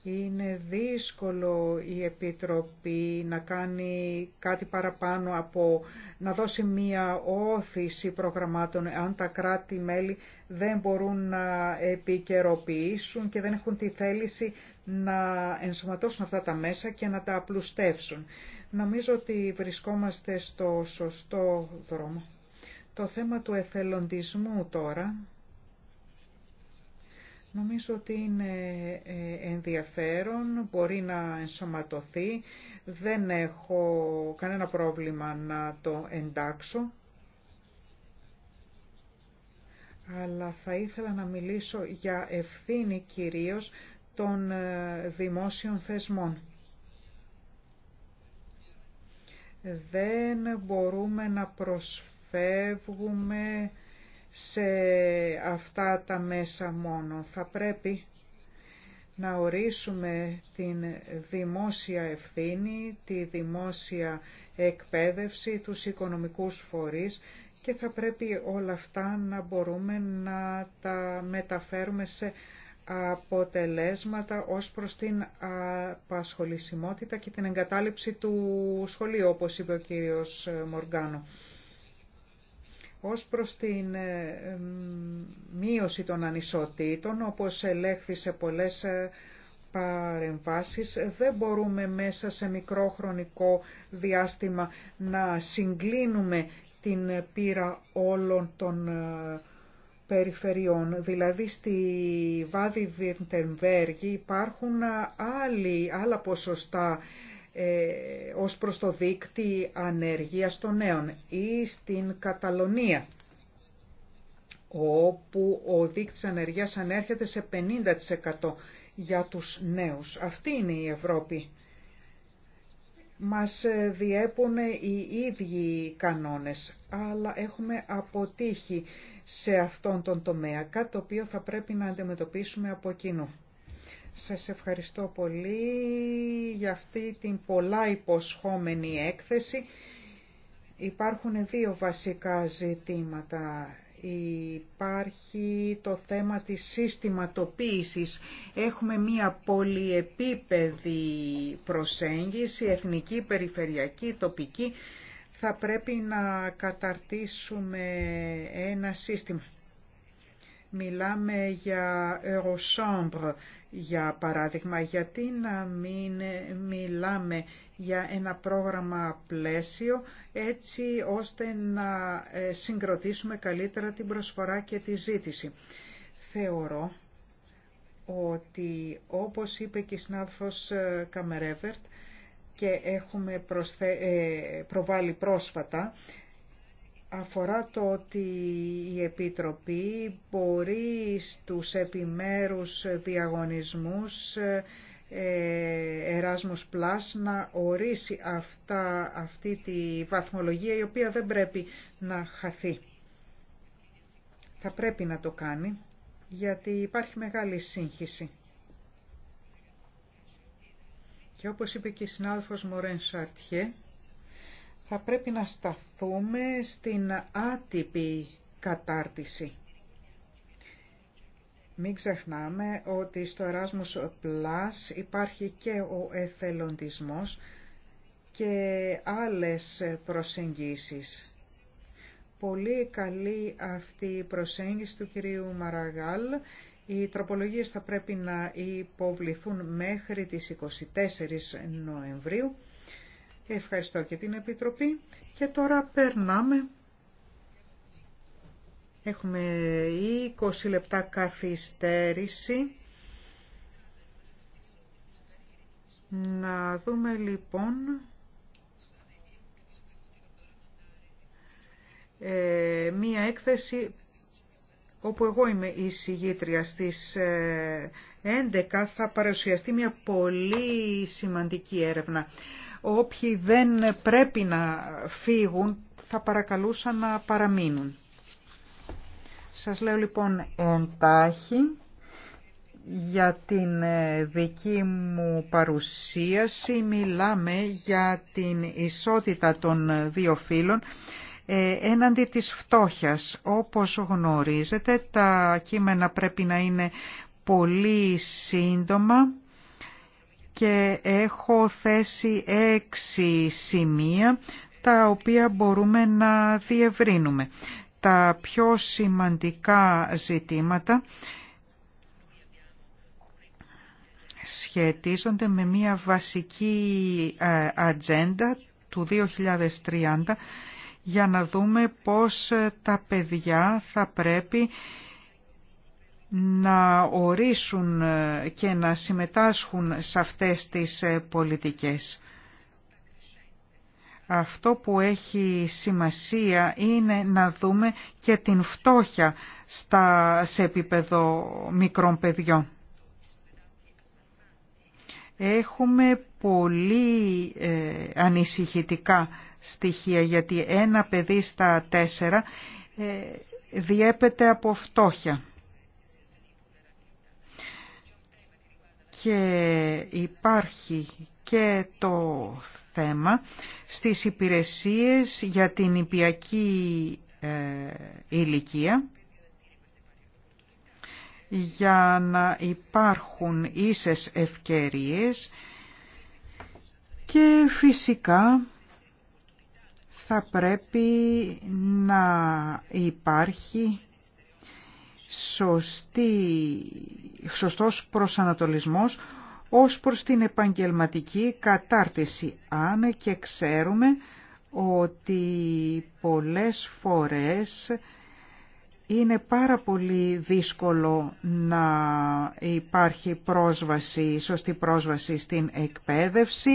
Είναι δύσκολο η Επιτροπή να κάνει κάτι παραπάνω από να δώσει μία όθηση προγραμμάτων αν τα κράτη-μέλη δεν μπορούν να επικαιροποιήσουν και δεν έχουν τη θέληση να ενσωματώσουν αυτά τα μέσα και να τα απλουστεύσουν. Νομίζω ότι βρισκόμαστε στο σωστό δρόμο. Το θέμα του εθελοντισμού τώρα Νομίζω ότι είναι ε, ενδιαφέρον, μπορεί να ενσωματωθεί. Δεν έχω κανένα πρόβλημα να το εντάξω. Αλλά θα ήθελα να μιλήσω για ευθύνη κυρίως των ε, δημόσιων θεσμών. Δεν μπορούμε να προσφεύγουμε σε αυτά τα μέσα μόνο. Θα πρέπει να ορίσουμε την δημόσια ευθύνη, τη δημόσια εκπαίδευση, τους οικονομικούς φορείς και θα πρέπει όλα αυτά να μπορούμε να τα μεταφέρουμε σε αποτελέσματα ως προς την απασχολησιμότητα και την εγκατάλειψη του σχολείου, όπως είπε ο κύριος Μοργάνο. Ως προς την ε, μείωση των ανισοτήτων, όπως ελέγχθη σε πολλές ε, παρεμβάσεις, δεν μπορούμε μέσα σε μικρό χρονικό διάστημα να συγκλίνουμε την πείρα όλων των ε, περιφερειών. Δηλαδή στη Βάδη Βιρτεμβέργη υπάρχουν άλλοι, άλλα ποσοστά ε, ως προς το δίκτυ ανεργίας των νέων ή στην Καταλωνία όπου ο δείκτης ανεργίας ανέρχεται σε 50% για τους νέους. Αυτή είναι η Ευρώπη. Μας ε, διέπουν οι ίδιοι κανόνες, αλλά έχουμε αποτύχει σε αυτόν τον τομέα, κάτι το οποίο θα πρέπει να αντιμετωπίσουμε από κοινού. Σας ευχαριστώ πολύ για αυτή την πολλά υποσχόμενη έκθεση. Υπάρχουν δύο βασικά ζητήματα. Υπάρχει το θέμα της συστηματοποίησης. Έχουμε μία πολυεπίπεδη προσέγγιση, εθνική, περιφερειακή, τοπική. Θα πρέπει να καταρτήσουμε ένα σύστημα. Μιλάμε για Eurochambre, για παράδειγμα. Γιατί να μην μιλάμε για ένα πρόγραμμα πλαίσιο, έτσι ώστε να ε, συγκροτήσουμε καλύτερα την προσφορά και τη ζήτηση. Θεωρώ ότι όπως είπε και η συνάδελφος ε, Καμερέβερτ και έχουμε ε, προβάλει πρόσφατα αφορά το ότι η Επιτροπή μπορεί στους επιμέρους διαγωνισμούς ε, Erasmus Plus να ορίσει αυτά, αυτή τη βαθμολογία η οποία δεν πρέπει να χαθεί. Θα πρέπει να το κάνει γιατί υπάρχει μεγάλη σύγχυση. Και όπως είπε και η συνάδελφος Μωρέν Σαρτιέ, θα πρέπει να σταθούμε στην άτυπη κατάρτιση. Μην ξεχνάμε ότι στο Erasmus Plus υπάρχει και ο εθελοντισμός και άλλες προσεγγίσεις. Πολύ καλή αυτή η προσέγγιση του κυρίου Μαραγάλ. Οι τροπολογίες θα πρέπει να υποβληθούν μέχρι τις 24 Νοεμβρίου Ευχαριστώ και την Επιτροπή. Και τώρα περνάμε. Έχουμε 20 λεπτά καθυστέρηση. Να δούμε λοιπόν ε, μία έκθεση όπου εγώ είμαι η συγγήτρια στις 11 ε, θα παρουσιαστεί μια πολύ σημαντική έρευνα όποιοι δεν πρέπει να φύγουν θα παρακαλούσαν να παραμείνουν. Σας λέω λοιπόν εντάχει για την ε, δική μου παρουσίαση μιλάμε για την ισότητα των δύο φύλων ε, έναντι της φτώχειας. Όπως γνωρίζετε τα κείμενα πρέπει να είναι πολύ σύντομα και έχω θέσει έξι σημεία τα οποία μπορούμε να διευρύνουμε. Τα πιο σημαντικά ζητήματα σχετίζονται με μια βασική ε, ατζέντα του 2030 για να δούμε πώς τα παιδιά θα πρέπει να ορίσουν και να συμμετάσχουν σε αυτές τις πολιτικές. Αυτό που έχει σημασία είναι να δούμε και την φτώχεια στα, σε επίπεδο μικρών παιδιών. Έχουμε πολύ ε, ανησυχητικά στοιχεία γιατί ένα παιδί στα τέσσερα ε, διέπεται από φτώχεια. και υπάρχει και το θέμα στις υπηρεσίες για την υπιακή ε, ηλικία για να υπάρχουν ίσες ευκαιρίες και φυσικά θα πρέπει να υπάρχει σωστή, σωστός προσανατολισμός ως προς την επαγγελματική κατάρτιση, αν και ξέρουμε ότι πολλές φορές είναι πάρα πολύ δύσκολο να υπάρχει πρόσβαση, σωστή πρόσβαση στην εκπαίδευση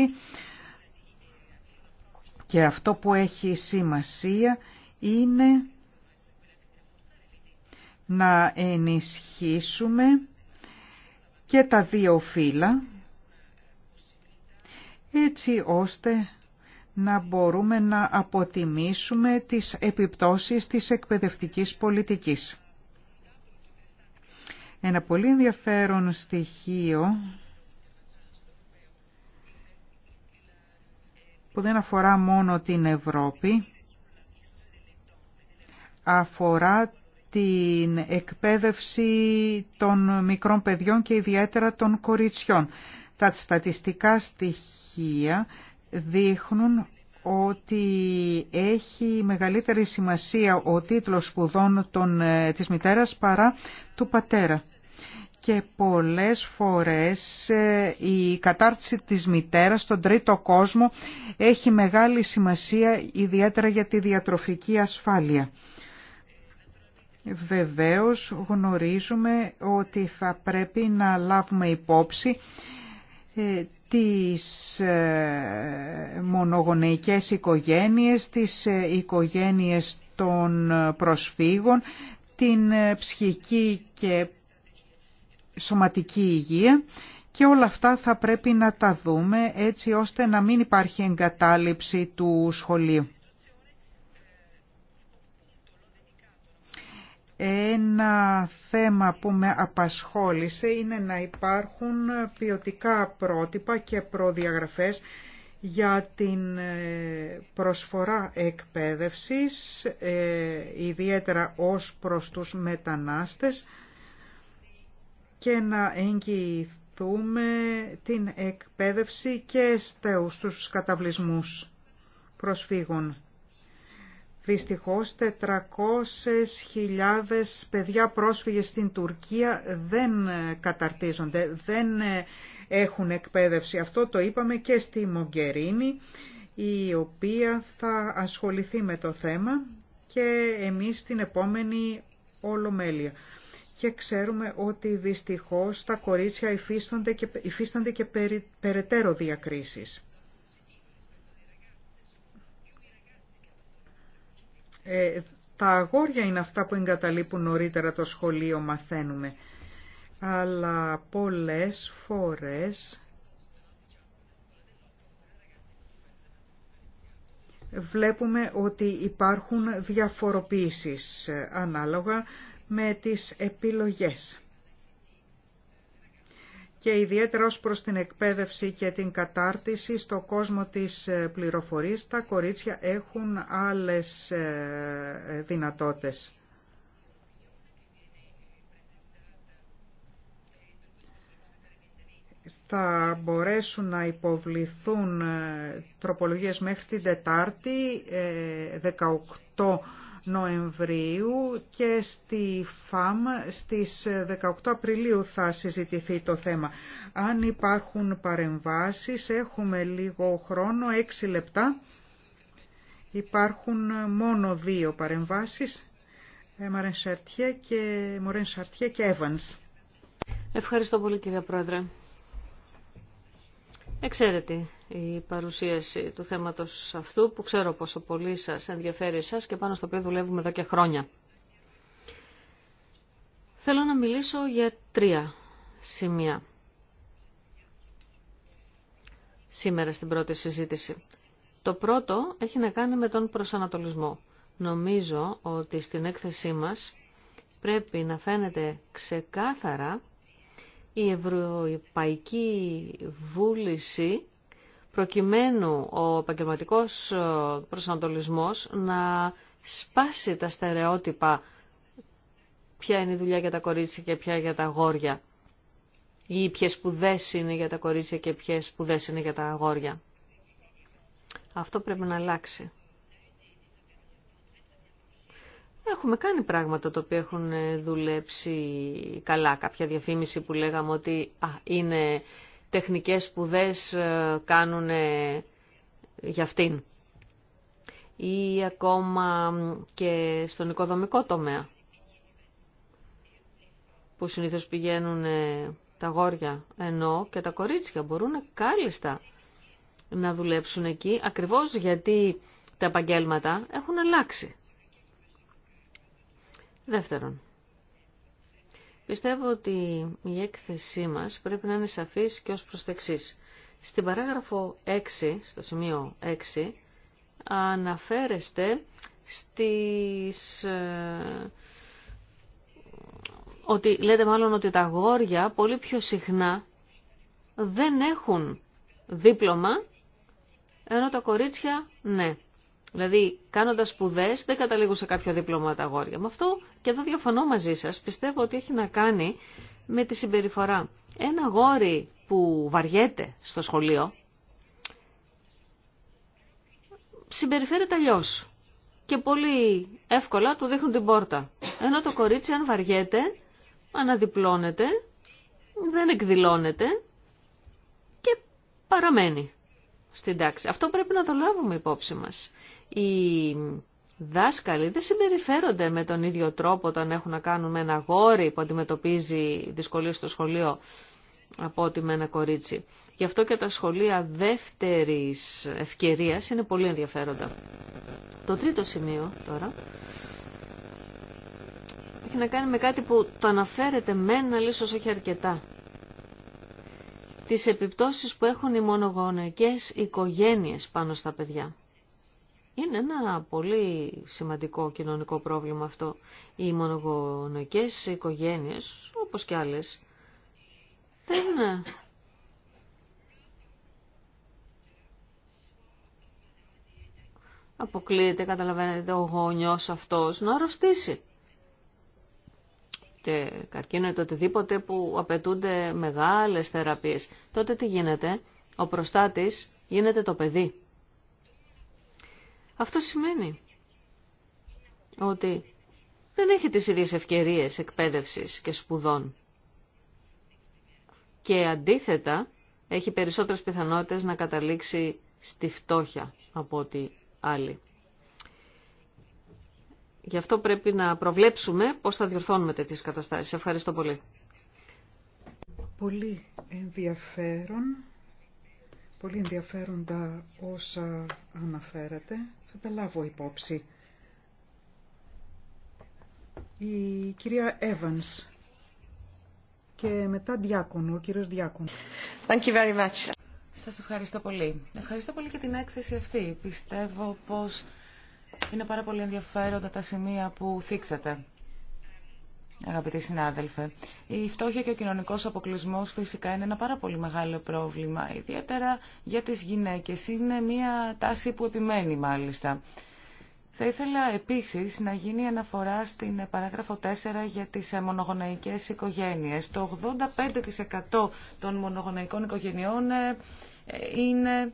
και αυτό που έχει σημασία είναι να ενισχύσουμε και τα δύο φύλλα έτσι ώστε να μπορούμε να αποτιμήσουμε τις επιπτώσεις της εκπαιδευτικής πολιτικής. Ένα πολύ ενδιαφέρον στοιχείο που δεν αφορά μόνο την Ευρώπη, αφορά την εκπαίδευση των μικρών παιδιών και ιδιαίτερα των κοριτσιών. Τα στατιστικά στοιχεία δείχνουν ότι έχει μεγαλύτερη σημασία ο τίτλος σπουδών των, της μητέρας παρά του πατέρα. Και πολλές φορές ε, η κατάρτιση της μητέρας στον τρίτο κόσμο έχει μεγάλη σημασία ιδιαίτερα για τη διατροφική ασφάλεια. Βεβαίως γνωρίζουμε ότι θα πρέπει να λάβουμε υπόψη ε, τις ε, μονογονεϊκές οικογένειες, τις ε, οικογένειες των προσφύγων, την ψυχική και σωματική υγεία και όλα αυτά θα πρέπει να τα δούμε έτσι ώστε να μην υπάρχει εγκατάλειψη του σχολείου. Ένα θέμα που με απασχόλησε είναι να υπάρχουν ποιοτικά πρότυπα και προδιαγραφές για την ε, προσφορά εκπαίδευσης, ε, ιδιαίτερα ως προς τους μετανάστες και να εγγυηθούμε την εκπαίδευση και στους καταβλισμούς προσφύγων. Δυστυχώς 400.000 παιδιά πρόσφυγες στην Τουρκία δεν ε, καταρτίζονται, δεν ε, έχουν εκπαίδευση. Αυτό το είπαμε και στη Μογκερίνη, η οποία θα ασχοληθεί με το θέμα και εμείς την επόμενη Ολομέλεια. Και ξέρουμε ότι δυστυχώς τα κορίτσια υφίστανται και, και περαιτέρω διακρίσεις. Ε, τα αγόρια είναι αυτά που εγκαταλείπουν νωρίτερα το σχολείο, μαθαίνουμε. Αλλά πολλές φορές βλέπουμε ότι υπάρχουν διαφοροποίησεις ε, ανάλογα με τις επιλογές και ιδιαίτερα ως προς την εκπαίδευση και την κατάρτιση στο κόσμο της ε, πληροφορίας τα κορίτσια έχουν άλλες ε, δυνατότητες. θα μπορέσουν να υποβληθούν ε, τροπολογίες μέχρι την Τετάρτη 18 Νοεμβρίου και στη ΦΑΜ στις 18 Απριλίου θα συζητηθεί το θέμα. Αν υπάρχουν παρεμβάσεις, έχουμε λίγο χρόνο, 6 λεπτά. Υπάρχουν μόνο δύο παρεμβάσεις, ε, Μωρέν Σαρτιέ και, Μορέν και Ευχαριστώ πολύ κύριε Πρόεδρε.
Εξαίρετη η παρουσίαση του θέματος αυτού που ξέρω πόσο πολύ σας ενδιαφέρει εσάς και πάνω στο οποίο δουλεύουμε εδώ και χρόνια. Θέλω να μιλήσω για τρία σημεία σήμερα στην πρώτη συζήτηση. Το πρώτο έχει να κάνει με τον προσανατολισμό. Νομίζω ότι στην έκθεσή μας πρέπει να φαίνεται ξεκάθαρα η ευρωπαϊκή βούληση προκειμένου ο επαγγελματικό ε, προσανατολισμός να σπάσει τα στερεότυπα ποια είναι η δουλειά για τα κορίτσια και ποια για τα αγόρια ή ποιε σπουδέ είναι για τα κορίτσια και ποιε σπουδέ είναι για τα αγόρια. Αυτό πρέπει να αλλάξει. Έχουμε κάνει πράγματα τα οποία έχουν δουλέψει καλά. Κάποια διαφήμιση που λέγαμε ότι α, είναι τεχνικές σπουδές ε, κάνουν για αυτήν. Ή ακόμα και στον οικοδομικό τομέα, που συνήθως πηγαίνουν τα γόρια, ενώ και τα κορίτσια μπορούν κάλλιστα να δουλέψουν εκεί, ακριβώς γιατί τα επαγγέλματα έχουν αλλάξει. Δεύτερον, Πιστεύω ότι η έκθεσή μας πρέπει να είναι σαφής και ως προς το Στην παράγραφο 6, στο σημείο 6, αναφέρεστε στις... Ε, ότι λέτε μάλλον ότι τα αγόρια πολύ πιο συχνά δεν έχουν δίπλωμα, ενώ τα κορίτσια ναι. Δηλαδή, κάνοντα σπουδέ δεν καταλήγουν σε κάποιο δίπλωμα τα αγόρια. Με αυτό και εδώ διαφωνώ μαζί σας, πιστεύω ότι έχει να κάνει με τη συμπεριφορά. Ένα αγόρι που βαριέται στο σχολείο, συμπεριφέρεται αλλιώ. Και πολύ εύκολα του δείχνουν την πόρτα. Ενώ το κορίτσι αν βαριέται, αναδιπλώνεται, δεν εκδηλώνεται και παραμένει στην τάξη. Αυτό πρέπει να το λάβουμε υπόψη μας οι δάσκαλοι δεν συμπεριφέρονται με τον ίδιο τρόπο όταν έχουν να κάνουν με ένα γόρι που αντιμετωπίζει δυσκολίες στο σχολείο από ότι με ένα κορίτσι. Γι' αυτό και τα σχολεία δεύτερης ευκαιρίας είναι πολύ ενδιαφέροντα. Το τρίτο σημείο τώρα έχει να κάνει με κάτι που το αναφέρεται μεν, αλλά ίσως όχι αρκετά. Τις επιπτώσεις που έχουν οι μονογονεϊκές οικογένειες πάνω στα παιδιά. Είναι ένα πολύ σημαντικό κοινωνικό πρόβλημα αυτό. Οι μονογονοϊκές οικογένειες, όπως και άλλες, δεν αποκλείεται, καταλαβαίνετε, ο γονιός αυτός να αρρωστήσει. Και καρκίνο ή το οτιδήποτε που απαιτούνται μεγάλες θεραπείες. Τότε τι γίνεται, ο προστάτης γίνεται το παιδί. Αυτό σημαίνει ότι δεν έχει τις ίδιες ευκαιρίες εκπαίδευσης και σπουδών. Και αντίθετα, έχει περισσότερες πιθανότητες να καταλήξει στη φτώχεια από ό,τι άλλοι. Γι' αυτό πρέπει να προβλέψουμε πώς θα διορθώνουμε τέτοιες καταστάσεις. Ευχαριστώ
πολύ. Πολύ ενδιαφέρον, πολύ ενδιαφέροντα όσα αναφέρατε. Θα τα λάβω υπόψη. Η κυρία Evans και μετά Διάκονο, ο κύριος Διάκων. Thank you very much. Σας
ευχαριστώ πολύ. Ευχαριστώ πολύ και την έκθεση αυτή. Πιστεύω πως είναι πάρα πολύ ενδιαφέροντα τα σημεία που θίξατε. Αγαπητοί συνάδελφε, η φτώχεια και ο κοινωνικό αποκλεισμό φυσικά είναι ένα πάρα πολύ μεγάλο πρόβλημα, ιδιαίτερα για τι γυναίκες. Είναι μια τάση που επιμένει μάλιστα. Θα ήθελα επίσης να γίνει αναφορά στην παράγραφο 4 για τις ε, μονογονεϊκές οικογένειες. Το 85% των μονογονεϊκών οικογενειών ε, ε, είναι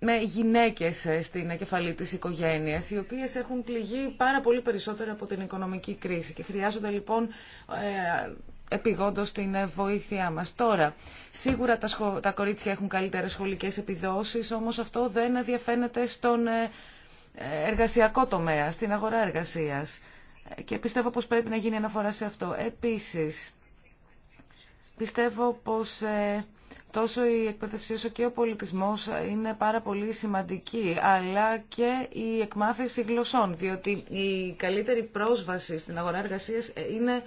με γυναίκες ε, στην κεφαλή της οικογένειας, οι οποίες έχουν πληγεί πάρα πολύ περισσότερο από την οικονομική κρίση και χρειάζονται λοιπόν ε, επιγόντως την ε, βοήθειά μας. Τώρα, σίγουρα τα κορίτσια έχουν καλύτερες σχολικές επιδόσεις, όμως αυτό δεν διαφαίνεται στον εργασιακό τομέα, στην αγορά εργασίας. Και πιστεύω πως πρέπει να γίνει αναφορά σε αυτό. Επίσης, πιστεύω πως τόσο η εκπαίδευση όσο και ο πολιτισμός είναι πάρα πολύ σημαντική, αλλά και η εκμάθηση γλωσσών, διότι η καλύτερη πρόσβαση στην αγορά εργασίας είναι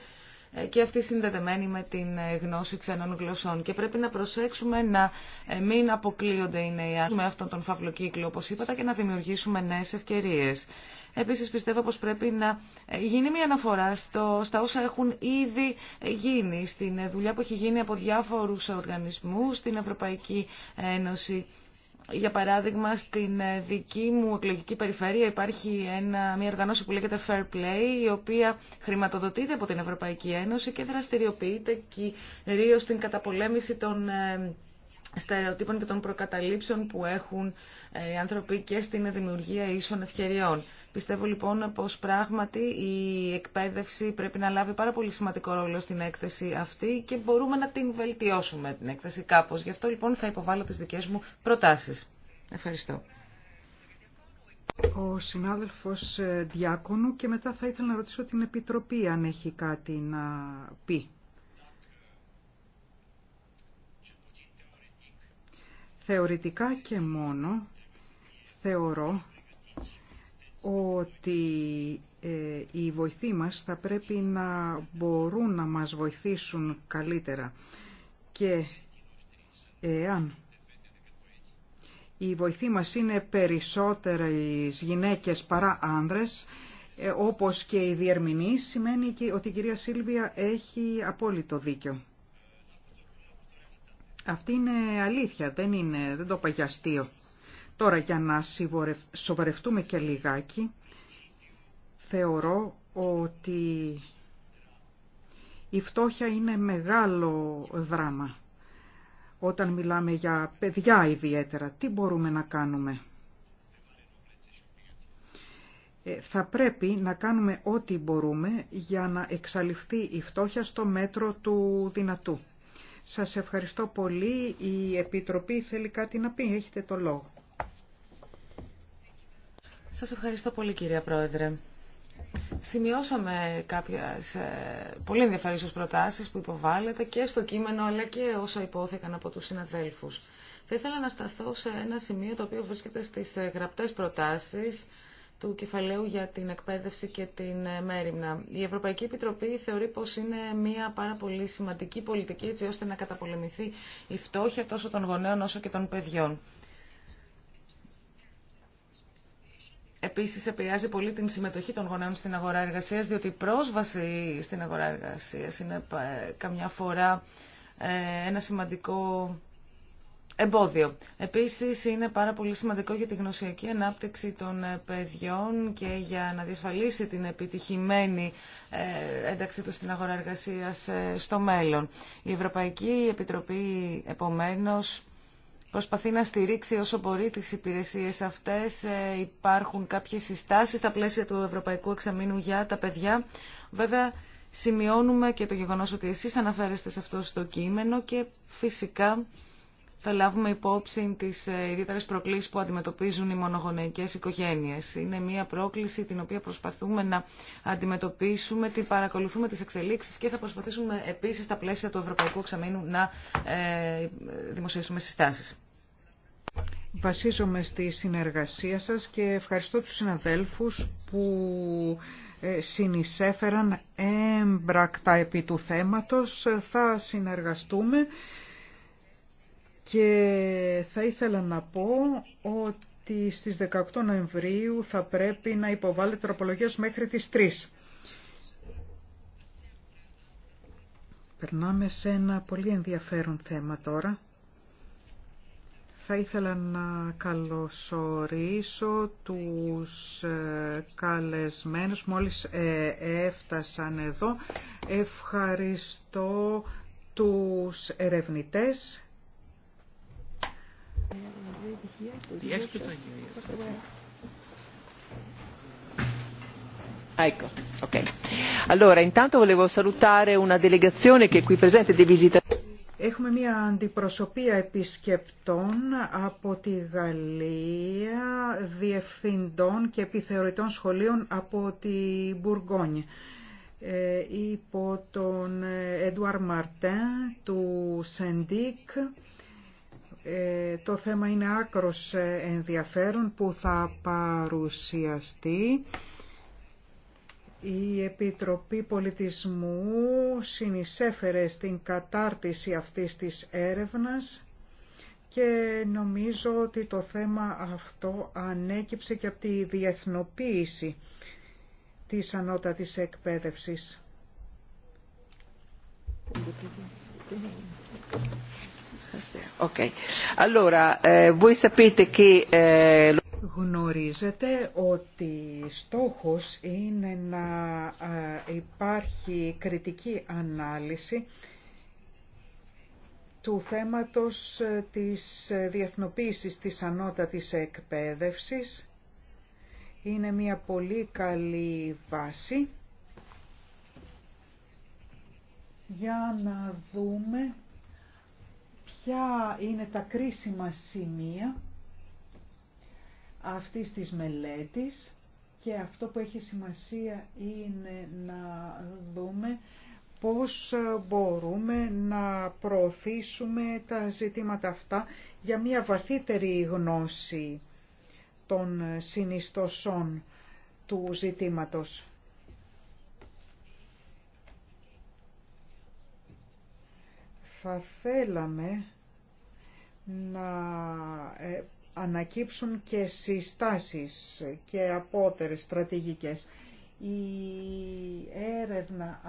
ε, και αυτή συνδεδεμένη με την ε, γνώση ξενών γλωσσών. Και πρέπει να προσέξουμε να ε, μην αποκλείονται οι νέοι με αυτόν τον φαύλο κύκλο, όπως είπατε, και να δημιουργήσουμε νέες ευκαιρίες. Επίσης πιστεύω πως πρέπει να γίνει μια αναφορά στο, στα όσα έχουν ήδη γίνει, στην δουλειά που έχει γίνει από διάφορους οργανισμούς, στην Ευρωπαϊκή Ένωση για παράδειγμα, στην ε, δική μου εκλογική περιφέρεια υπάρχει ένα, μια οργανώση που λέγεται Fair Play, η οποία χρηματοδοτείται από την Ευρωπαϊκή Ένωση και δραστηριοποιείται κυρίω στην καταπολέμηση των ε, στερεοτύπων και των προκαταλήψεων που έχουν ε, οι άνθρωποι και στην δημιουργία ίσων ευκαιριών. Πιστεύω λοιπόν πως πράγματι η εκπαίδευση πρέπει να λάβει πάρα πολύ σημαντικό ρόλο στην έκθεση αυτή και μπορούμε να την βελτιώσουμε την έκθεση κάπως. Γι' αυτό λοιπόν θα υποβάλω τις δικές μου προτάσεις. Ευχαριστώ.
Ο συνάδελφος ε, Διάκονου και μετά θα ήθελα να ρωτήσω την Επιτροπή αν έχει κάτι να πει. Θεωρητικά και μόνο θεωρώ ότι ε, οι βοηθοί μας θα πρέπει να μπορούν να μας βοηθήσουν καλύτερα και εάν οι βοηθοί μας είναι περισσότερες γυναίκες παρά άνδρες, ε, όπως και οι διερμηνείς, σημαίνει ότι η κυρία Σίλβια έχει απόλυτο δίκιο. Αυτή είναι αλήθεια, δεν, είναι, δεν το παγιαστείο. Τώρα για να σοβαρευτούμε και λιγάκι, θεωρώ ότι η φτώχεια είναι μεγάλο δράμα. Όταν μιλάμε για παιδιά ιδιαίτερα, τι μπορούμε να κάνουμε. Ε, θα πρέπει να κάνουμε ό,τι μπορούμε για να εξαλειφθεί η φτώχεια στο μέτρο του δυνατού. Σας ευχαριστώ πολύ. Η Επιτροπή θέλει κάτι να πει. Έχετε το λόγο.
Σας ευχαριστώ πολύ κυρία Πρόεδρε. Σημειώσαμε κάποιες ε, πολύ ενδιαφέρουσες προτάσεις που υποβάλλεται και στο κείμενο αλλά και όσα υπόθηκαν από τους συναδέλφους. Θα ήθελα να σταθώ σε ένα σημείο το οποίο βρίσκεται στις ε, γραπτές προτάσεις του κεφαλαίου για την εκπαίδευση και την ε, μέρημνα. Η Ευρωπαϊκή Επιτροπή θεωρεί πως είναι μια πάρα πολύ σημαντική πολιτική έτσι ώστε να καταπολεμηθεί η φτώχεια τόσο των γονέων όσο και των παιδιών. Επίσης επηρεάζει πολύ την συμμετοχή των γονέων στην αγορά εργασίας διότι η πρόσβαση στην αγορά εργασίας είναι ε, καμιά φορά ε, ένα σημαντικό εμπόδιο. Επίσης είναι πάρα πολύ σημαντικό για τη γνωσιακή ανάπτυξη των ε, παιδιών και για να διασφαλίσει την επιτυχημένη ε, ένταξή του στην αγορά εργασίας ε, στο μέλλον. Η Ευρωπαϊκή Επιτροπή επομένως προσπαθεί να στηρίξει όσο μπορεί τις υπηρεσίες αυτές. Υπάρχουν κάποιες συστάσεις στα πλαίσια του Ευρωπαϊκού Εξαμήνου για τα παιδιά. Βέβαια, σημειώνουμε και το γεγονός ότι εσείς αναφέρεστε σε αυτό στο κείμενο και φυσικά θα λάβουμε υπόψη τις ε, ιδιαίτερες προκλήσεις που αντιμετωπίζουν οι μονογονεϊκές οικογένειες. Είναι μια πρόκληση την οποία προσπαθούμε να αντιμετωπίσουμε, την παρακολουθούμε τις εξελίξεις και θα προσπαθήσουμε επίσης στα πλαίσια του Ευρωπαϊκού Εξαμήνου να ε,
δημοσιεύσουμε συστάσεις. Βασίζομαι στη συνεργασία σας και ευχαριστώ τους συναδέλφους που ε, συνεισέφεραν έμπρακτα επί του θέματος. Θα συνεργαστούμε και θα ήθελα να πω ότι στις 18 Νοεμβρίου θα πρέπει να υποβάλλετε τροπολογίες μέχρι τις 3. Περνάμε σε ένα πολύ ενδιαφέρον θέμα τώρα. Θα ήθελα να καλωσορίσω τους ε, καλεσμένους. Μόλις ε, έφτασαν εδώ, ευχαριστώ τους ερευνητές Έχουμε μια αντιπροσωπεία επισκεπτών από τη Γαλλία, διευθυντών και επιθεωρητών σχολείων από τη Μπουργκόνια ε, υπό τον Εντουαρ Μαρτέν του Σεντίκ ε, το θέμα είναι άκρος ε, ενδιαφέρον που θα παρουσιαστεί. Η Επιτροπή Πολιτισμού συνεισέφερε στην κατάρτιση αυτής της έρευνας και νομίζω ότι το θέμα αυτό ανέκυψε και από τη διεθνοποίηση της ανώτατης εκπαίδευσης. Eh, eh, γνωρίζετε ότι στόχος είναι να ε, υπάρχει κριτική ανάλυση του θέματος ε, της ε, διεθνοποίησης της ανώτατης εκπαίδευσης. Είναι μια πολύ καλή βάση για να δούμε ποια είναι τα κρίσιμα σημεία αυτής της μελέτης και αυτό που έχει σημασία είναι να δούμε πώς μπορούμε να προωθήσουμε τα ζητήματα αυτά για μια βαθύτερη γνώση των συνιστοσών του ζητήματος. θα θέλαμε να ε, ανακύψουν και συστάσεις και απότερες στρατηγικές. Η έρευνα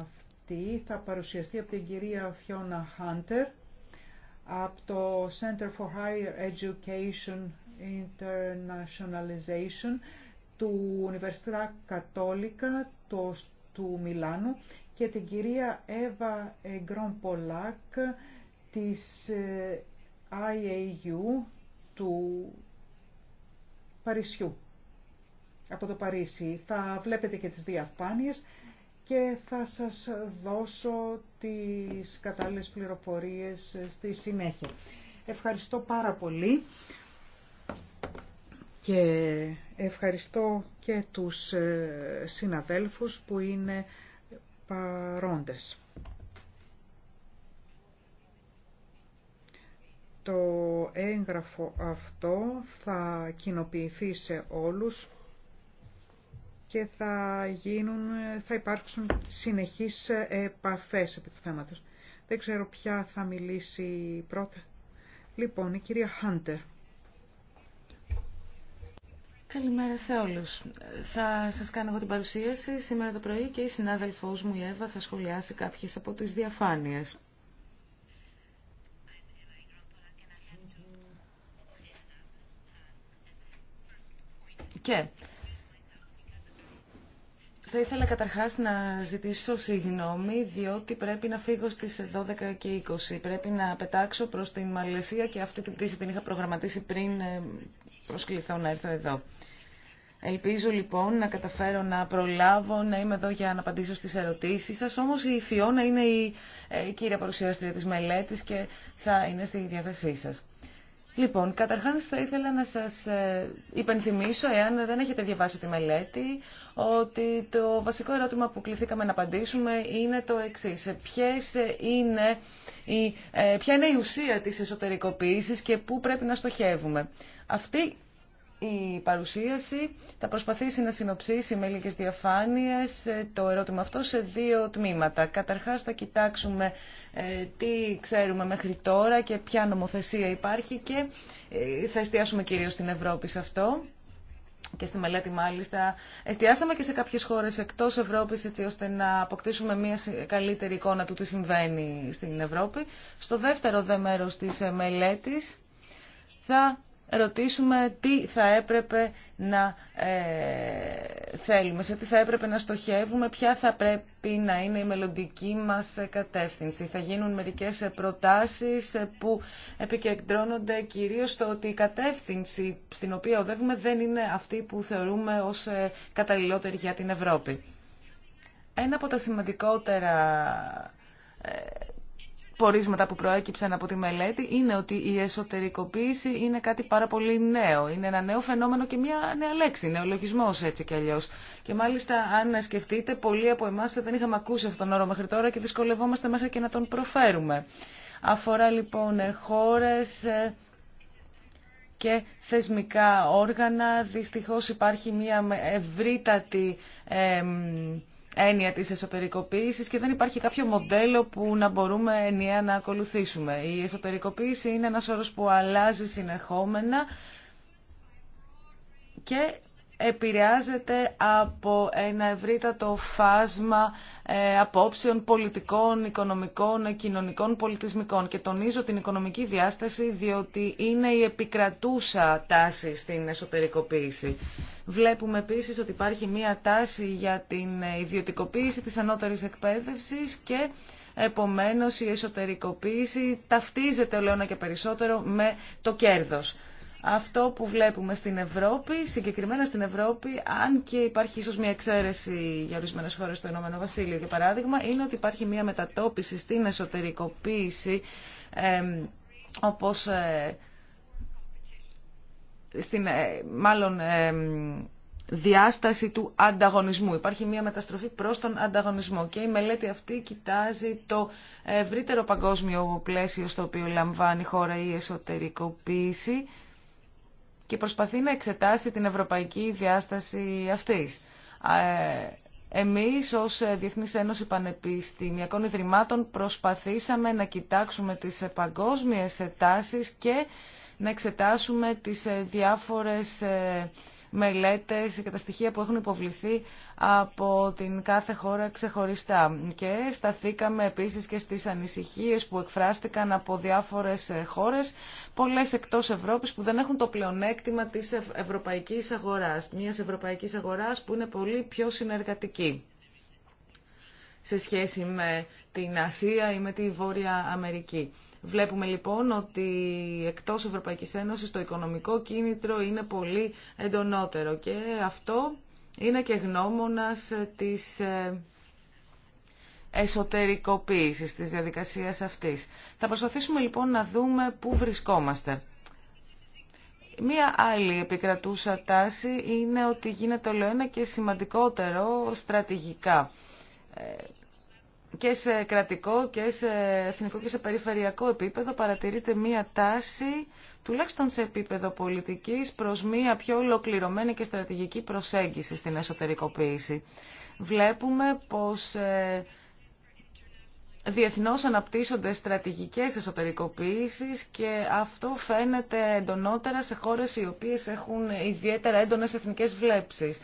αυτή θα παρουσιαστεί από την κυρία Φιώνα Χάντερ από το Center for Higher Education Internationalization του Università Κατόλικα του Μιλάνου και την κυρία Εύα Γκρον Πολάκ της ε, IAU του Παρισιού, από το Παρίσι. Θα βλέπετε και τις διαφάνειες και θα σας δώσω τις κατάλληλες πληροφορίες στη συνέχεια. Ευχαριστώ πάρα πολύ και ευχαριστώ και τους ε, συναδέλφους που είναι παρόντες. Το έγγραφο αυτό θα κοινοποιηθεί σε όλους και θα, γίνουν, θα υπάρξουν συνεχείς επαφές επί του θέματος. Δεν ξέρω ποια θα μιλήσει πρώτα. Λοιπόν, η κυρία Χάντερ.
Καλημέρα σε όλους. Θα σας κάνω εγώ την παρουσίαση σήμερα το πρωί και η συνάδελφός μου η Εύα θα σχολιάσει κάποιες από τις διαφάνειες. Και θα ήθελα καταρχάς να ζητήσω συγγνώμη, διότι πρέπει να φύγω στις 12 και 20. Πρέπει να πετάξω προς την Μαλαισία και αυτή την πτήση την είχα προγραμματίσει πριν ε, προσκληθώ να έρθω εδώ. Ελπίζω λοιπόν να καταφέρω να προλάβω, να είμαι εδώ για να απαντήσω στις ερωτήσεις σας. Όμως η Φιώνα είναι η ε, κύρια παρουσιάστρια της μελέτης και θα είναι στη διάθεσή σας. Λοιπόν, καταρχάς θα ήθελα να σας ε, υπενθυμίσω, εάν δεν έχετε διαβάσει τη μελέτη, ότι το βασικό ερώτημα που κληθήκαμε να απαντήσουμε είναι το εξής. Ποιες είναι η, ε, ποια είναι η ουσία της εσωτερικοποίησης και πού πρέπει να στοχεύουμε. Αυτή η παρουσίαση θα προσπαθήσει να συνοψίσει με λίγες διαφάνειες ε, το ερώτημα αυτό σε δύο τμήματα. Καταρχάς θα κοιτάξουμε ε, τι ξέρουμε μέχρι τώρα και ποια νομοθεσία υπάρχει και ε, θα εστιάσουμε κυρίως στην Ευρώπη σε αυτό και στη μελέτη μάλιστα. Εστιάσαμε και σε κάποιες χώρες εκτός Ευρώπης έτσι ώστε να αποκτήσουμε μια καλύτερη εικόνα του τι συμβαίνει στην Ευρώπη. Στο δεύτερο δε μέρος της μελέτης θα ρωτήσουμε τι θα έπρεπε να ε, θέλουμε, σε τι θα έπρεπε να στοχεύουμε, ποια θα πρέπει να είναι η μελλοντική μας κατεύθυνση. Θα γίνουν μερικές προτάσεις που επικεντρώνονται κυρίως στο ότι η κατεύθυνση στην οποία οδεύουμε δεν είναι αυτή που θεωρούμε ως ε, καταλληλότερη για την Ευρώπη. Ένα από τα σημαντικότερα ε, πορίσματα που προέκυψαν από τη μελέτη είναι ότι η εσωτερικοποίηση είναι κάτι πάρα πολύ νέο. Είναι ένα νέο φαινόμενο και μια νέα λέξη, νεολογισμός έτσι κι αλλιώς. Και μάλιστα αν σκεφτείτε, πολλοί από εμάς δεν είχαμε ακούσει αυτόν τον όρο μέχρι τώρα και δυσκολευόμαστε μέχρι και να τον προφέρουμε. Αφορά λοιπόν χώρες ε, και θεσμικά όργανα. Δυστυχώς υπάρχει μια ευρύτατη έννοια της εσωτερικοποίησης και δεν υπάρχει κάποιο μοντέλο που να μπορούμε ενιαία να ακολουθήσουμε. Η εσωτερικοποίηση είναι ένας όρος που αλλάζει συνεχόμενα και επηρεάζεται από ένα ευρύτατο φάσμα ε, απόψεων πολιτικών, οικονομικών, κοινωνικών, πολιτισμικών. Και τονίζω την οικονομική διάσταση διότι είναι η επικρατούσα τάση στην εσωτερικοποίηση. Βλέπουμε επίσης ότι υπάρχει μία τάση για την ιδιωτικοποίηση της ανώτερης εκπαίδευσης και επομένως η εσωτερικοποίηση ταυτίζεται λέω, και περισσότερο με το κέρδος αυτό που βλέπουμε στην Ευρώπη, συγκεκριμένα στην Ευρώπη, αν και υπάρχει ίσως μια εξαίρεση για ορισμένες χώρες στο Ηνωμένο Βασίλειο, για παράδειγμα, είναι ότι υπάρχει μια μετατόπιση στην εσωτερικοποίηση, ε, όπως στην, ε, μάλλον διάσταση του ανταγωνισμού. Υπάρχει μια μεταστροφή προς τον ανταγωνισμό και η μελέτη αυτή κοιτάζει το ευρύτερο παγκόσμιο πλαίσιο στο οποίο λαμβάνει η χώρα η εσωτερικοποίηση και προσπαθεί να εξετάσει την ευρωπαϊκή διάσταση αυτής. Ε, εμείς ως ε, Διεθνής Ένωση Πανεπιστημιακών Ιδρυμάτων προσπαθήσαμε να κοιτάξουμε τις ε, παγκόσμιες τάσεις και να εξετάσουμε τις διάφορες μελέτες και τα στοιχεία που έχουν υποβληθεί από την κάθε χώρα ξεχωριστά. Και σταθήκαμε επίσης και στις ανησυχίες που εκφράστηκαν από διάφορες χώρες, πολλές εκτός Ευρώπης που δεν έχουν το πλεονέκτημα της ευρωπαϊκής αγοράς, μιας ευρωπαϊκής αγοράς που είναι πολύ πιο συνεργατική σε σχέση με την Ασία ή με τη Βόρεια Αμερική. Βλέπουμε λοιπόν ότι εκτός Ευρωπαϊκής Ένωσης το οικονομικό κίνητρο είναι πολύ εντονότερο και αυτό είναι και γνώμονας της ε, εσωτερικοποίησης της διαδικασίας αυτής. Θα προσπαθήσουμε λοιπόν να δούμε πού βρισκόμαστε. Μία άλλη επικρατούσα τάση είναι ότι γίνεται όλο και σημαντικότερο στρατηγικά. Ε, και σε κρατικό και σε εθνικό και σε περιφερειακό επίπεδο παρατηρείται μία τάση, τουλάχιστον σε επίπεδο πολιτικής, προς μία πιο ολοκληρωμένη και στρατηγική προσέγγιση στην εσωτερικοποίηση. Βλέπουμε πως ε, διεθνώς αναπτύσσονται στρατηγικές εσωτερικοποίησεις και αυτό φαίνεται εντονότερα σε χώρες οι οποίες έχουν ιδιαίτερα έντονες εθνικές βλέψεις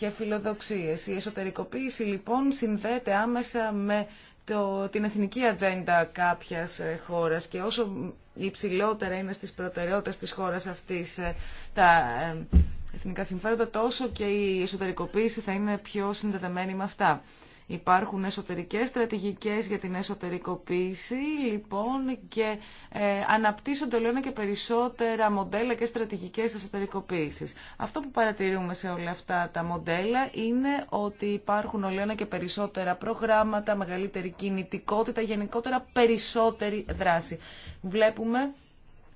και φιλοδοξίες. Η εσωτερικοποίηση λοιπόν συνδέεται άμεσα με το, την εθνική ατζέντα κάποιας ε, χώρας και όσο υψηλότερα είναι στις προτεραιότητες της χώρας αυτής ε, τα ε, εθνικά συμφέροντα, τόσο και η εσωτερικοποίηση θα είναι πιο συνδεδεμένη με αυτά. Υπάρχουν εσωτερικές στρατηγικές για την εσωτερικοποίηση λοιπόν και ε, αναπτύσσονται όλο και περισσότερα μοντέλα και στρατηγικές εσωτερικοποίησης. Αυτό που παρατηρούμε σε όλα αυτά τα μοντέλα είναι ότι υπάρχουν όλο και περισσότερα προγράμματα, μεγαλύτερη κινητικότητα, γενικότερα περισσότερη δράση. Βλέπουμε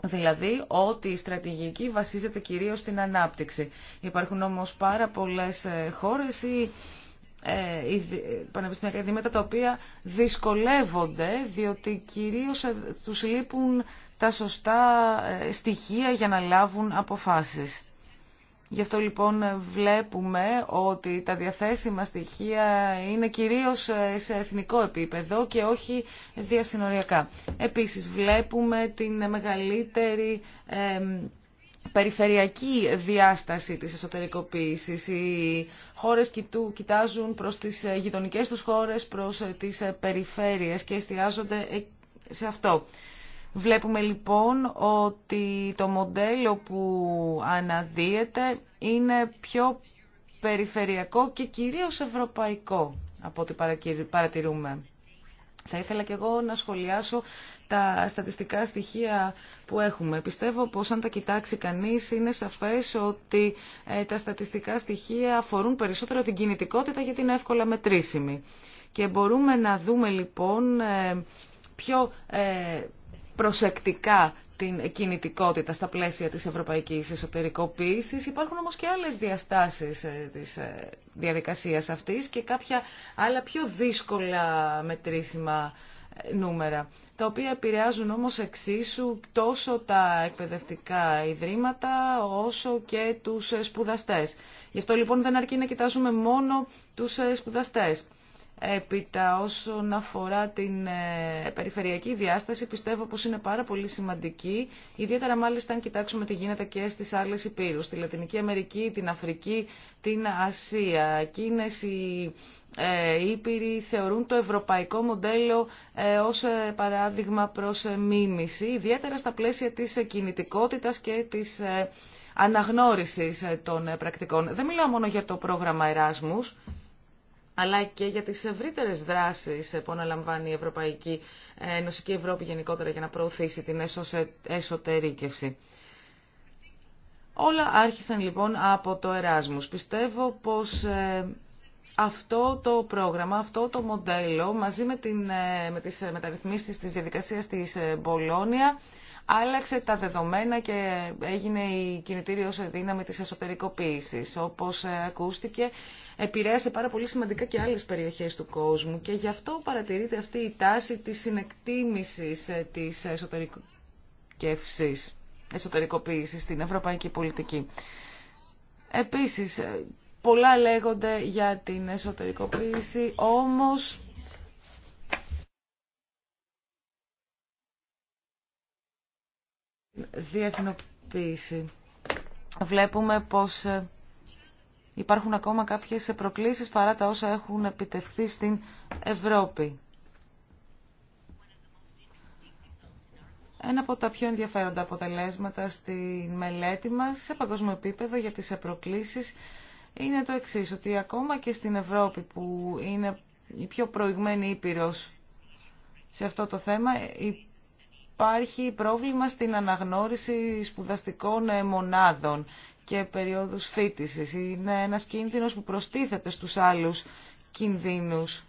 Δηλαδή ότι η στρατηγική βασίζεται κυρίως στην ανάπτυξη. Υπάρχουν όμως πάρα πολλές ε, χώρες ε, πανεπιστημιακά ιδρύματα τα οποία δυσκολεύονται διότι κυρίως ε, τους λείπουν τα σωστά ε, στοιχεία για να λάβουν αποφάσεις. Γι' αυτό λοιπόν βλέπουμε ότι τα διαθέσιμα στοιχεία είναι κυρίως σε εθνικό επίπεδο και όχι διασυνοριακά. Επίσης βλέπουμε την μεγαλύτερη περιφερειακή διάσταση της εσωτερικοποίησης. Οι χώρες κοιτού, κοιτάζουν προς τις γειτονικές τους χώρες, προς τις περιφέρειες και εστιάζονται ε, σε αυτό. Βλέπουμε λοιπόν ότι το μοντέλο που αναδύεται είναι πιο περιφερειακό και κυρίως ευρωπαϊκό από ό,τι παρατηρούμε. Θα ήθελα και εγώ να σχολιάσω τα στατιστικά στοιχεία που έχουμε. Πιστεύω πως αν τα κοιτάξει κανείς είναι σαφές ότι ε, τα στατιστικά στοιχεία αφορούν περισσότερο την κινητικότητα γιατί είναι εύκολα μετρήσιμη. Και μπορούμε να δούμε λοιπόν ε, πιο ε, προσεκτικά την κινητικότητα στα πλαίσια της ευρωπαϊκής εσωτερικοποίησης. Υπάρχουν όμως και άλλες διαστάσεις ε, της ε, διαδικασίας αυτής και κάποια άλλα πιο δύσκολα μετρήσιμα ε, νούμερα, τα οποία επηρεάζουν όμως εξίσου τόσο τα εκπαιδευτικά ιδρύματα όσο και τους σπουδαστές. Γι' αυτό λοιπόν δεν αρκεί να κοιτάζουμε μόνο τους σπουδαστές. Έπειτα όσον αφορά την ε, περιφερειακή διάσταση πιστεύω πως είναι πάρα πολύ σημαντική, ιδιαίτερα μάλιστα αν κοιτάξουμε τι γίνεται και στις άλλες υπήρους, στη Λατινική Αμερική, την Αφρική, την Ασία. Εκείνες οι ήπειροι θεωρούν το ευρωπαϊκό μοντέλο ε, ως ε, παράδειγμα προς μίμηση, ιδιαίτερα στα πλαίσια της κινητικότητας και της αναγνώρισης των πρακτικών. Δεν μιλάω μόνο για το πρόγραμμα Εράσμους, αλλά και για τις ευρύτερες δράσεις που αναλαμβάνει η Ευρωπαϊκή Ένωση και η Ευρώπη γενικότερα για να προωθήσει την εσωτερήκευση. Όλα άρχισαν λοιπόν από το Εράσμους. Πιστεύω πως ε, αυτό το πρόγραμμα, αυτό το μοντέλο μαζί με, την, ε, με τις ε, μεταρρυθμίσεις της διαδικασίας της Μπολόνια άλλαξε τα δεδομένα και έγινε η κινητήριος δύναμη της εσωτερικοποίησης. Όπως ε, ακούστηκε, επηρέασε πάρα πολύ σημαντικά και άλλες περιοχές του κόσμου και γι' αυτό παρατηρείται αυτή η τάση της συνεκτίμησης ε, της εσωτερικοποίησης, εσωτερικοποίησης στην ευρωπαϊκή πολιτική. Επίσης, ε, πολλά λέγονται για την εσωτερικοποίηση, όμως διεθνοποίηση. Βλέπουμε πως ε, υπάρχουν ακόμα κάποιες προκλήσεις παρά τα όσα έχουν επιτευχθεί στην Ευρώπη. Ένα από τα πιο ενδιαφέροντα αποτελέσματα στη μελέτη μας σε παγκόσμιο επίπεδο για τις προκλήσεις είναι το εξής, ότι ακόμα και στην Ευρώπη που είναι η πιο προηγμένη ήπειρος σε αυτό το θέμα, υπάρχει πρόβλημα στην αναγνώριση σπουδαστικών ε, μονάδων και περίοδους φίτησης. Είναι ένας κίνδυνος που προστίθεται στους άλλους κινδύνους.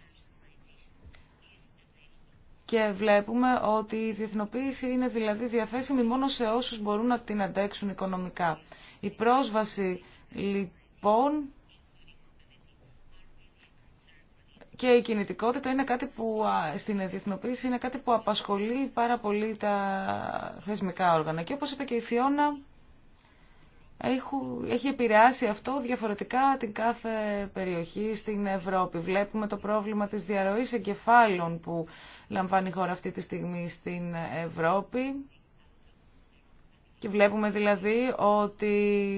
Και βλέπουμε ότι η διεθνοποίηση είναι δηλαδή διαθέσιμη μόνο σε όσους μπορούν να την αντέξουν οικονομικά. Η πρόσβαση λοιπόν Και η κινητικότητα είναι κάτι που στην εθνοποίηση είναι κάτι που απασχολεί πάρα πολύ τα θεσμικά όργανα. Και όπως είπε και η Φιώνα, έχει επηρεάσει αυτό διαφορετικά την κάθε περιοχή στην Ευρώπη. Βλέπουμε το πρόβλημα της διαρροής εγκεφάλων που λαμβάνει η χώρα αυτή τη στιγμή στην Ευρώπη βλέπουμε δηλαδή ότι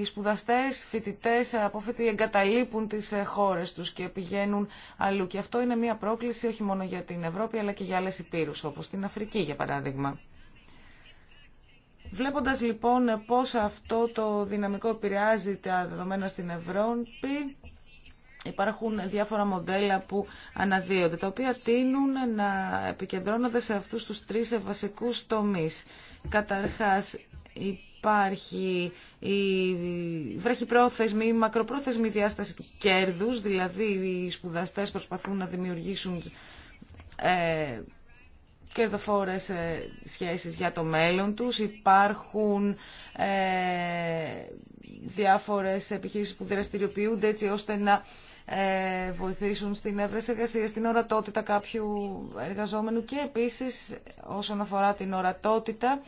οι σπουδαστές, φοιτητές, απόφοιτοι εγκαταλείπουν τις ε, χώρες τους και πηγαίνουν αλλού. Και αυτό είναι μια πρόκληση όχι μόνο για την Ευρώπη αλλά και για άλλες υπήρους όπως την Αφρική για παράδειγμα. Βλέποντας λοιπόν πώς αυτό το δυναμικό επηρεάζει τα δεδομένα στην Ευρώπη, υπάρχουν διάφορα μοντέλα που αναδύονται, τα οποία τείνουν να επικεντρώνονται σε αυτούς τους τρεις βασικούς τομείς. Καταρχάς, υπάρχει η βραχυπρόθεσμη, η μακροπρόθεσμη διάσταση του κέρδους, δηλαδή οι σπουδαστές προσπαθούν να δημιουργήσουν ε, κερδοφόρες ε, σχέσεις για το μέλλον τους, υπάρχουν ε, διάφορες επιχείρησεις που δραστηριοποιούνται έτσι ώστε να ε, βοηθήσουν στην εύρεση εργασία, στην ορατότητα κάποιου εργαζόμενου και επίσης όσον αφορά την ορατότητα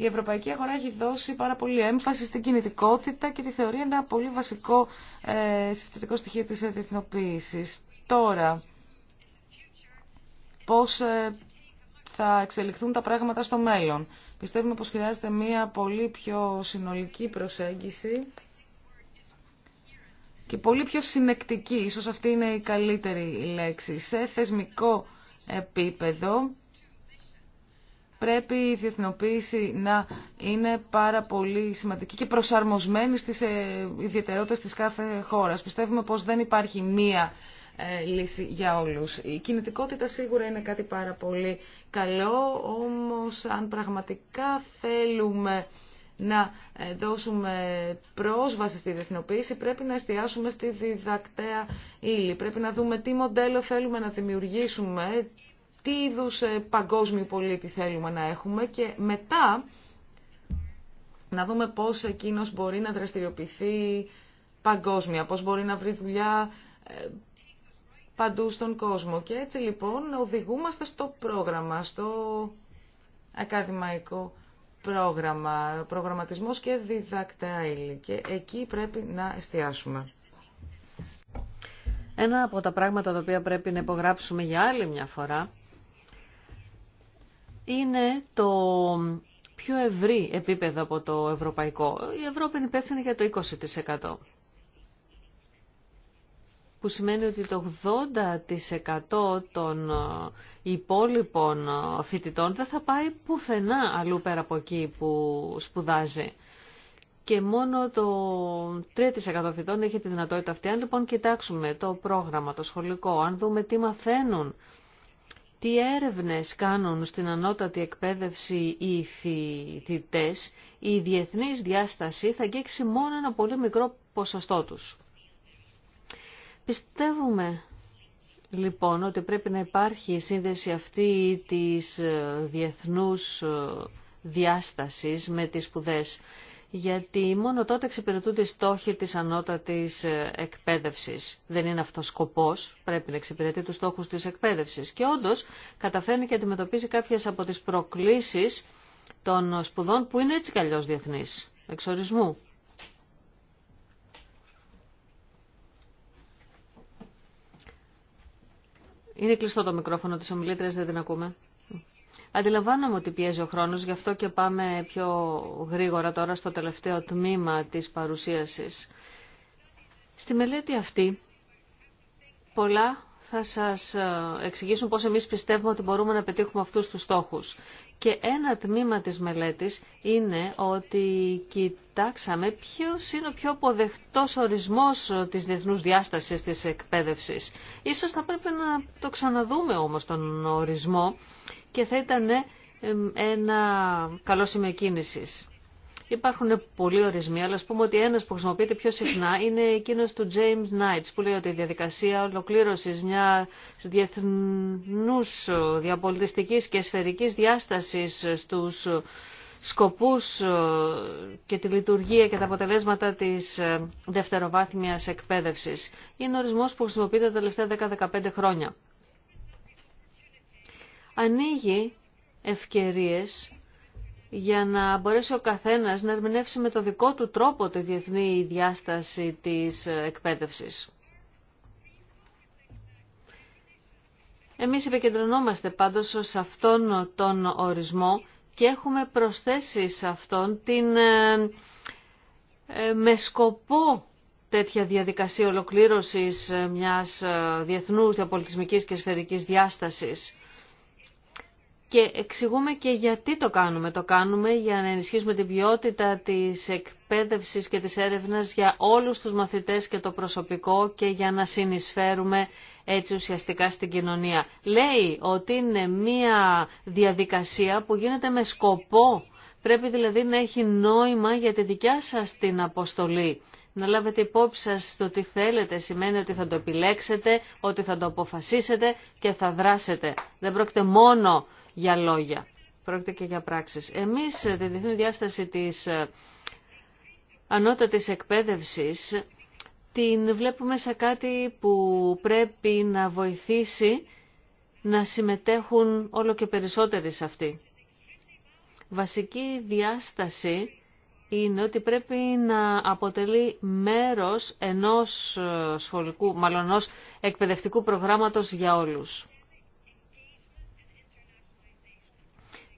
η ευρωπαϊκή αγορά έχει δώσει πάρα πολύ έμφαση στην κινητικότητα και τη θεωρεί ένα πολύ βασικό ε, στοιχείο της εθνοποίησης. Τώρα, πώς ε, θα εξελιχθούν τα πράγματα στο μέλλον. Πιστεύουμε πως χρειάζεται μία πολύ πιο συνολική προσέγγιση και πολύ πιο συνεκτική, ίσως αυτή είναι η καλύτερη λέξη, σε θεσμικό επίπεδο πρέπει η διεθνοποίηση να είναι πάρα πολύ σημαντική και προσαρμοσμένη στις ε, ιδιαιτερότητες της κάθε χώρας. Πιστεύουμε πως δεν υπάρχει μία ε, λύση για όλους. Η κινητικότητα σίγουρα είναι κάτι πάρα πολύ καλό, όμως αν πραγματικά θέλουμε να ε, δώσουμε πρόσβαση στη διεθνοποίηση, πρέπει να εστιάσουμε στη διδακταία ύλη. Πρέπει να δούμε τι μοντέλο θέλουμε να δημιουργήσουμε, τι είδους ε, παγκόσμιο πολίτη θέλουμε να έχουμε και μετά να δούμε πώς εκείνος μπορεί να δραστηριοποιηθεί παγκόσμια, πώς μπορεί να βρει δουλειά ε, παντού στον κόσμο. Και έτσι λοιπόν οδηγούμαστε στο πρόγραμμα, στο ακαδημαϊκό
πρόγραμμα, προγραμματισμός και διδακτάιλη. Και εκεί πρέπει να εστιάσουμε. Ένα από τα πράγματα τα οποία πρέπει να υπογράψουμε για άλλη μια φορά είναι το πιο ευρύ επίπεδο από το ευρωπαϊκό. Η Ευρώπη είναι υπεύθυνη για το 20%. Που σημαίνει ότι το 80% των ε, υπόλοιπων ε, φοιτητών δεν θα πάει πουθενά αλλού πέρα από εκεί που σπουδάζει. Και μόνο το 3% φοιτών έχει τη δυνατότητα αυτή. Αν λοιπόν κοιτάξουμε το πρόγραμμα, το σχολικό, αν δούμε τι μαθαίνουν τι έρευνες κάνουν στην ανώτατη εκπαίδευση οι φοιτητές, η διεθνής διάσταση θα αγγίξει μόνο ένα πολύ μικρό ποσοστό τους. Πιστεύουμε λοιπόν ότι πρέπει να υπάρχει η σύνδεση αυτή της διεθνούς ε, διάστασης με τις σπουδές γιατί μόνο τότε εξυπηρετούν οι στόχοι της ανώτατης ε, εκπαίδευσης. Δεν είναι αυτός σκοπός, πρέπει να εξυπηρετεί τους στόχους της εκπαίδευσης. Και όντως καταφέρνει και αντιμετωπίζει κάποιες από τις προκλήσεις των σπουδών που είναι έτσι καλλιώς διεθνείς, εξορισμού. Είναι κλειστό το μικρόφωνο της ομιλήτριας, δεν την ακούμε. Αντιλαμβάνομαι ότι πιέζει ο χρόνος, γι' αυτό και πάμε πιο γρήγορα τώρα στο τελευταίο τμήμα της παρουσίασης. Στη μελέτη αυτή πολλά θα σας ε, εξηγήσουν πώς εμείς πιστεύουμε ότι μπορούμε να πετύχουμε αυτούς τους στόχους. Και ένα τμήμα της μελέτης είναι ότι κοιτάξαμε ποιος είναι ο πιο αποδεκτός ορισμός της διεθνούς διάστασης της εκπαίδευσης. Ίσως θα πρέπει να το ξαναδούμε όμως τον ορισμό και θα ήταν ε, ένα καλό σημείο κίνηση. Υπάρχουν πολλοί ορισμοί, αλλά α πούμε ότι ένα που χρησιμοποιείται πιο συχνά είναι εκείνο του James Knights, που λέει ότι η διαδικασία ολοκλήρωση μια διεθνού διαπολιτιστική και σφαιρική διάσταση στου σκοπού ε, και τη λειτουργία και τα αποτελέσματα τη ε, δευτεροβάθμιας εκπαίδευση. Είναι ορισμό που χρησιμοποιείται τα τελευταία 10-15 χρόνια ανοίγει ευκαιρίες για να μπορέσει ο καθένας να ερμηνεύσει με το δικό του τρόπο τη διεθνή διάσταση της εκπαίδευσης. Εμείς επικεντρωνόμαστε πάντως σε αυτόν τον ορισμό και έχουμε προσθέσει σε αυτόν την ε, ε, με σκοπό τέτοια διαδικασία ολοκλήρωσης μιας ε, διεθνούς διαπολιτισμικής και σφαιρικής διάστασης. Και εξηγούμε και γιατί το κάνουμε. Το κάνουμε για να ενισχύσουμε την ποιότητα της εκπαίδευσης και της έρευνας για όλους τους μαθητές και το προσωπικό και για να συνεισφέρουμε έτσι ουσιαστικά στην κοινωνία. Λέει ότι είναι μία διαδικασία που γίνεται με σκοπό. Πρέπει δηλαδή να έχει νόημα για τη δικιά σας την αποστολή. Να λάβετε υπόψη σας το τι θέλετε σημαίνει ότι θα το επιλέξετε, ότι θα το αποφασίσετε και θα δράσετε. Δεν πρόκειται μόνο για λόγια. Πρόκειται και για πράξεις. Εμείς τη διεθνή διάσταση της ε, ανώτατης εκπαίδευσης την βλέπουμε σε κάτι που πρέπει να βοηθήσει να συμμετέχουν όλο και περισσότεροι σε αυτή. Βασική διάσταση είναι ότι πρέπει να αποτελεί μέρος ενός ε, σχολικού, μάλλον ενός εκπαιδευτικού προγράμματος για όλους.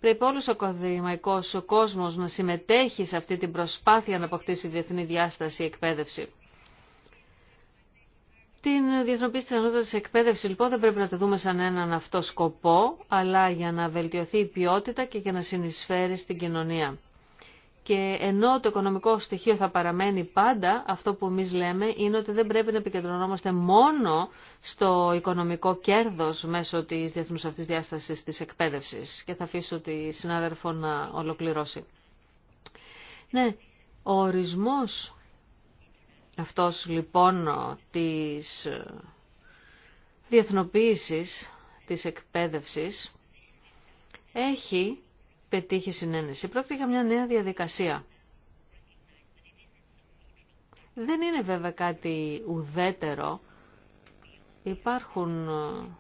Πρέπει όλος ο ακαδημαϊκός ο κόσμος να συμμετέχει σε αυτή την προσπάθεια να αποκτήσει διεθνή διάσταση εκπαίδευση. Την διεθνοποίηση της ανώτατης εκπαίδευσης λοιπόν δεν πρέπει να τη δούμε σαν έναν αυτό σκοπό, αλλά για να βελτιωθεί η ποιότητα και για να συνεισφέρει στην κοινωνία. Και ενώ το οικονομικό στοιχείο θα παραμένει πάντα, αυτό που εμεί λέμε είναι ότι δεν πρέπει να επικεντρωνόμαστε μόνο στο οικονομικό κέρδος μέσω της διεθνούς αυτής διάστασης της εκπαίδευσης. Και θα αφήσω τη συνάδελφο να ολοκληρώσει. Ναι, ο ορισμός αυτός λοιπόν της διεθνοποίησης της εκπαίδευσης έχει πετύχει συνένεση. Πρόκειται για μια νέα διαδικασία. Δεν είναι βέβαια κάτι ουδέτερο. Υπάρχουν ε,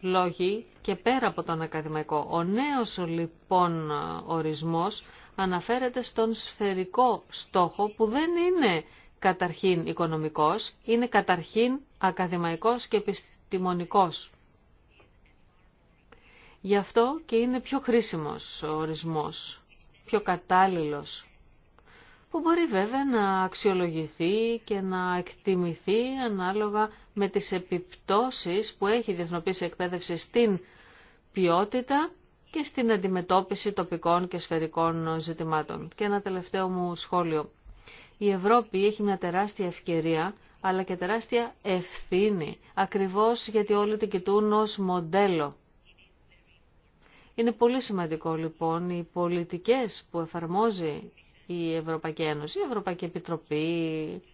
λόγοι και πέρα από τον ακαδημαϊκό. Ο νέος λοιπόν ορισμός αναφέρεται στον σφαιρικό στόχο που δεν είναι καταρχήν οικονομικός, είναι καταρχήν ακαδημαϊκός και επιστημονικός. Γι' αυτό και είναι πιο χρήσιμος ο ορισμός, πιο κατάλληλος, που μπορεί βέβαια να αξιολογηθεί και να εκτιμηθεί ανάλογα με τις επιπτώσεις που έχει η διεθνοποίηση εκπαίδευση στην ποιότητα και στην αντιμετώπιση τοπικών και σφαιρικών ζητημάτων. Και ένα τελευταίο μου σχόλιο. Η Ευρώπη έχει μια τεράστια ευκαιρία αλλά και τεράστια ευθύνη, ακριβώς γιατί όλοι την κοιτούν ως μοντέλο είναι πολύ σημαντικό λοιπόν οι πολιτικές που εφαρμόζει η Ευρωπαϊκή Ένωση, η Ευρωπαϊκή Επιτροπή,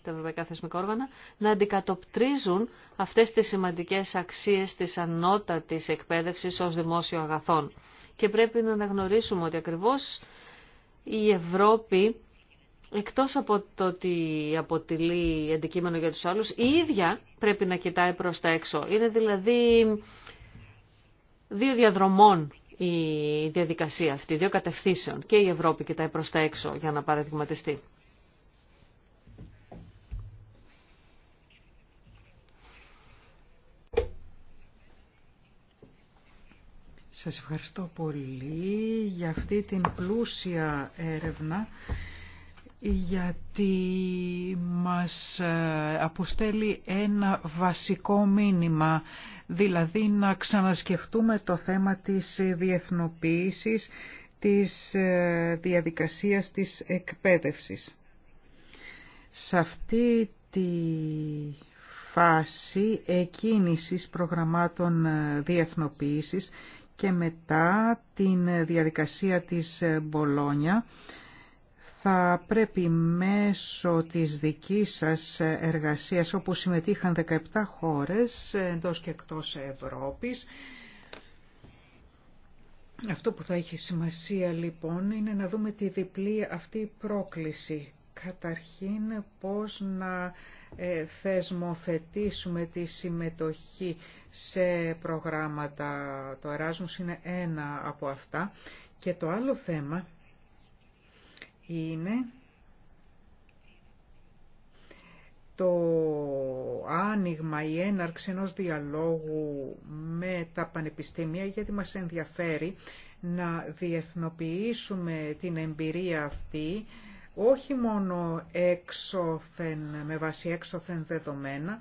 τα ευρωπαϊκά θεσμικά όργανα, να αντικατοπτρίζουν αυτές τις σημαντικές αξίες της ανώτατης εκπαίδευσης ως δημόσιο αγαθών. Και πρέπει να αναγνωρίσουμε ότι ακριβώς η Ευρώπη, εκτός από το ότι αποτελεί αντικείμενο για τους άλλους, η ίδια πρέπει να κοιτάει προς τα έξω. Είναι δηλαδή δύο διαδρομών η διαδικασία αυτή, δύο κατευθύνσεων, και η Ευρώπη κοιτάει προς τα έξω για να παραδειγματιστεί.
Σας ευχαριστώ πολύ για αυτή την πλούσια έρευνα γιατί μας ε, αποστέλει ένα βασικό μήνυμα, δηλαδή να ξανασκεφτούμε το θέμα της διεθνοποίησης της ε, διαδικασίας της εκπαίδευσης. Σε αυτή τη φάση εκκίνησης προγραμμάτων ε, διεθνοποίησης και μετά την διαδικασία της Μπολόνια, θα πρέπει μέσω της δικής σας εργασίας, όπου συμμετείχαν 17 χώρες εντός και εκτός Ευρώπης, αυτό που θα έχει σημασία λοιπόν είναι να δούμε τη διπλή αυτή πρόκληση. Καταρχήν πώς να ε, θεσμοθετήσουμε τη συμμετοχή σε προγράμματα. Το Erasmus είναι ένα από αυτά. Και το άλλο θέμα είναι το άνοιγμα, η έναρξη ενός διαλόγου με τα πανεπιστήμια, γιατί μας ενδιαφέρει να διεθνοποιήσουμε την εμπειρία αυτή, όχι μόνο έξωθεν, με βάση έξωθεν δεδομένα,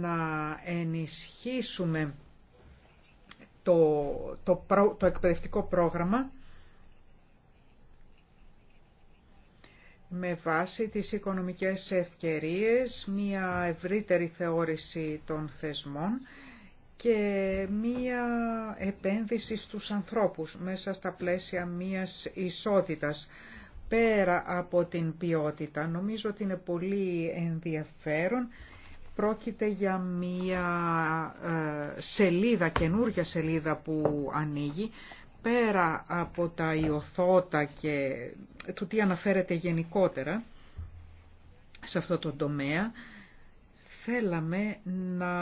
να ενισχύσουμε το, το, το εκπαιδευτικό πρόγραμμα με βάση τις οικονομικές ευκαιρίες, μία ευρύτερη θεώρηση των θεσμών και μία επένδυση στους ανθρώπους μέσα στα πλαίσια μίας ισότητας πέρα από την ποιότητα. Νομίζω ότι είναι πολύ ενδιαφέρον. Πρόκειται για μία ε, σελίδα, καινούργια σελίδα που ανοίγει πέρα από τα ιωθώτα και του τι αναφέρεται γενικότερα σε αυτό το τομέα, θέλαμε να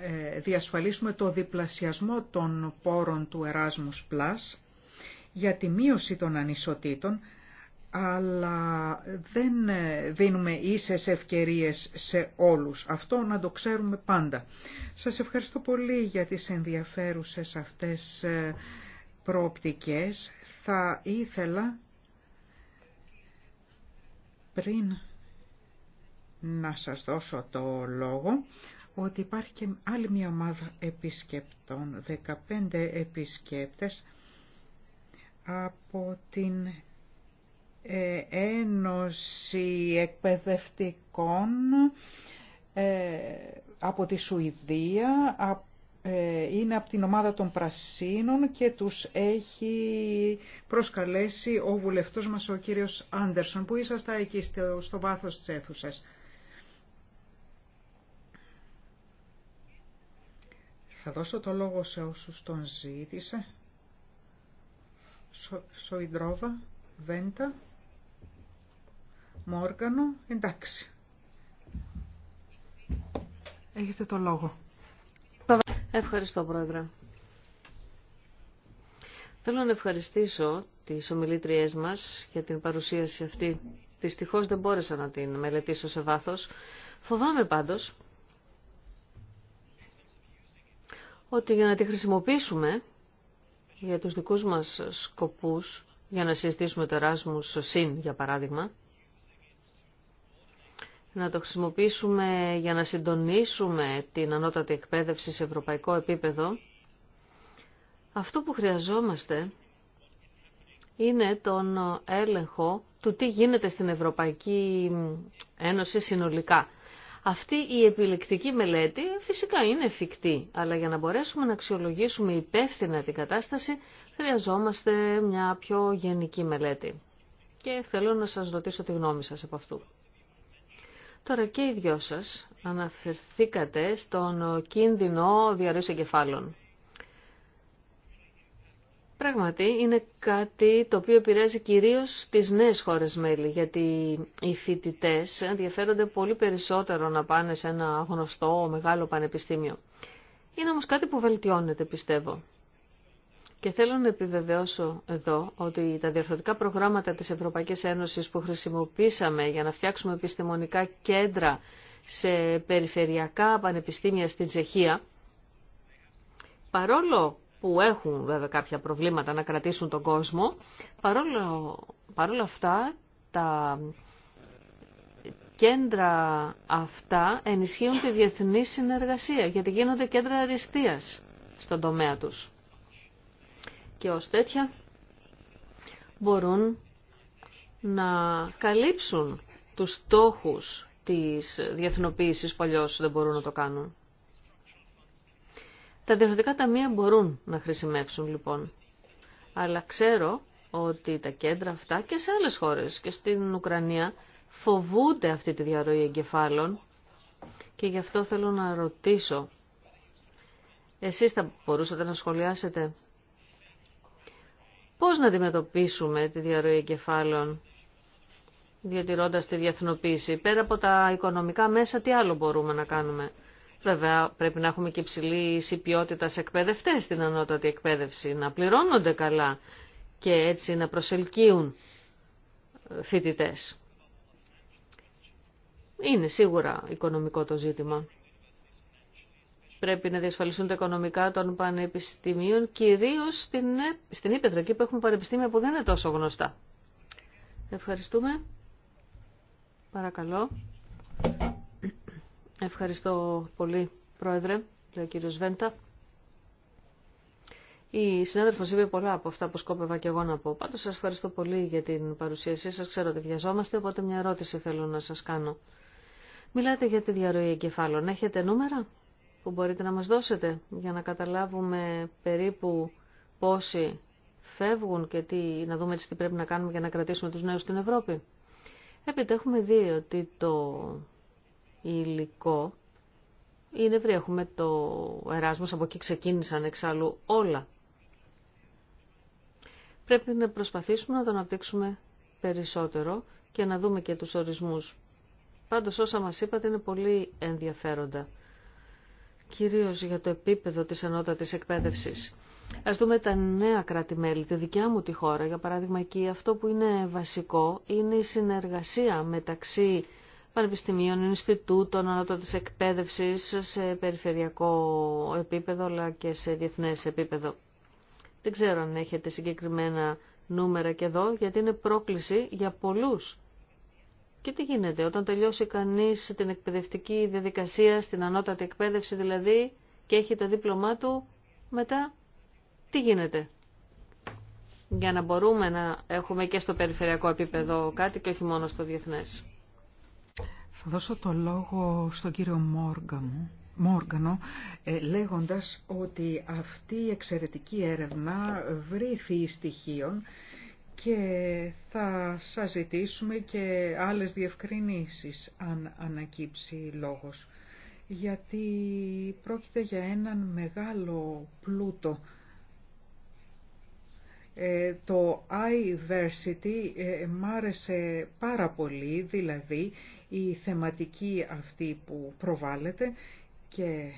ε, διασφαλίσουμε το διπλασιασμό των πόρων του Erasmus Plus για τη μείωση των ανισοτήτων, αλλά δεν ε, δίνουμε ίσες ευκαιρίες σε όλους. Αυτό να το ξέρουμε πάντα. Σας ευχαριστώ πολύ για τις ενδιαφέρουσες αυτές ε, προοπτικές, θα ήθελα πριν να σας δώσω το λόγο ότι υπάρχει και άλλη μια ομάδα επισκεπτών, 15 επισκέπτες από την ε, Ένωση Εκπαιδευτικών ε, από τη Σουηδία, ε, είναι από την ομάδα των Πρασίνων και τους έχει προσκαλέσει ο βουλευτός μας ο κύριος Άντερσον που ήσασταν εκεί στο, στο βάθος της αίθουσας. Θα δώσω το λόγο σε όσους τον ζήτησε. Σο, Σοϊντρόβα, Βέντα, Μόργανο, εντάξει. Έχετε το λόγο. Ευχαριστώ, Πρόεδρε.
Θέλω να ευχαριστήσω τις ομιλήτριές μας για την παρουσίαση αυτή. Δυστυχώ δεν μπόρεσα να την μελετήσω σε βάθος. Φοβάμαι πάντως ότι για να τη χρησιμοποιήσουμε για τους δικούς μας σκοπούς, για να συζητήσουμε το Erasmus ΣΥΝ, για παράδειγμα, να το χρησιμοποιήσουμε για να συντονίσουμε την ανώτατη εκπαίδευση σε ευρωπαϊκό επίπεδο, αυτό που χρειαζόμαστε είναι τον έλεγχο του τι γίνεται στην Ευρωπαϊκή Ένωση συνολικά. Αυτή η επιλεκτική μελέτη φυσικά είναι εφικτή, αλλά για να μπορέσουμε να αξιολογήσουμε υπεύθυνα την κατάσταση, χρειαζόμαστε μια πιο γενική μελέτη. Και θέλω να σας ρωτήσω τη γνώμη σας από αυτού. Τώρα και οι δυο σα αναφερθήκατε στον κίνδυνο διαρροής εγκεφάλων. Πράγματι, είναι κάτι το οποίο επηρεάζει κυρίως τις νέες χώρες μέλη, γιατί οι φοιτητέ ενδιαφέρονται πολύ περισσότερο να πάνε σε ένα γνωστό μεγάλο πανεπιστήμιο. Είναι όμως κάτι που βελτιώνεται, πιστεύω. Και θέλω να επιβεβαιώσω εδώ ότι τα διορθωτικά προγράμματα της Ευρωπαϊκής Ένωσης που χρησιμοποίησαμε για να φτιάξουμε επιστημονικά κέντρα σε περιφερειακά πανεπιστήμια στην Τσεχία, παρόλο που έχουν βέβαια κάποια προβλήματα να κρατήσουν τον κόσμο, παρόλο, παρόλο αυτά τα κέντρα αυτά ενισχύουν τη διεθνή συνεργασία, γιατί γίνονται κέντρα αριστείας στον τομέα τους και ως τέτοια μπορούν να καλύψουν τους στόχους της διεθνοποίησης που αλλιώς δεν μπορούν να το κάνουν. Τα διευθυντικά ταμεία μπορούν να χρησιμεύσουν λοιπόν. Αλλά ξέρω ότι τα κέντρα αυτά και σε άλλες χώρες και στην Ουκρανία φοβούνται αυτή τη διαρροή εγκεφάλων και γι' αυτό θέλω να ρωτήσω. Εσείς θα μπορούσατε να σχολιάσετε Πώς να αντιμετωπίσουμε τη διαρροή εγκεφάλων διατηρώντας τη διεθνοποίηση. Πέρα από τα οικονομικά μέσα, τι άλλο μπορούμε να κάνουμε. Βέβαια, πρέπει να έχουμε και υψηλή ποιότητα σε εκπαιδευτέ στην ανώτατη εκπαίδευση, να πληρώνονται καλά και έτσι να προσελκύουν ε, φοιτητέ. Είναι σίγουρα οικονομικό το ζήτημα πρέπει να διασφαλιστούν τα οικονομικά των πανεπιστημίων, κυρίω στην, στην Ήπετρο, εκεί που έχουμε πανεπιστήμια που δεν είναι τόσο γνωστά. Ευχαριστούμε. Παρακαλώ. Ευχαριστώ πολύ, Πρόεδρε, λέει ο κύριος Βέντα. Η συνάδελφος είπε πολλά από αυτά που σκόπευα και εγώ να πω. Πάντως σας ευχαριστώ πολύ για την παρουσίασή σας. Ξέρω ότι βιαζόμαστε, οπότε μια ερώτηση θέλω να σας κάνω. Μιλάτε για τη διαρροή εγκεφάλων. Έχετε νούμερα που μπορείτε να μας δώσετε για να καταλάβουμε περίπου πόσοι φεύγουν και τι, να δούμε τι πρέπει να κάνουμε για να κρατήσουμε τους νέους στην Ευρώπη. Έπειτα έχουμε δει ότι το υλικό είναι ευρύ. Έχουμε το Εράσμος, από εκεί ξεκίνησαν εξάλλου όλα. Πρέπει να προσπαθήσουμε να το αναπτύξουμε περισσότερο και να δούμε και τους ορισμούς. Πάντως όσα μας είπατε είναι πολύ ενδιαφέροντα κυρίως για το επίπεδο της ανώτατης εκπαίδευσης. Ας δούμε τα νέα κράτη-μέλη, τη δικιά μου τη χώρα, για παράδειγμα εκεί, αυτό που είναι βασικό είναι η συνεργασία μεταξύ πανεπιστημίων, Ινστιτούτων, ανώτατης εκπαίδευσης σε περιφερειακό επίπεδο αλλά και σε διεθνές επίπεδο. Δεν ξέρω αν έχετε συγκεκριμένα νούμερα και εδώ, γιατί είναι πρόκληση για πολλούς και τι γίνεται, όταν τελειώσει κανείς την εκπαιδευτική διαδικασία, στην ανώτατη εκπαίδευση δηλαδή, και έχει το δίπλωμά του, μετά τι γίνεται. Για να μπορούμε να έχουμε και στο περιφερειακό επίπεδο κάτι και όχι μόνο στο διεθνές.
Θα δώσω το λόγο στον κύριο Μόργκανο, Μόργανο, ε, λέγοντας ότι αυτή η εξαιρετική έρευνα βρήθη στοιχείων και θα σας ζητήσουμε και άλλες διευκρινήσεις αν ανακύψει λόγος γιατί πρόκειται για έναν μεγάλο πλούτο. Ε, το iVersity ε, μ' άρεσε πάρα πολύ, δηλαδή η θεματική αυτή που προβάλλεται και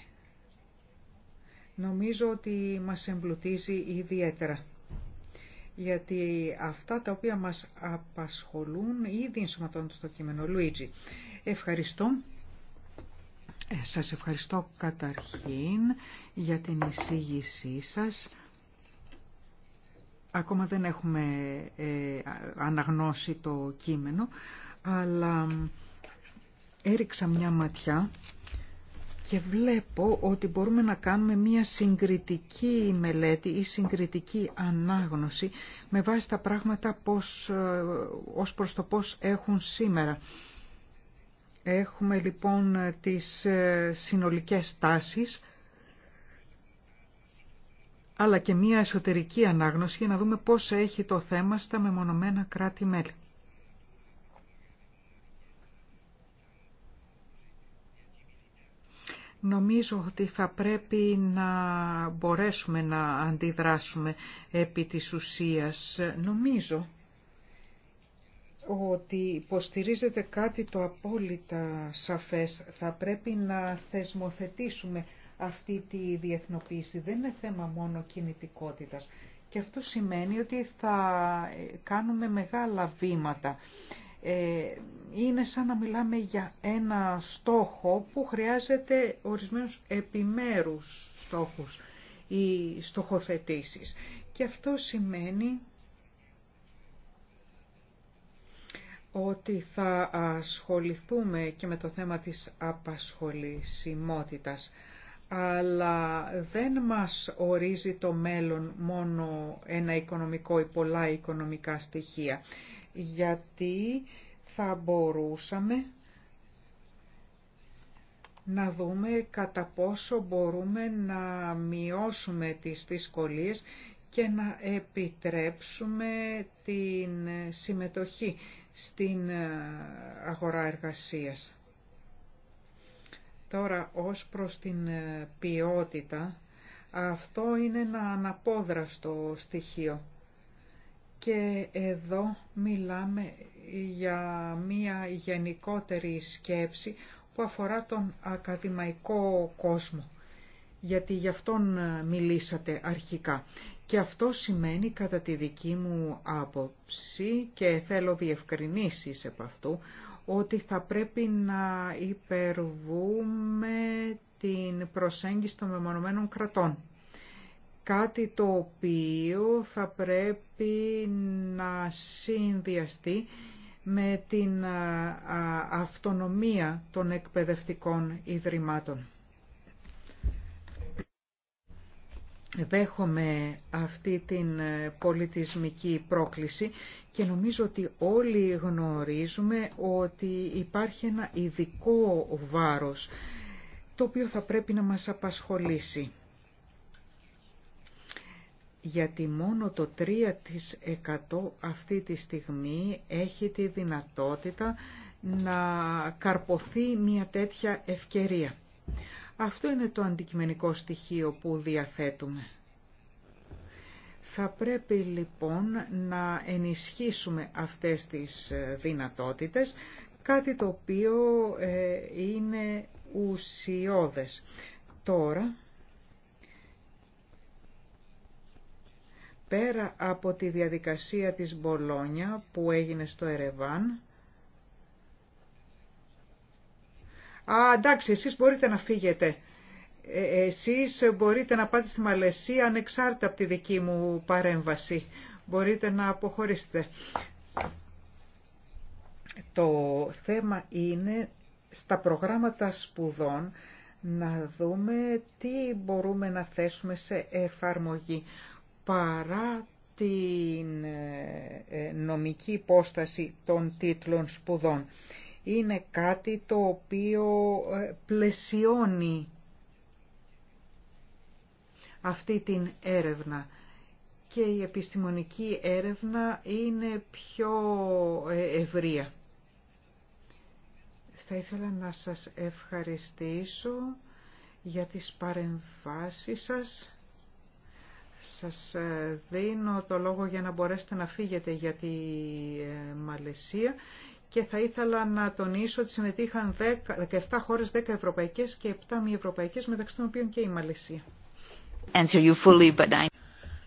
νομίζω ότι μας εμπλουτίζει ιδιαίτερα γιατί αυτά τα οποία μας απασχολούν ήδη ενσωματώνουν στο κείμενο. Λουίτζι, ευχαριστώ. Ε, σας ευχαριστώ καταρχήν για την εισήγησή σας. Ακόμα δεν έχουμε ε, αναγνώσει το κείμενο, αλλά έριξα μια ματιά και βλέπω ότι μπορούμε να κάνουμε μία συγκριτική μελέτη ή συγκριτική ανάγνωση με βάση τα πράγματα πώς, ε, ως προς το πώς έχουν σήμερα. Έχουμε λοιπόν τις ε, συνολικές τάσεις αλλά και μία εσωτερική ανάγνωση για να δούμε πώς έχει το θέμα στα μεμονωμένα κράτη-μέλη. Νομίζω ότι θα πρέπει να μπορέσουμε να αντιδράσουμε επί της ουσίας. Νομίζω ότι υποστηρίζεται κάτι το απόλυτα σαφές. Θα πρέπει να θεσμοθετήσουμε αυτή τη διεθνοποίηση. Δεν είναι θέμα μόνο κινητικότητας. Και αυτό σημαίνει ότι θα κάνουμε μεγάλα βήματα ε, είναι σαν να μιλάμε για ένα στόχο που χρειάζεται ορισμένους επιμέρους στόχους ή στοχοθετήσεις. Και αυτό σημαίνει ότι θα ασχοληθούμε και με το θέμα της απασχολησιμότητας, αλλά δεν μας ορίζει το μέλλον μόνο ένα οικονομικό ή πολλά οικονομικά στοιχεία γιατί θα μπορούσαμε να δούμε κατά πόσο μπορούμε να μειώσουμε τις δυσκολίες και να επιτρέψουμε την συμμετοχή στην ε, αγορά εργασίας. Τώρα, ως προς την ε, ποιότητα, αυτό είναι ένα αναπόδραστο στοιχείο. Και εδώ μιλάμε για μία γενικότερη σκέψη που αφορά τον ακαδημαϊκό κόσμο. Γιατί γι' αυτόν ε, μιλήσατε αρχικά. Και αυτό σημαίνει κατά τη δική μου άποψη και θέλω διευκρινήσεις επ' αυτού ότι θα πρέπει να υπερβούμε την προσέγγιση των μεμονωμένων κρατών κάτι το οποίο θα πρέπει να συνδυαστεί με την αυτονομία των εκπαιδευτικών ιδρυμάτων. Δέχομαι αυτή την ε, πολιτισμική πρόκληση και νομίζω ότι όλοι γνωρίζουμε ότι υπάρχει ένα ειδικό βάρος το οποίο θα πρέπει να μας απασχολήσει γιατί μόνο το 3% αυτή τη στιγμή έχει τη δυνατότητα να καρποθεί μια τέτοια ευκαιρία. Αυτό είναι το αντικειμενικό στοιχείο που διαθέτουμε. Θα πρέπει λοιπόν να ενισχύσουμε αυτές τις ε, δυνατότητες, κάτι το οποίο ε, είναι ουσιώδες. Τώρα πέρα από τη διαδικασία της Μπολόνια που έγινε στο Ερεβάν. Α, εντάξει, εσείς μπορείτε να φύγετε. Ε, εσείς μπορείτε να πάτε στη Μαλαισία ανεξάρτητα από τη δική μου παρέμβαση. Μπορείτε να αποχωρήσετε. Το θέμα είναι στα προγράμματα σπουδών να δούμε τι μπορούμε να θέσουμε σε εφαρμογή παρά την ε, ε, νομική υπόσταση των τίτλων σπουδών. Είναι κάτι το οποίο ε, πλαισιώνει αυτή την έρευνα και η επιστημονική έρευνα είναι πιο ευρεία. Θα ήθελα να σας ευχαριστήσω για τις παρεμβάσεις σας σας ε, δίνω το λόγο για να μπορέσετε να φύγετε για τη ε, Μαλαισία και θα ήθελα να τονίσω ότι συμμετείχαν 17 χώρες, 10 ευρωπαϊκές και 7 μη ευρωπαϊκές, μεταξύ των οποίων και η Μαλαισία.
Answer you fully, but I...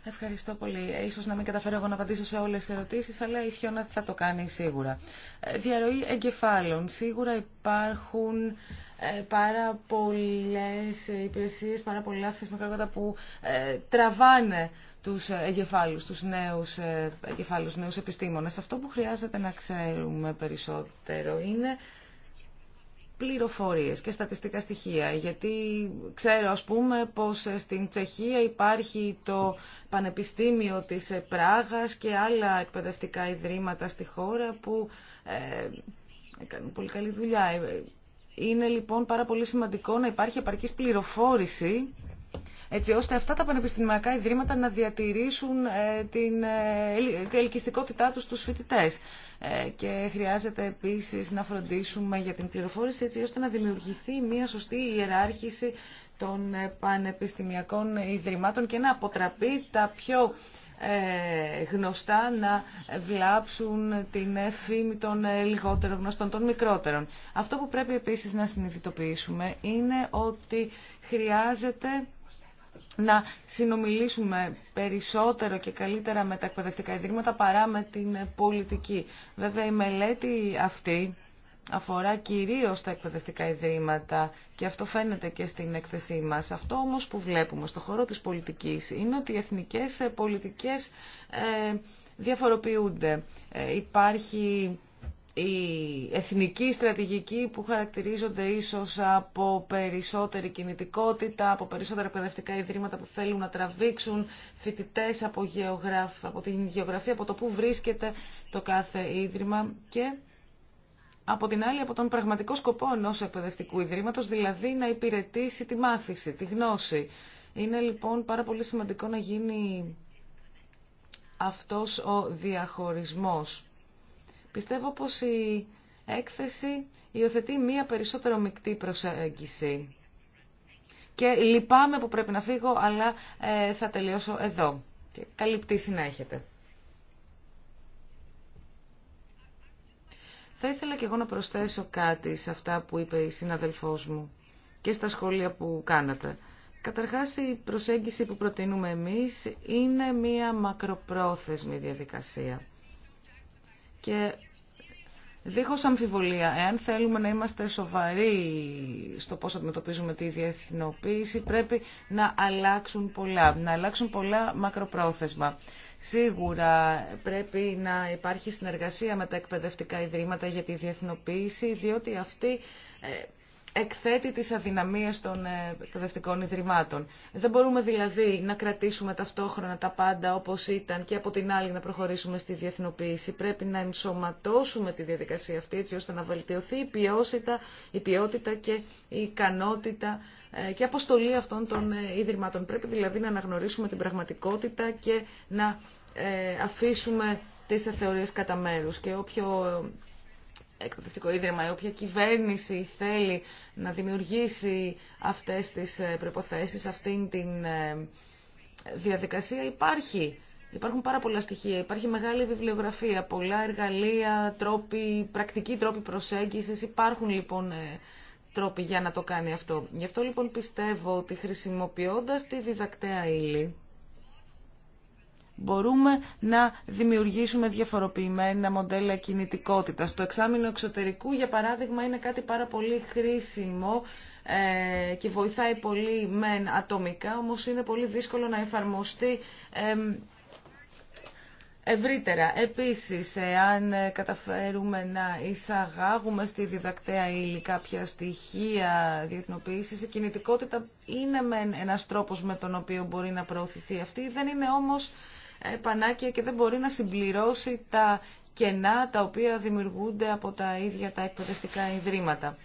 Ευχαριστώ πολύ. Ε, ίσως να μην καταφέρω εγώ να απαντήσω σε όλες τις ερωτήσεις, αλλά η Φιώνα θα το κάνει σίγουρα. Ε, διαρροή εγκεφάλων. Σίγουρα υπάρχουν ε, πάρα πολλές υπηρεσίες, πάρα πολλά θεσμικά που που τραβάνε τους εγκεφάλους, τους νέους εγκεφάλους, νέους επιστήμονες. Αυτό που χρειάζεται να ξέρουμε περισσότερο είναι πληροφορίες και στατιστικά στοιχεία, γιατί ξέρω ας πούμε πως στην Τσεχία υπάρχει το Πανεπιστήμιο της Πράγας και άλλα εκπαιδευτικά ιδρύματα στη χώρα που ε, κάνουν πολύ καλή δουλειά. Ε, είναι λοιπόν πάρα πολύ σημαντικό να υπάρχει επαρκής πληροφόρηση έτσι ώστε αυτά τα πανεπιστημιακά ιδρύματα να διατηρήσουν ε, την ε, ελκυστικότητά τους στους φοιτητές. Ε, και χρειάζεται επίσης να φροντίσουμε για την πληροφόρηση έτσι ώστε να δημιουργηθεί μια σωστή ιεράρχηση των πανεπιστημιακών ιδρυμάτων και να αποτραπεί τα πιο γνωστά να βλάψουν την φήμη των λιγότερων γνωστών, των μικρότερων. Αυτό που πρέπει επίσης να συνειδητοποιήσουμε είναι ότι χρειάζεται να συνομιλήσουμε περισσότερο και καλύτερα με τα εκπαιδευτικά ιδρύματα παρά με την πολιτική. Βέβαια η μελέτη αυτή αφορά κυρίως τα εκπαιδευτικά ιδρύματα και αυτό φαίνεται και στην έκθεσή μας. Αυτό όμως που βλέπουμε στο χώρο της πολιτικής είναι ότι οι εθνικές πολιτικές ε, διαφοροποιούνται. Ε, υπάρχει η εθνική στρατηγική που χαρακτηρίζονται ίσως από περισσότερη κινητικότητα, από περισσότερα εκπαιδευτικά ιδρύματα που θέλουν να τραβήξουν φοιτητέ από, γεωγραφ, από την γεωγραφία, από το που βρίσκεται το κάθε ίδρυμα και από την άλλη από τον πραγματικό σκοπό ενός εκπαιδευτικού ιδρύματος, δηλαδή να υπηρετήσει τη μάθηση, τη γνώση. Είναι λοιπόν πάρα πολύ σημαντικό να γίνει αυτός ο διαχωρισμός Πιστεύω πως η έκθεση υιοθετεί μία περισσότερο μεικτή προσέγγιση. Και λυπάμαι που πρέπει να φύγω, αλλά ε, θα τελειώσω εδώ. Και καλή πτήση να έχετε. Θα ήθελα και εγώ να προσθέσω κάτι σε αυτά που είπε η συναδελφός μου και στα σχόλια που κάνατε. Καταρχάς η προσέγγιση που προτείνουμε εμείς είναι μία μακροπρόθεσμη διαδικασία. Και δίχως αμφιβολία, εάν θέλουμε να είμαστε σοβαροί στο πώς αντιμετωπίζουμε τη διεθνοποίηση, πρέπει να αλλάξουν πολλά, να αλλάξουν πολλά μακροπρόθεσμα. Σίγουρα πρέπει να υπάρχει συνεργασία με τα εκπαιδευτικά ιδρύματα για τη διεθνοποίηση, διότι αυτή ε, εκθέτει τις αδυναμίες των ε, εκπαιδευτικών ιδρυμάτων. Δεν μπορούμε δηλαδή να κρατήσουμε ταυτόχρονα τα πάντα όπως ήταν και από την άλλη να προχωρήσουμε στη διεθνοποίηση. Πρέπει να ενσωματώσουμε τη διαδικασία αυτή έτσι ώστε να βελτιωθεί η ποιότητα, η ποιότητα και η ικανότητα ε, και αποστολή αυτών των ε, ιδρυμάτων. Πρέπει δηλαδή να αναγνωρίσουμε την πραγματικότητα και να αφήσουμε τις θεωρίες κατά μέρους και όποιο εκπαιδευτικό ίδρυμα ή όποια κυβέρνηση θέλει να δημιουργήσει αυτές τις ε, προϋποθέσεις, αυτήν την ε, διαδικασία υπάρχει. Υπάρχουν πάρα πολλά στοιχεία, υπάρχει μεγάλη βιβλιογραφία, πολλά εργαλεία, τρόποι, πρακτικοί τρόποι προσέγγισης. Υπάρχουν λοιπόν ε, τρόποι για να το κάνει αυτό. Γι' αυτό λοιπόν πιστεύω ότι χρησιμοποιώντας τη διδακτέα ύλη, μπορούμε να δημιουργήσουμε διαφοροποιημένα μοντέλα κινητικότητας. Το εξάμεινο εξωτερικού, για παράδειγμα, είναι κάτι πάρα πολύ χρήσιμο ε, και βοηθάει πολύ μεν ατομικά, όμως είναι πολύ δύσκολο να εφαρμοστεί Ευρύτερα, επίσης, αν ε, καταφέρουμε να εισαγάγουμε στη διδακτέα ύλη κάποια στοιχεία διεθνοποίησης, η κινητικότητα είναι μεν ένας τρόπος με τον οποίο μπορεί να προωθηθεί αυτή, δεν είναι όμως πανάκια και δεν μπορεί να συμπληρώσει τα κενά τα οποία δημιουργούνται από τα ίδια τα εκπαιδευτικά ιδρύματα.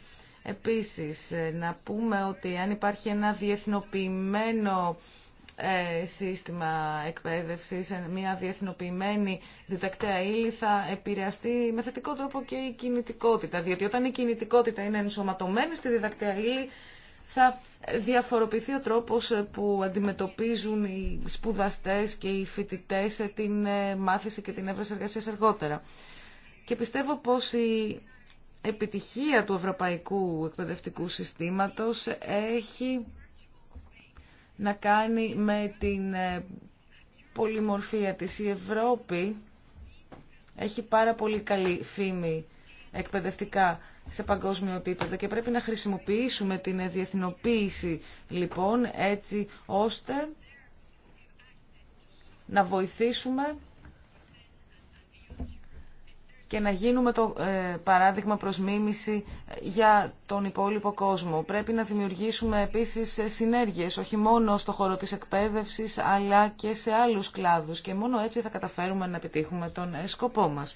Επίσης, ε, να πούμε ότι αν υπάρχει ένα διεθνοποιημένο ε, σύστημα εκπαίδευσης, ε, μια διεθνοποιημένη διδακτέα ύλη θα επηρεαστεί με θετικό τρόπο και η κινητικότητα. Διότι όταν η κινητικότητα είναι ενσωματωμένη στη διδακτέα ύλη, θα διαφοροποιηθεί ο τρόπος ε, που αντιμετωπίζουν οι σπουδαστές και οι φοιτητές ε, την ε, μάθηση και την έβραση εργασίας αργότερα. Και πιστεύω πως η επιτυχία του ευρωπαϊκού εκπαιδευτικού συστήματος έχει να κάνει με την πολυμορφία της. Η Ευρώπη έχει πάρα πολύ καλή φήμη εκπαιδευτικά σε παγκόσμιο επίπεδο και πρέπει να χρησιμοποιήσουμε την διεθνοποίηση λοιπόν έτσι ώστε να βοηθήσουμε και να γίνουμε το ε, παράδειγμα προς μίμηση για τον υπόλοιπο κόσμο. Πρέπει να δημιουργήσουμε επίσης συνέργειες, όχι μόνο στο χώρο της εκπαίδευσης, αλλά και σε άλλους
κλάδους. Και μόνο έτσι
θα καταφέρουμε να επιτύχουμε τον σκοπό μας.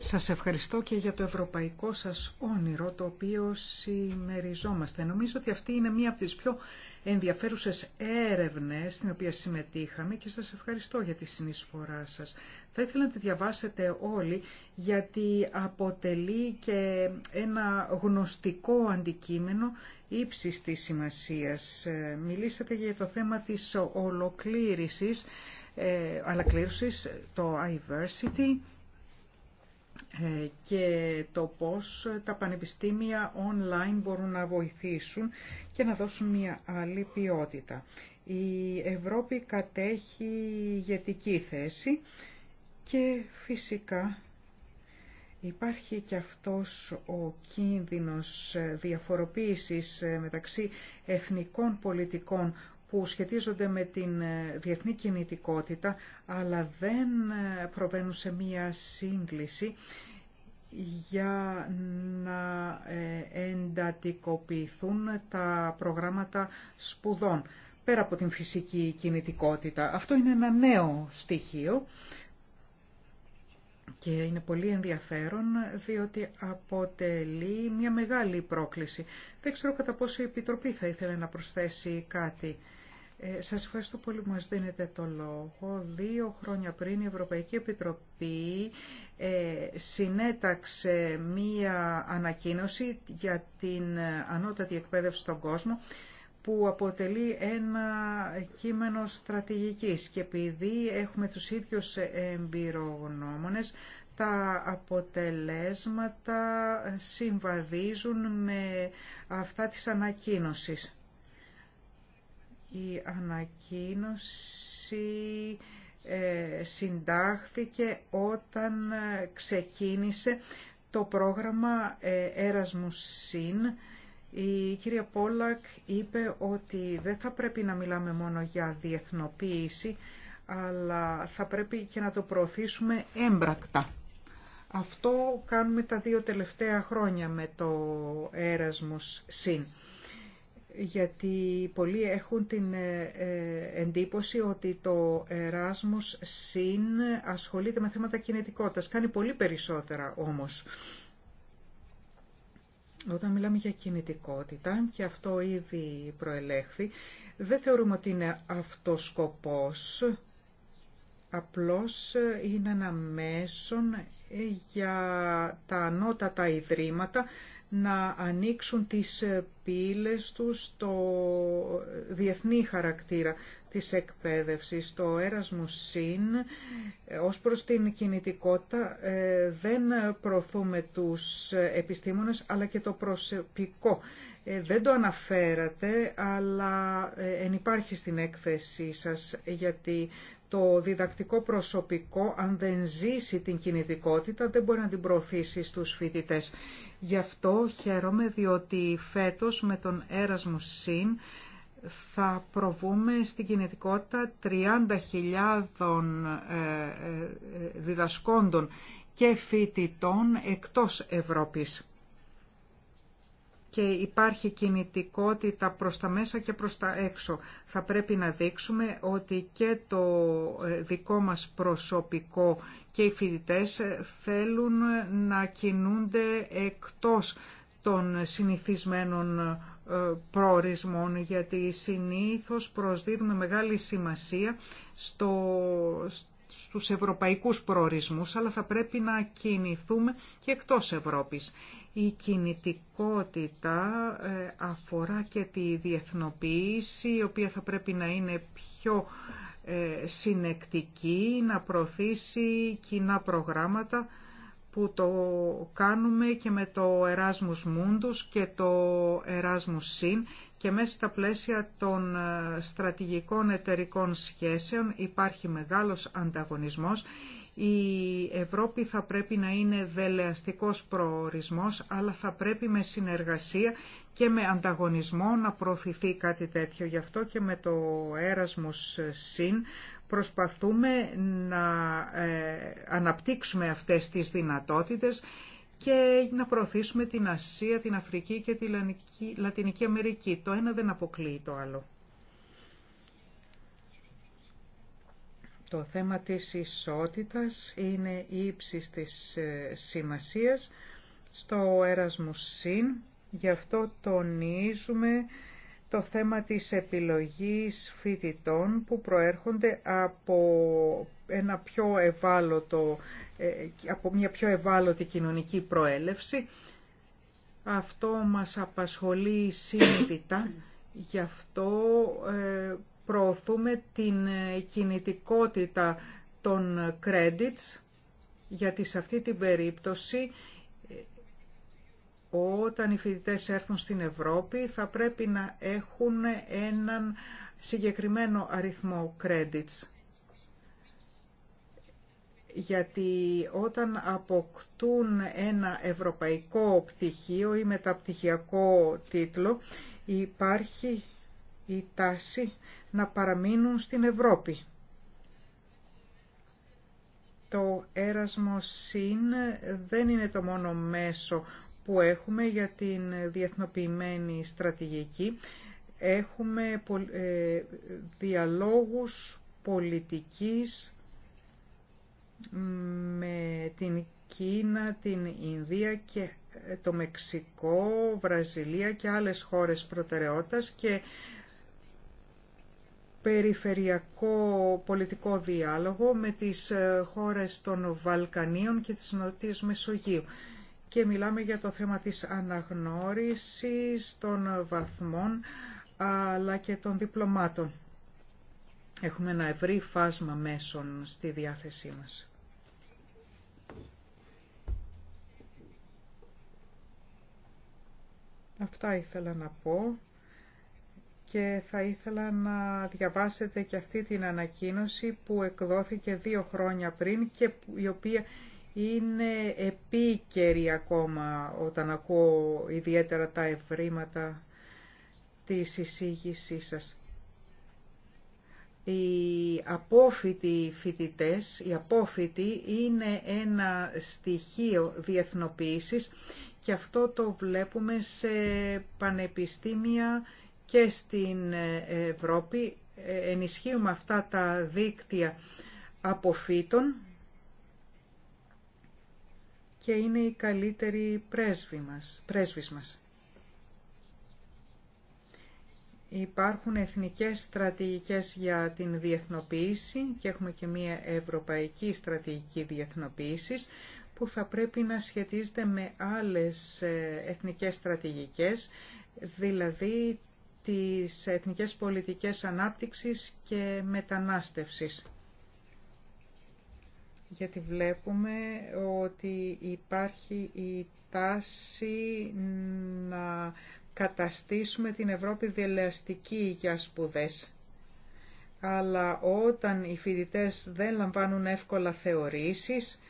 Σας ευχαριστώ και για το ευρωπαϊκό σας όνειρο το οποίο συμμεριζόμαστε. Νομίζω ότι αυτή είναι μία από τις πιο ενδιαφέρουσες έρευνες στην οποία συμμετείχαμε και σας ευχαριστώ για τη συνεισφορά σας. Θα ήθελα να τη διαβάσετε όλοι γιατί αποτελεί και ένα γνωστικό αντικείμενο ύψης της σημασίας. Ε, μιλήσατε για το θέμα της ολοκλήρησης, ε, αλλά το «Iversity» Ε, και το πώς τα πανεπιστήμια online μπορούν να βοηθήσουν και να δώσουν μια άλλη ποιότητα. Η Ευρώπη κατέχει ηγετική θέση και φυσικά υπάρχει και αυτός ο κίνδυνος διαφοροποίησης μεταξύ εθνικών πολιτικών που σχετίζονται με την ε, διεθνή κινητικότητα, αλλά δεν ε, προβαίνουν σε μία σύγκληση για να ε, εντατικοποιηθούν τα προγράμματα σπουδών, πέρα από την φυσική κινητικότητα. Αυτό είναι ένα νέο στοιχείο και είναι πολύ ενδιαφέρον διότι αποτελεί μια μεγάλη πρόκληση. Δεν ξέρω κατά πόσο η Επιτροπή θα ήθελε να προσθέσει κάτι. Ε, σας ευχαριστώ πολύ που μας δίνετε το λόγο. Δύο χρόνια πριν η Ευρωπαϊκή Επιτροπή ε, συνέταξε μία ανακοίνωση για την ε, ανώτατη εκπαίδευση στον κόσμο που αποτελεί ένα κείμενο στρατηγικής και επειδή έχουμε τους ίδιους εμπειρογνώμονες τα αποτελέσματα συμβαδίζουν με αυτά της ανακοίνωσης. Η ανακοίνωση ε, συντάχθηκε όταν ε, ξεκίνησε το πρόγραμμα ε, Erasmus Sin. Η κυρία Πόλακ είπε ότι δεν θα πρέπει να μιλάμε μόνο για διεθνοποίηση, αλλά θα πρέπει και να το προωθήσουμε έμπρακτα. Αυτό κάνουμε τα δύο τελευταία χρόνια με το Erasmus ΣΥΝ» γιατί πολλοί έχουν την ε, ε, εντύπωση ότι το Εράσμους ΣΥΝ ασχολείται με θέματα κινητικότητας. Κάνει πολύ περισσότερα όμως. Όταν μιλάμε για κινητικότητα, και αυτό ήδη προελέχθη, δεν θεωρούμε ότι είναι αυτό σκοπός, απλώς είναι ένα μέσον για τα ανώτατα ιδρύματα να ανοίξουν τις πύλες τους στο διεθνή χαρακτήρα της εκπαίδευσης. Το έρασμο συν, ως προς την κινητικότητα, ε, δεν προωθούμε τους επιστήμονες, αλλά και το προσωπικό ε, δεν το αναφέρατε, αλλά ε, εν υπάρχει στην έκθεσή σας, γιατί το διδακτικό προσωπικό, αν δεν ζήσει την κινητικότητα, δεν μπορεί να την προωθήσει στους φοιτητές. Γι' αυτό χαίρομαι, διότι φέτος με τον Erasmus ΣΥΝ θα προβούμε στην κινητικότητα 30.000 ε, διδασκόντων και φοιτητών εκτός Ευρώπης και υπάρχει κινητικότητα προς τα μέσα και προς τα έξω. Θα πρέπει να δείξουμε ότι και το ε, δικό μας προσωπικό και οι φοιτητές ε, θέλουν να κινούνται εκτός των συνηθισμένων ε, προορισμών, γιατί συνήθως προσδίδουμε μεγάλη σημασία στο, στους ευρωπαϊκούς προορισμούς, αλλά θα πρέπει να κινηθούμε και εκτός Ευρώπης. Η κινητικότητα ε, αφορά και τη διεθνοποίηση, η οποία θα πρέπει να είναι πιο ε, συνεκτική, να προωθήσει κοινά προγράμματα που το κάνουμε και με το Erasmus Mundus και το Erasmus Sin και μέσα στα πλαίσια των ε, στρατηγικών εταιρικών σχέσεων υπάρχει μεγάλος ανταγωνισμός. Η Ευρώπη θα πρέπει να είναι δελεαστικός προορισμός, αλλά θα πρέπει με συνεργασία και με ανταγωνισμό να προωθηθεί κάτι τέτοιο. Γι' αυτό και με το Erasmus Συν προσπαθούμε να ε, αναπτύξουμε αυτές τις δυνατότητες και να προωθήσουμε την Ασία, την Αφρική και τη Λατινική Αμερική. Το ένα δεν αποκλείει το άλλο. Το θέμα της ισότητας είναι ύψη της ε, σημασίας στο Erasmus Συν. Γι' αυτό τονίζουμε το θέμα της επιλογής φοιτητών που προέρχονται από ένα πιο ευάλωτο, ε, από μια πιο ευάλωτη κοινωνική προέλευση. Αυτό μας απασχολεί σύντητα, γι' αυτό ε, προωθούμε την ε, κινητικότητα των credits, γιατί σε αυτή την περίπτωση όταν οι φοιτητές έρθουν στην Ευρώπη θα πρέπει να έχουν έναν συγκεκριμένο αριθμό credits. Γιατί όταν αποκτούν ένα ευρωπαϊκό πτυχίο ή μεταπτυχιακό τίτλο υπάρχει η τάση να παραμείνουν στην Ευρώπη. Το έρασμο συν δεν είναι το μόνο μέσο που έχουμε για την διεθνοποιημένη στρατηγική. Έχουμε ε, διαλόγους πολιτικής με την Κίνα, την Ινδία και ε, το Μεξικό, Βραζιλία και άλλες χώρες προτεραιότητας και περιφερειακό πολιτικό διάλογο με τις ε, χώρες των Βαλκανίων και της Νοτιής Μεσογείου και μιλάμε για το θέμα της αναγνώρισης των βαθμών αλλά και των διπλωμάτων. Έχουμε ένα ευρύ φάσμα μέσων στη διάθεσή μας. Αυτά ήθελα να πω και θα ήθελα να διαβάσετε και αυτή την ανακοίνωση που εκδόθηκε δύο χρόνια πριν και η οποία είναι επίκαιρη ακόμα όταν ακούω ιδιαίτερα τα ευρήματα της εισήγησής σας. Οι απόφοιτοι φοιτητές, οι απόφοιτοι είναι ένα στοιχείο διεθνοποίησης και αυτό το βλέπουμε σε πανεπιστήμια και στην Ευρώπη. Ε, ενισχύουμε αυτά τα δίκτυα αποφύτων και είναι η καλύτερη πρέσβη μας, Υπάρχουν εθνικές στρατηγικές για την διεθνοποίηση και έχουμε και μία ευρωπαϊκή στρατηγική διεθνοποίησης που θα πρέπει να σχετίζεται με άλλες ε, εθνικές στρατηγικές, δηλαδή τις εθνικές πολιτικές ανάπτυξης και μετανάστευσης γιατί βλέπουμε ότι υπάρχει η τάση να καταστήσουμε την Ευρώπη δελεαστική για σπουδές. Αλλά όταν οι φοιτητές δεν λαμβάνουν εύκολα θεωρήσεις,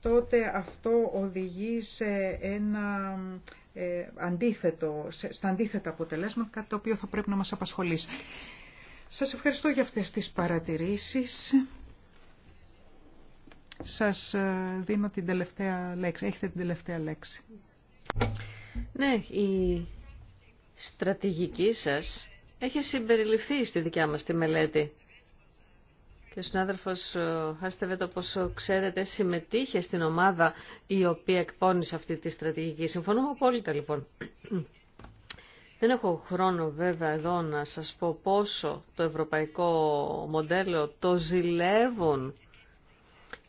τότε αυτό οδηγεί σε ένα ε, αντίθετο, σε, στα αντίθετα αποτελέσματα, κάτι το οποίο θα πρέπει να μας απασχολήσει. Σας ευχαριστώ για αυτές τις παρατηρήσεις. Σας ε, δίνω την τελευταία λέξη. Έχετε την τελευταία λέξη.
Ναι, η στρατηγική σας έχει συμπεριληφθεί στη δικιά μας τη μελέτη. Και ο συνάδελφος ε, το πόσο ξέρετε, συμμετείχε στην ομάδα η οποία εκπώνησε αυτή τη στρατηγική. Συμφωνούμε απόλυτα λοιπόν. [CLEARS THROAT] Δεν έχω χρόνο βέβαια εδώ να σας πω πόσο το ευρωπαϊκό μοντέλο το ζηλεύουν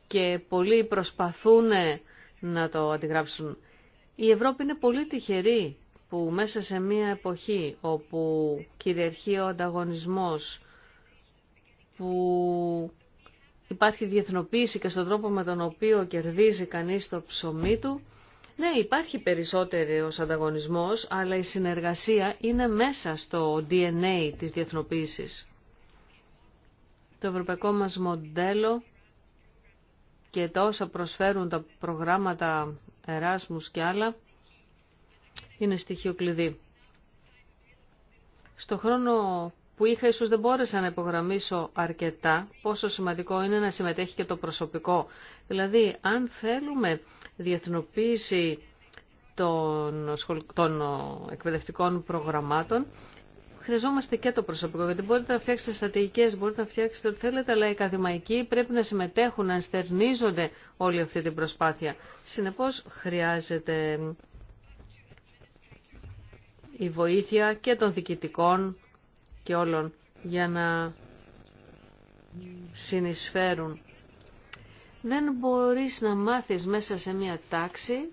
και πολλοί προσπαθούν να το αντιγράψουν. Η Ευρώπη είναι πολύ τυχερή που μέσα σε μια εποχή όπου κυριαρχεί ο ανταγωνισμός, που υπάρχει διεθνοποίηση και στον τρόπο με τον οποίο κερδίζει κανείς το ψωμί του, ναι, υπάρχει περισσότερος ανταγωνισμός, αλλά η συνεργασία είναι μέσα στο DNA της διεθνοποίησης. Το ευρωπαϊκό μας μοντέλο και τα όσα προσφέρουν τα προγράμματα Εράσμους και άλλα είναι στοιχείο κλειδί. Στο χρόνο που είχα ίσως δεν μπόρεσα να υπογραμμίσω αρκετά πόσο σημαντικό είναι να συμμετέχει και το προσωπικό. Δηλαδή, αν θέλουμε διεθνοποίηση των, των εκπαιδευτικών προγραμμάτων, χρειαζόμαστε και το προσωπικό, γιατί μπορείτε να φτιάξετε στρατηγικέ, μπορείτε να φτιάξετε ό,τι θέλετε, αλλά οι ακαδημαϊκοί πρέπει να συμμετέχουν, να ενστερνίζονται όλη αυτή την προσπάθεια. Συνεπώ χρειάζεται η βοήθεια και των διοικητικών και όλων για να συνεισφέρουν. Δεν μπορείς να μάθεις μέσα σε μια τάξη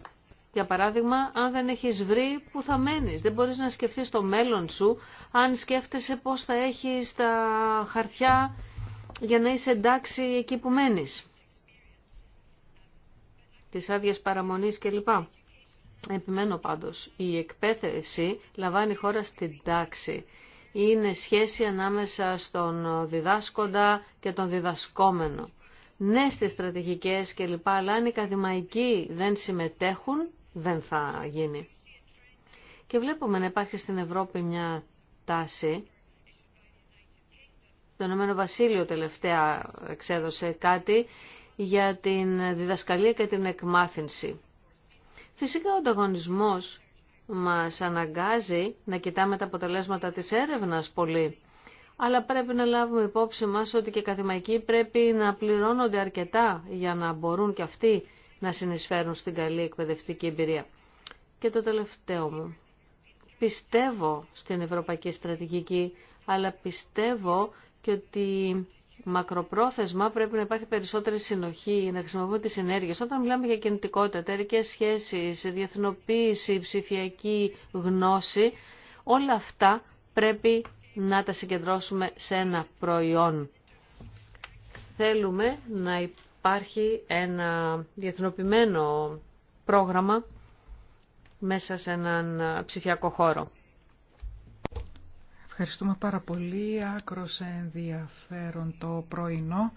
για παράδειγμα, αν δεν έχεις βρει, που θα μένεις. Δεν μπορείς να σκεφτείς το μέλλον σου, αν σκέφτεσαι πώς θα έχεις τα χαρτιά για να είσαι εντάξει εκεί που μένεις. Τις άδειες παραμονής κλπ. Επιμένω πάντως, η εκπαίδευση λαμβάνει χώρα στην τάξη. Είναι σχέση ανάμεσα στον διδάσκοντα και τον διδασκόμενο. Ναι στις στρατηγικές κλπ. Αλλά αν οι καθημαϊκοί δεν συμμετέχουν, δεν θα γίνει. Και βλέπουμε να υπάρχει στην Ευρώπη μια τάση. Το Ενωμένο Βασίλειο τελευταία εξέδωσε κάτι για την διδασκαλία και την εκμάθηση. Φυσικά ο ανταγωνισμός μας αναγκάζει να κοιτάμε τα αποτελέσματα της έρευνας πολύ. Αλλά πρέπει να λάβουμε υπόψη μας ότι και οι καθημαϊκοί πρέπει να πληρώνονται αρκετά για να μπορούν και αυτοί να συνεισφέρουν στην καλή εκπαιδευτική εμπειρία. Και το τελευταίο μου. Πιστεύω στην ευρωπαϊκή στρατηγική, αλλά πιστεύω και ότι μακροπρόθεσμα πρέπει να υπάρχει περισσότερη συνοχή, να χρησιμοποιούμε τις ενέργειες. Όταν μιλάμε για κινητικότητα, εταιρικέ σχέσεις, διεθνοποίηση, ψηφιακή γνώση, όλα αυτά πρέπει να τα συγκεντρώσουμε σε ένα προϊόν. Θέλουμε να υπάρχει ένα διεθνοποιημένο πρόγραμμα μέσα σε έναν ψηφιακό χώρο.
Ευχαριστούμε πάρα πολύ. Άκρος ενδιαφέρον το πρωινό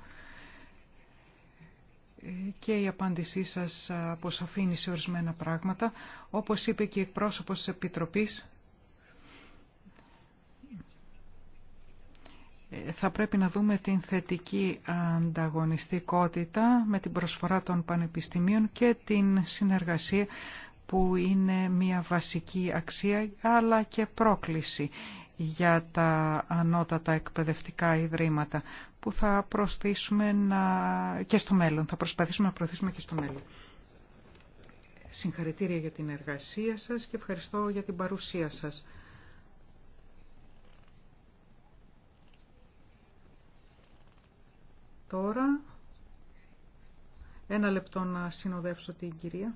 ε, και η απάντησή σας αποσαφήνει σε ορισμένα πράγματα. Όπως είπε και η εκπρόσωπος της Επιτροπής, θα πρέπει να δούμε την θετική ανταγωνιστικότητα με την προσφορά των πανεπιστημίων και την συνεργασία που είναι μια βασική αξία αλλά και πρόκληση για τα ανώτατα εκπαιδευτικά ιδρύματα που θα προσθήσουμε και στο μέλλον, θα προσπαθήσουμε να προωθήσουμε και στο μέλλον. Συγχαρητήρια για την εργασία σας και ευχαριστώ για την παρουσία σας. Τώρα, ένα λεπτό να συνοδεύσω την κυρία.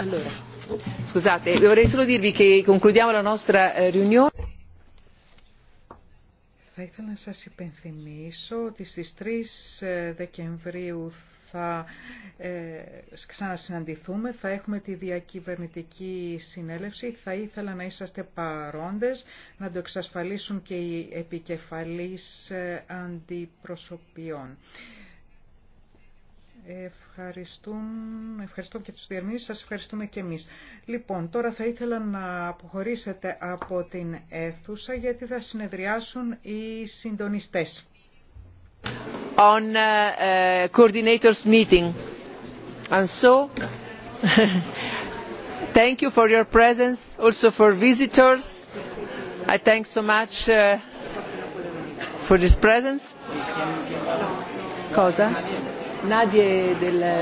Allora, Scusate, vorrei solo dirvi che concludiamo la nostra eh, riunione.
Θα ήθελα να σας υπενθυμίσω ότι στις 3 ε, Δεκεμβρίου θα ε, ξανασυναντηθούμε, θα έχουμε τη διακυβερνητική συνέλευση. Θα ήθελα να είσαστε παρόντες, να το εξασφαλίσουν και οι επικεφαλείς ε, αντιπροσωπιών. Ευχαριστούν, ευχαριστώ και τους διερμήνες, σας ευχαριστούμε και εμείς. Λοιπόν, τώρα θα ήθελα να αποχωρήσετε από την αίθουσα γιατί θα συνεδριάσουν οι συντονιστές
on a coordinators meeting. And so, thank you for your presence, also for visitors. I thank so much for this presence. Cosa? Nadie del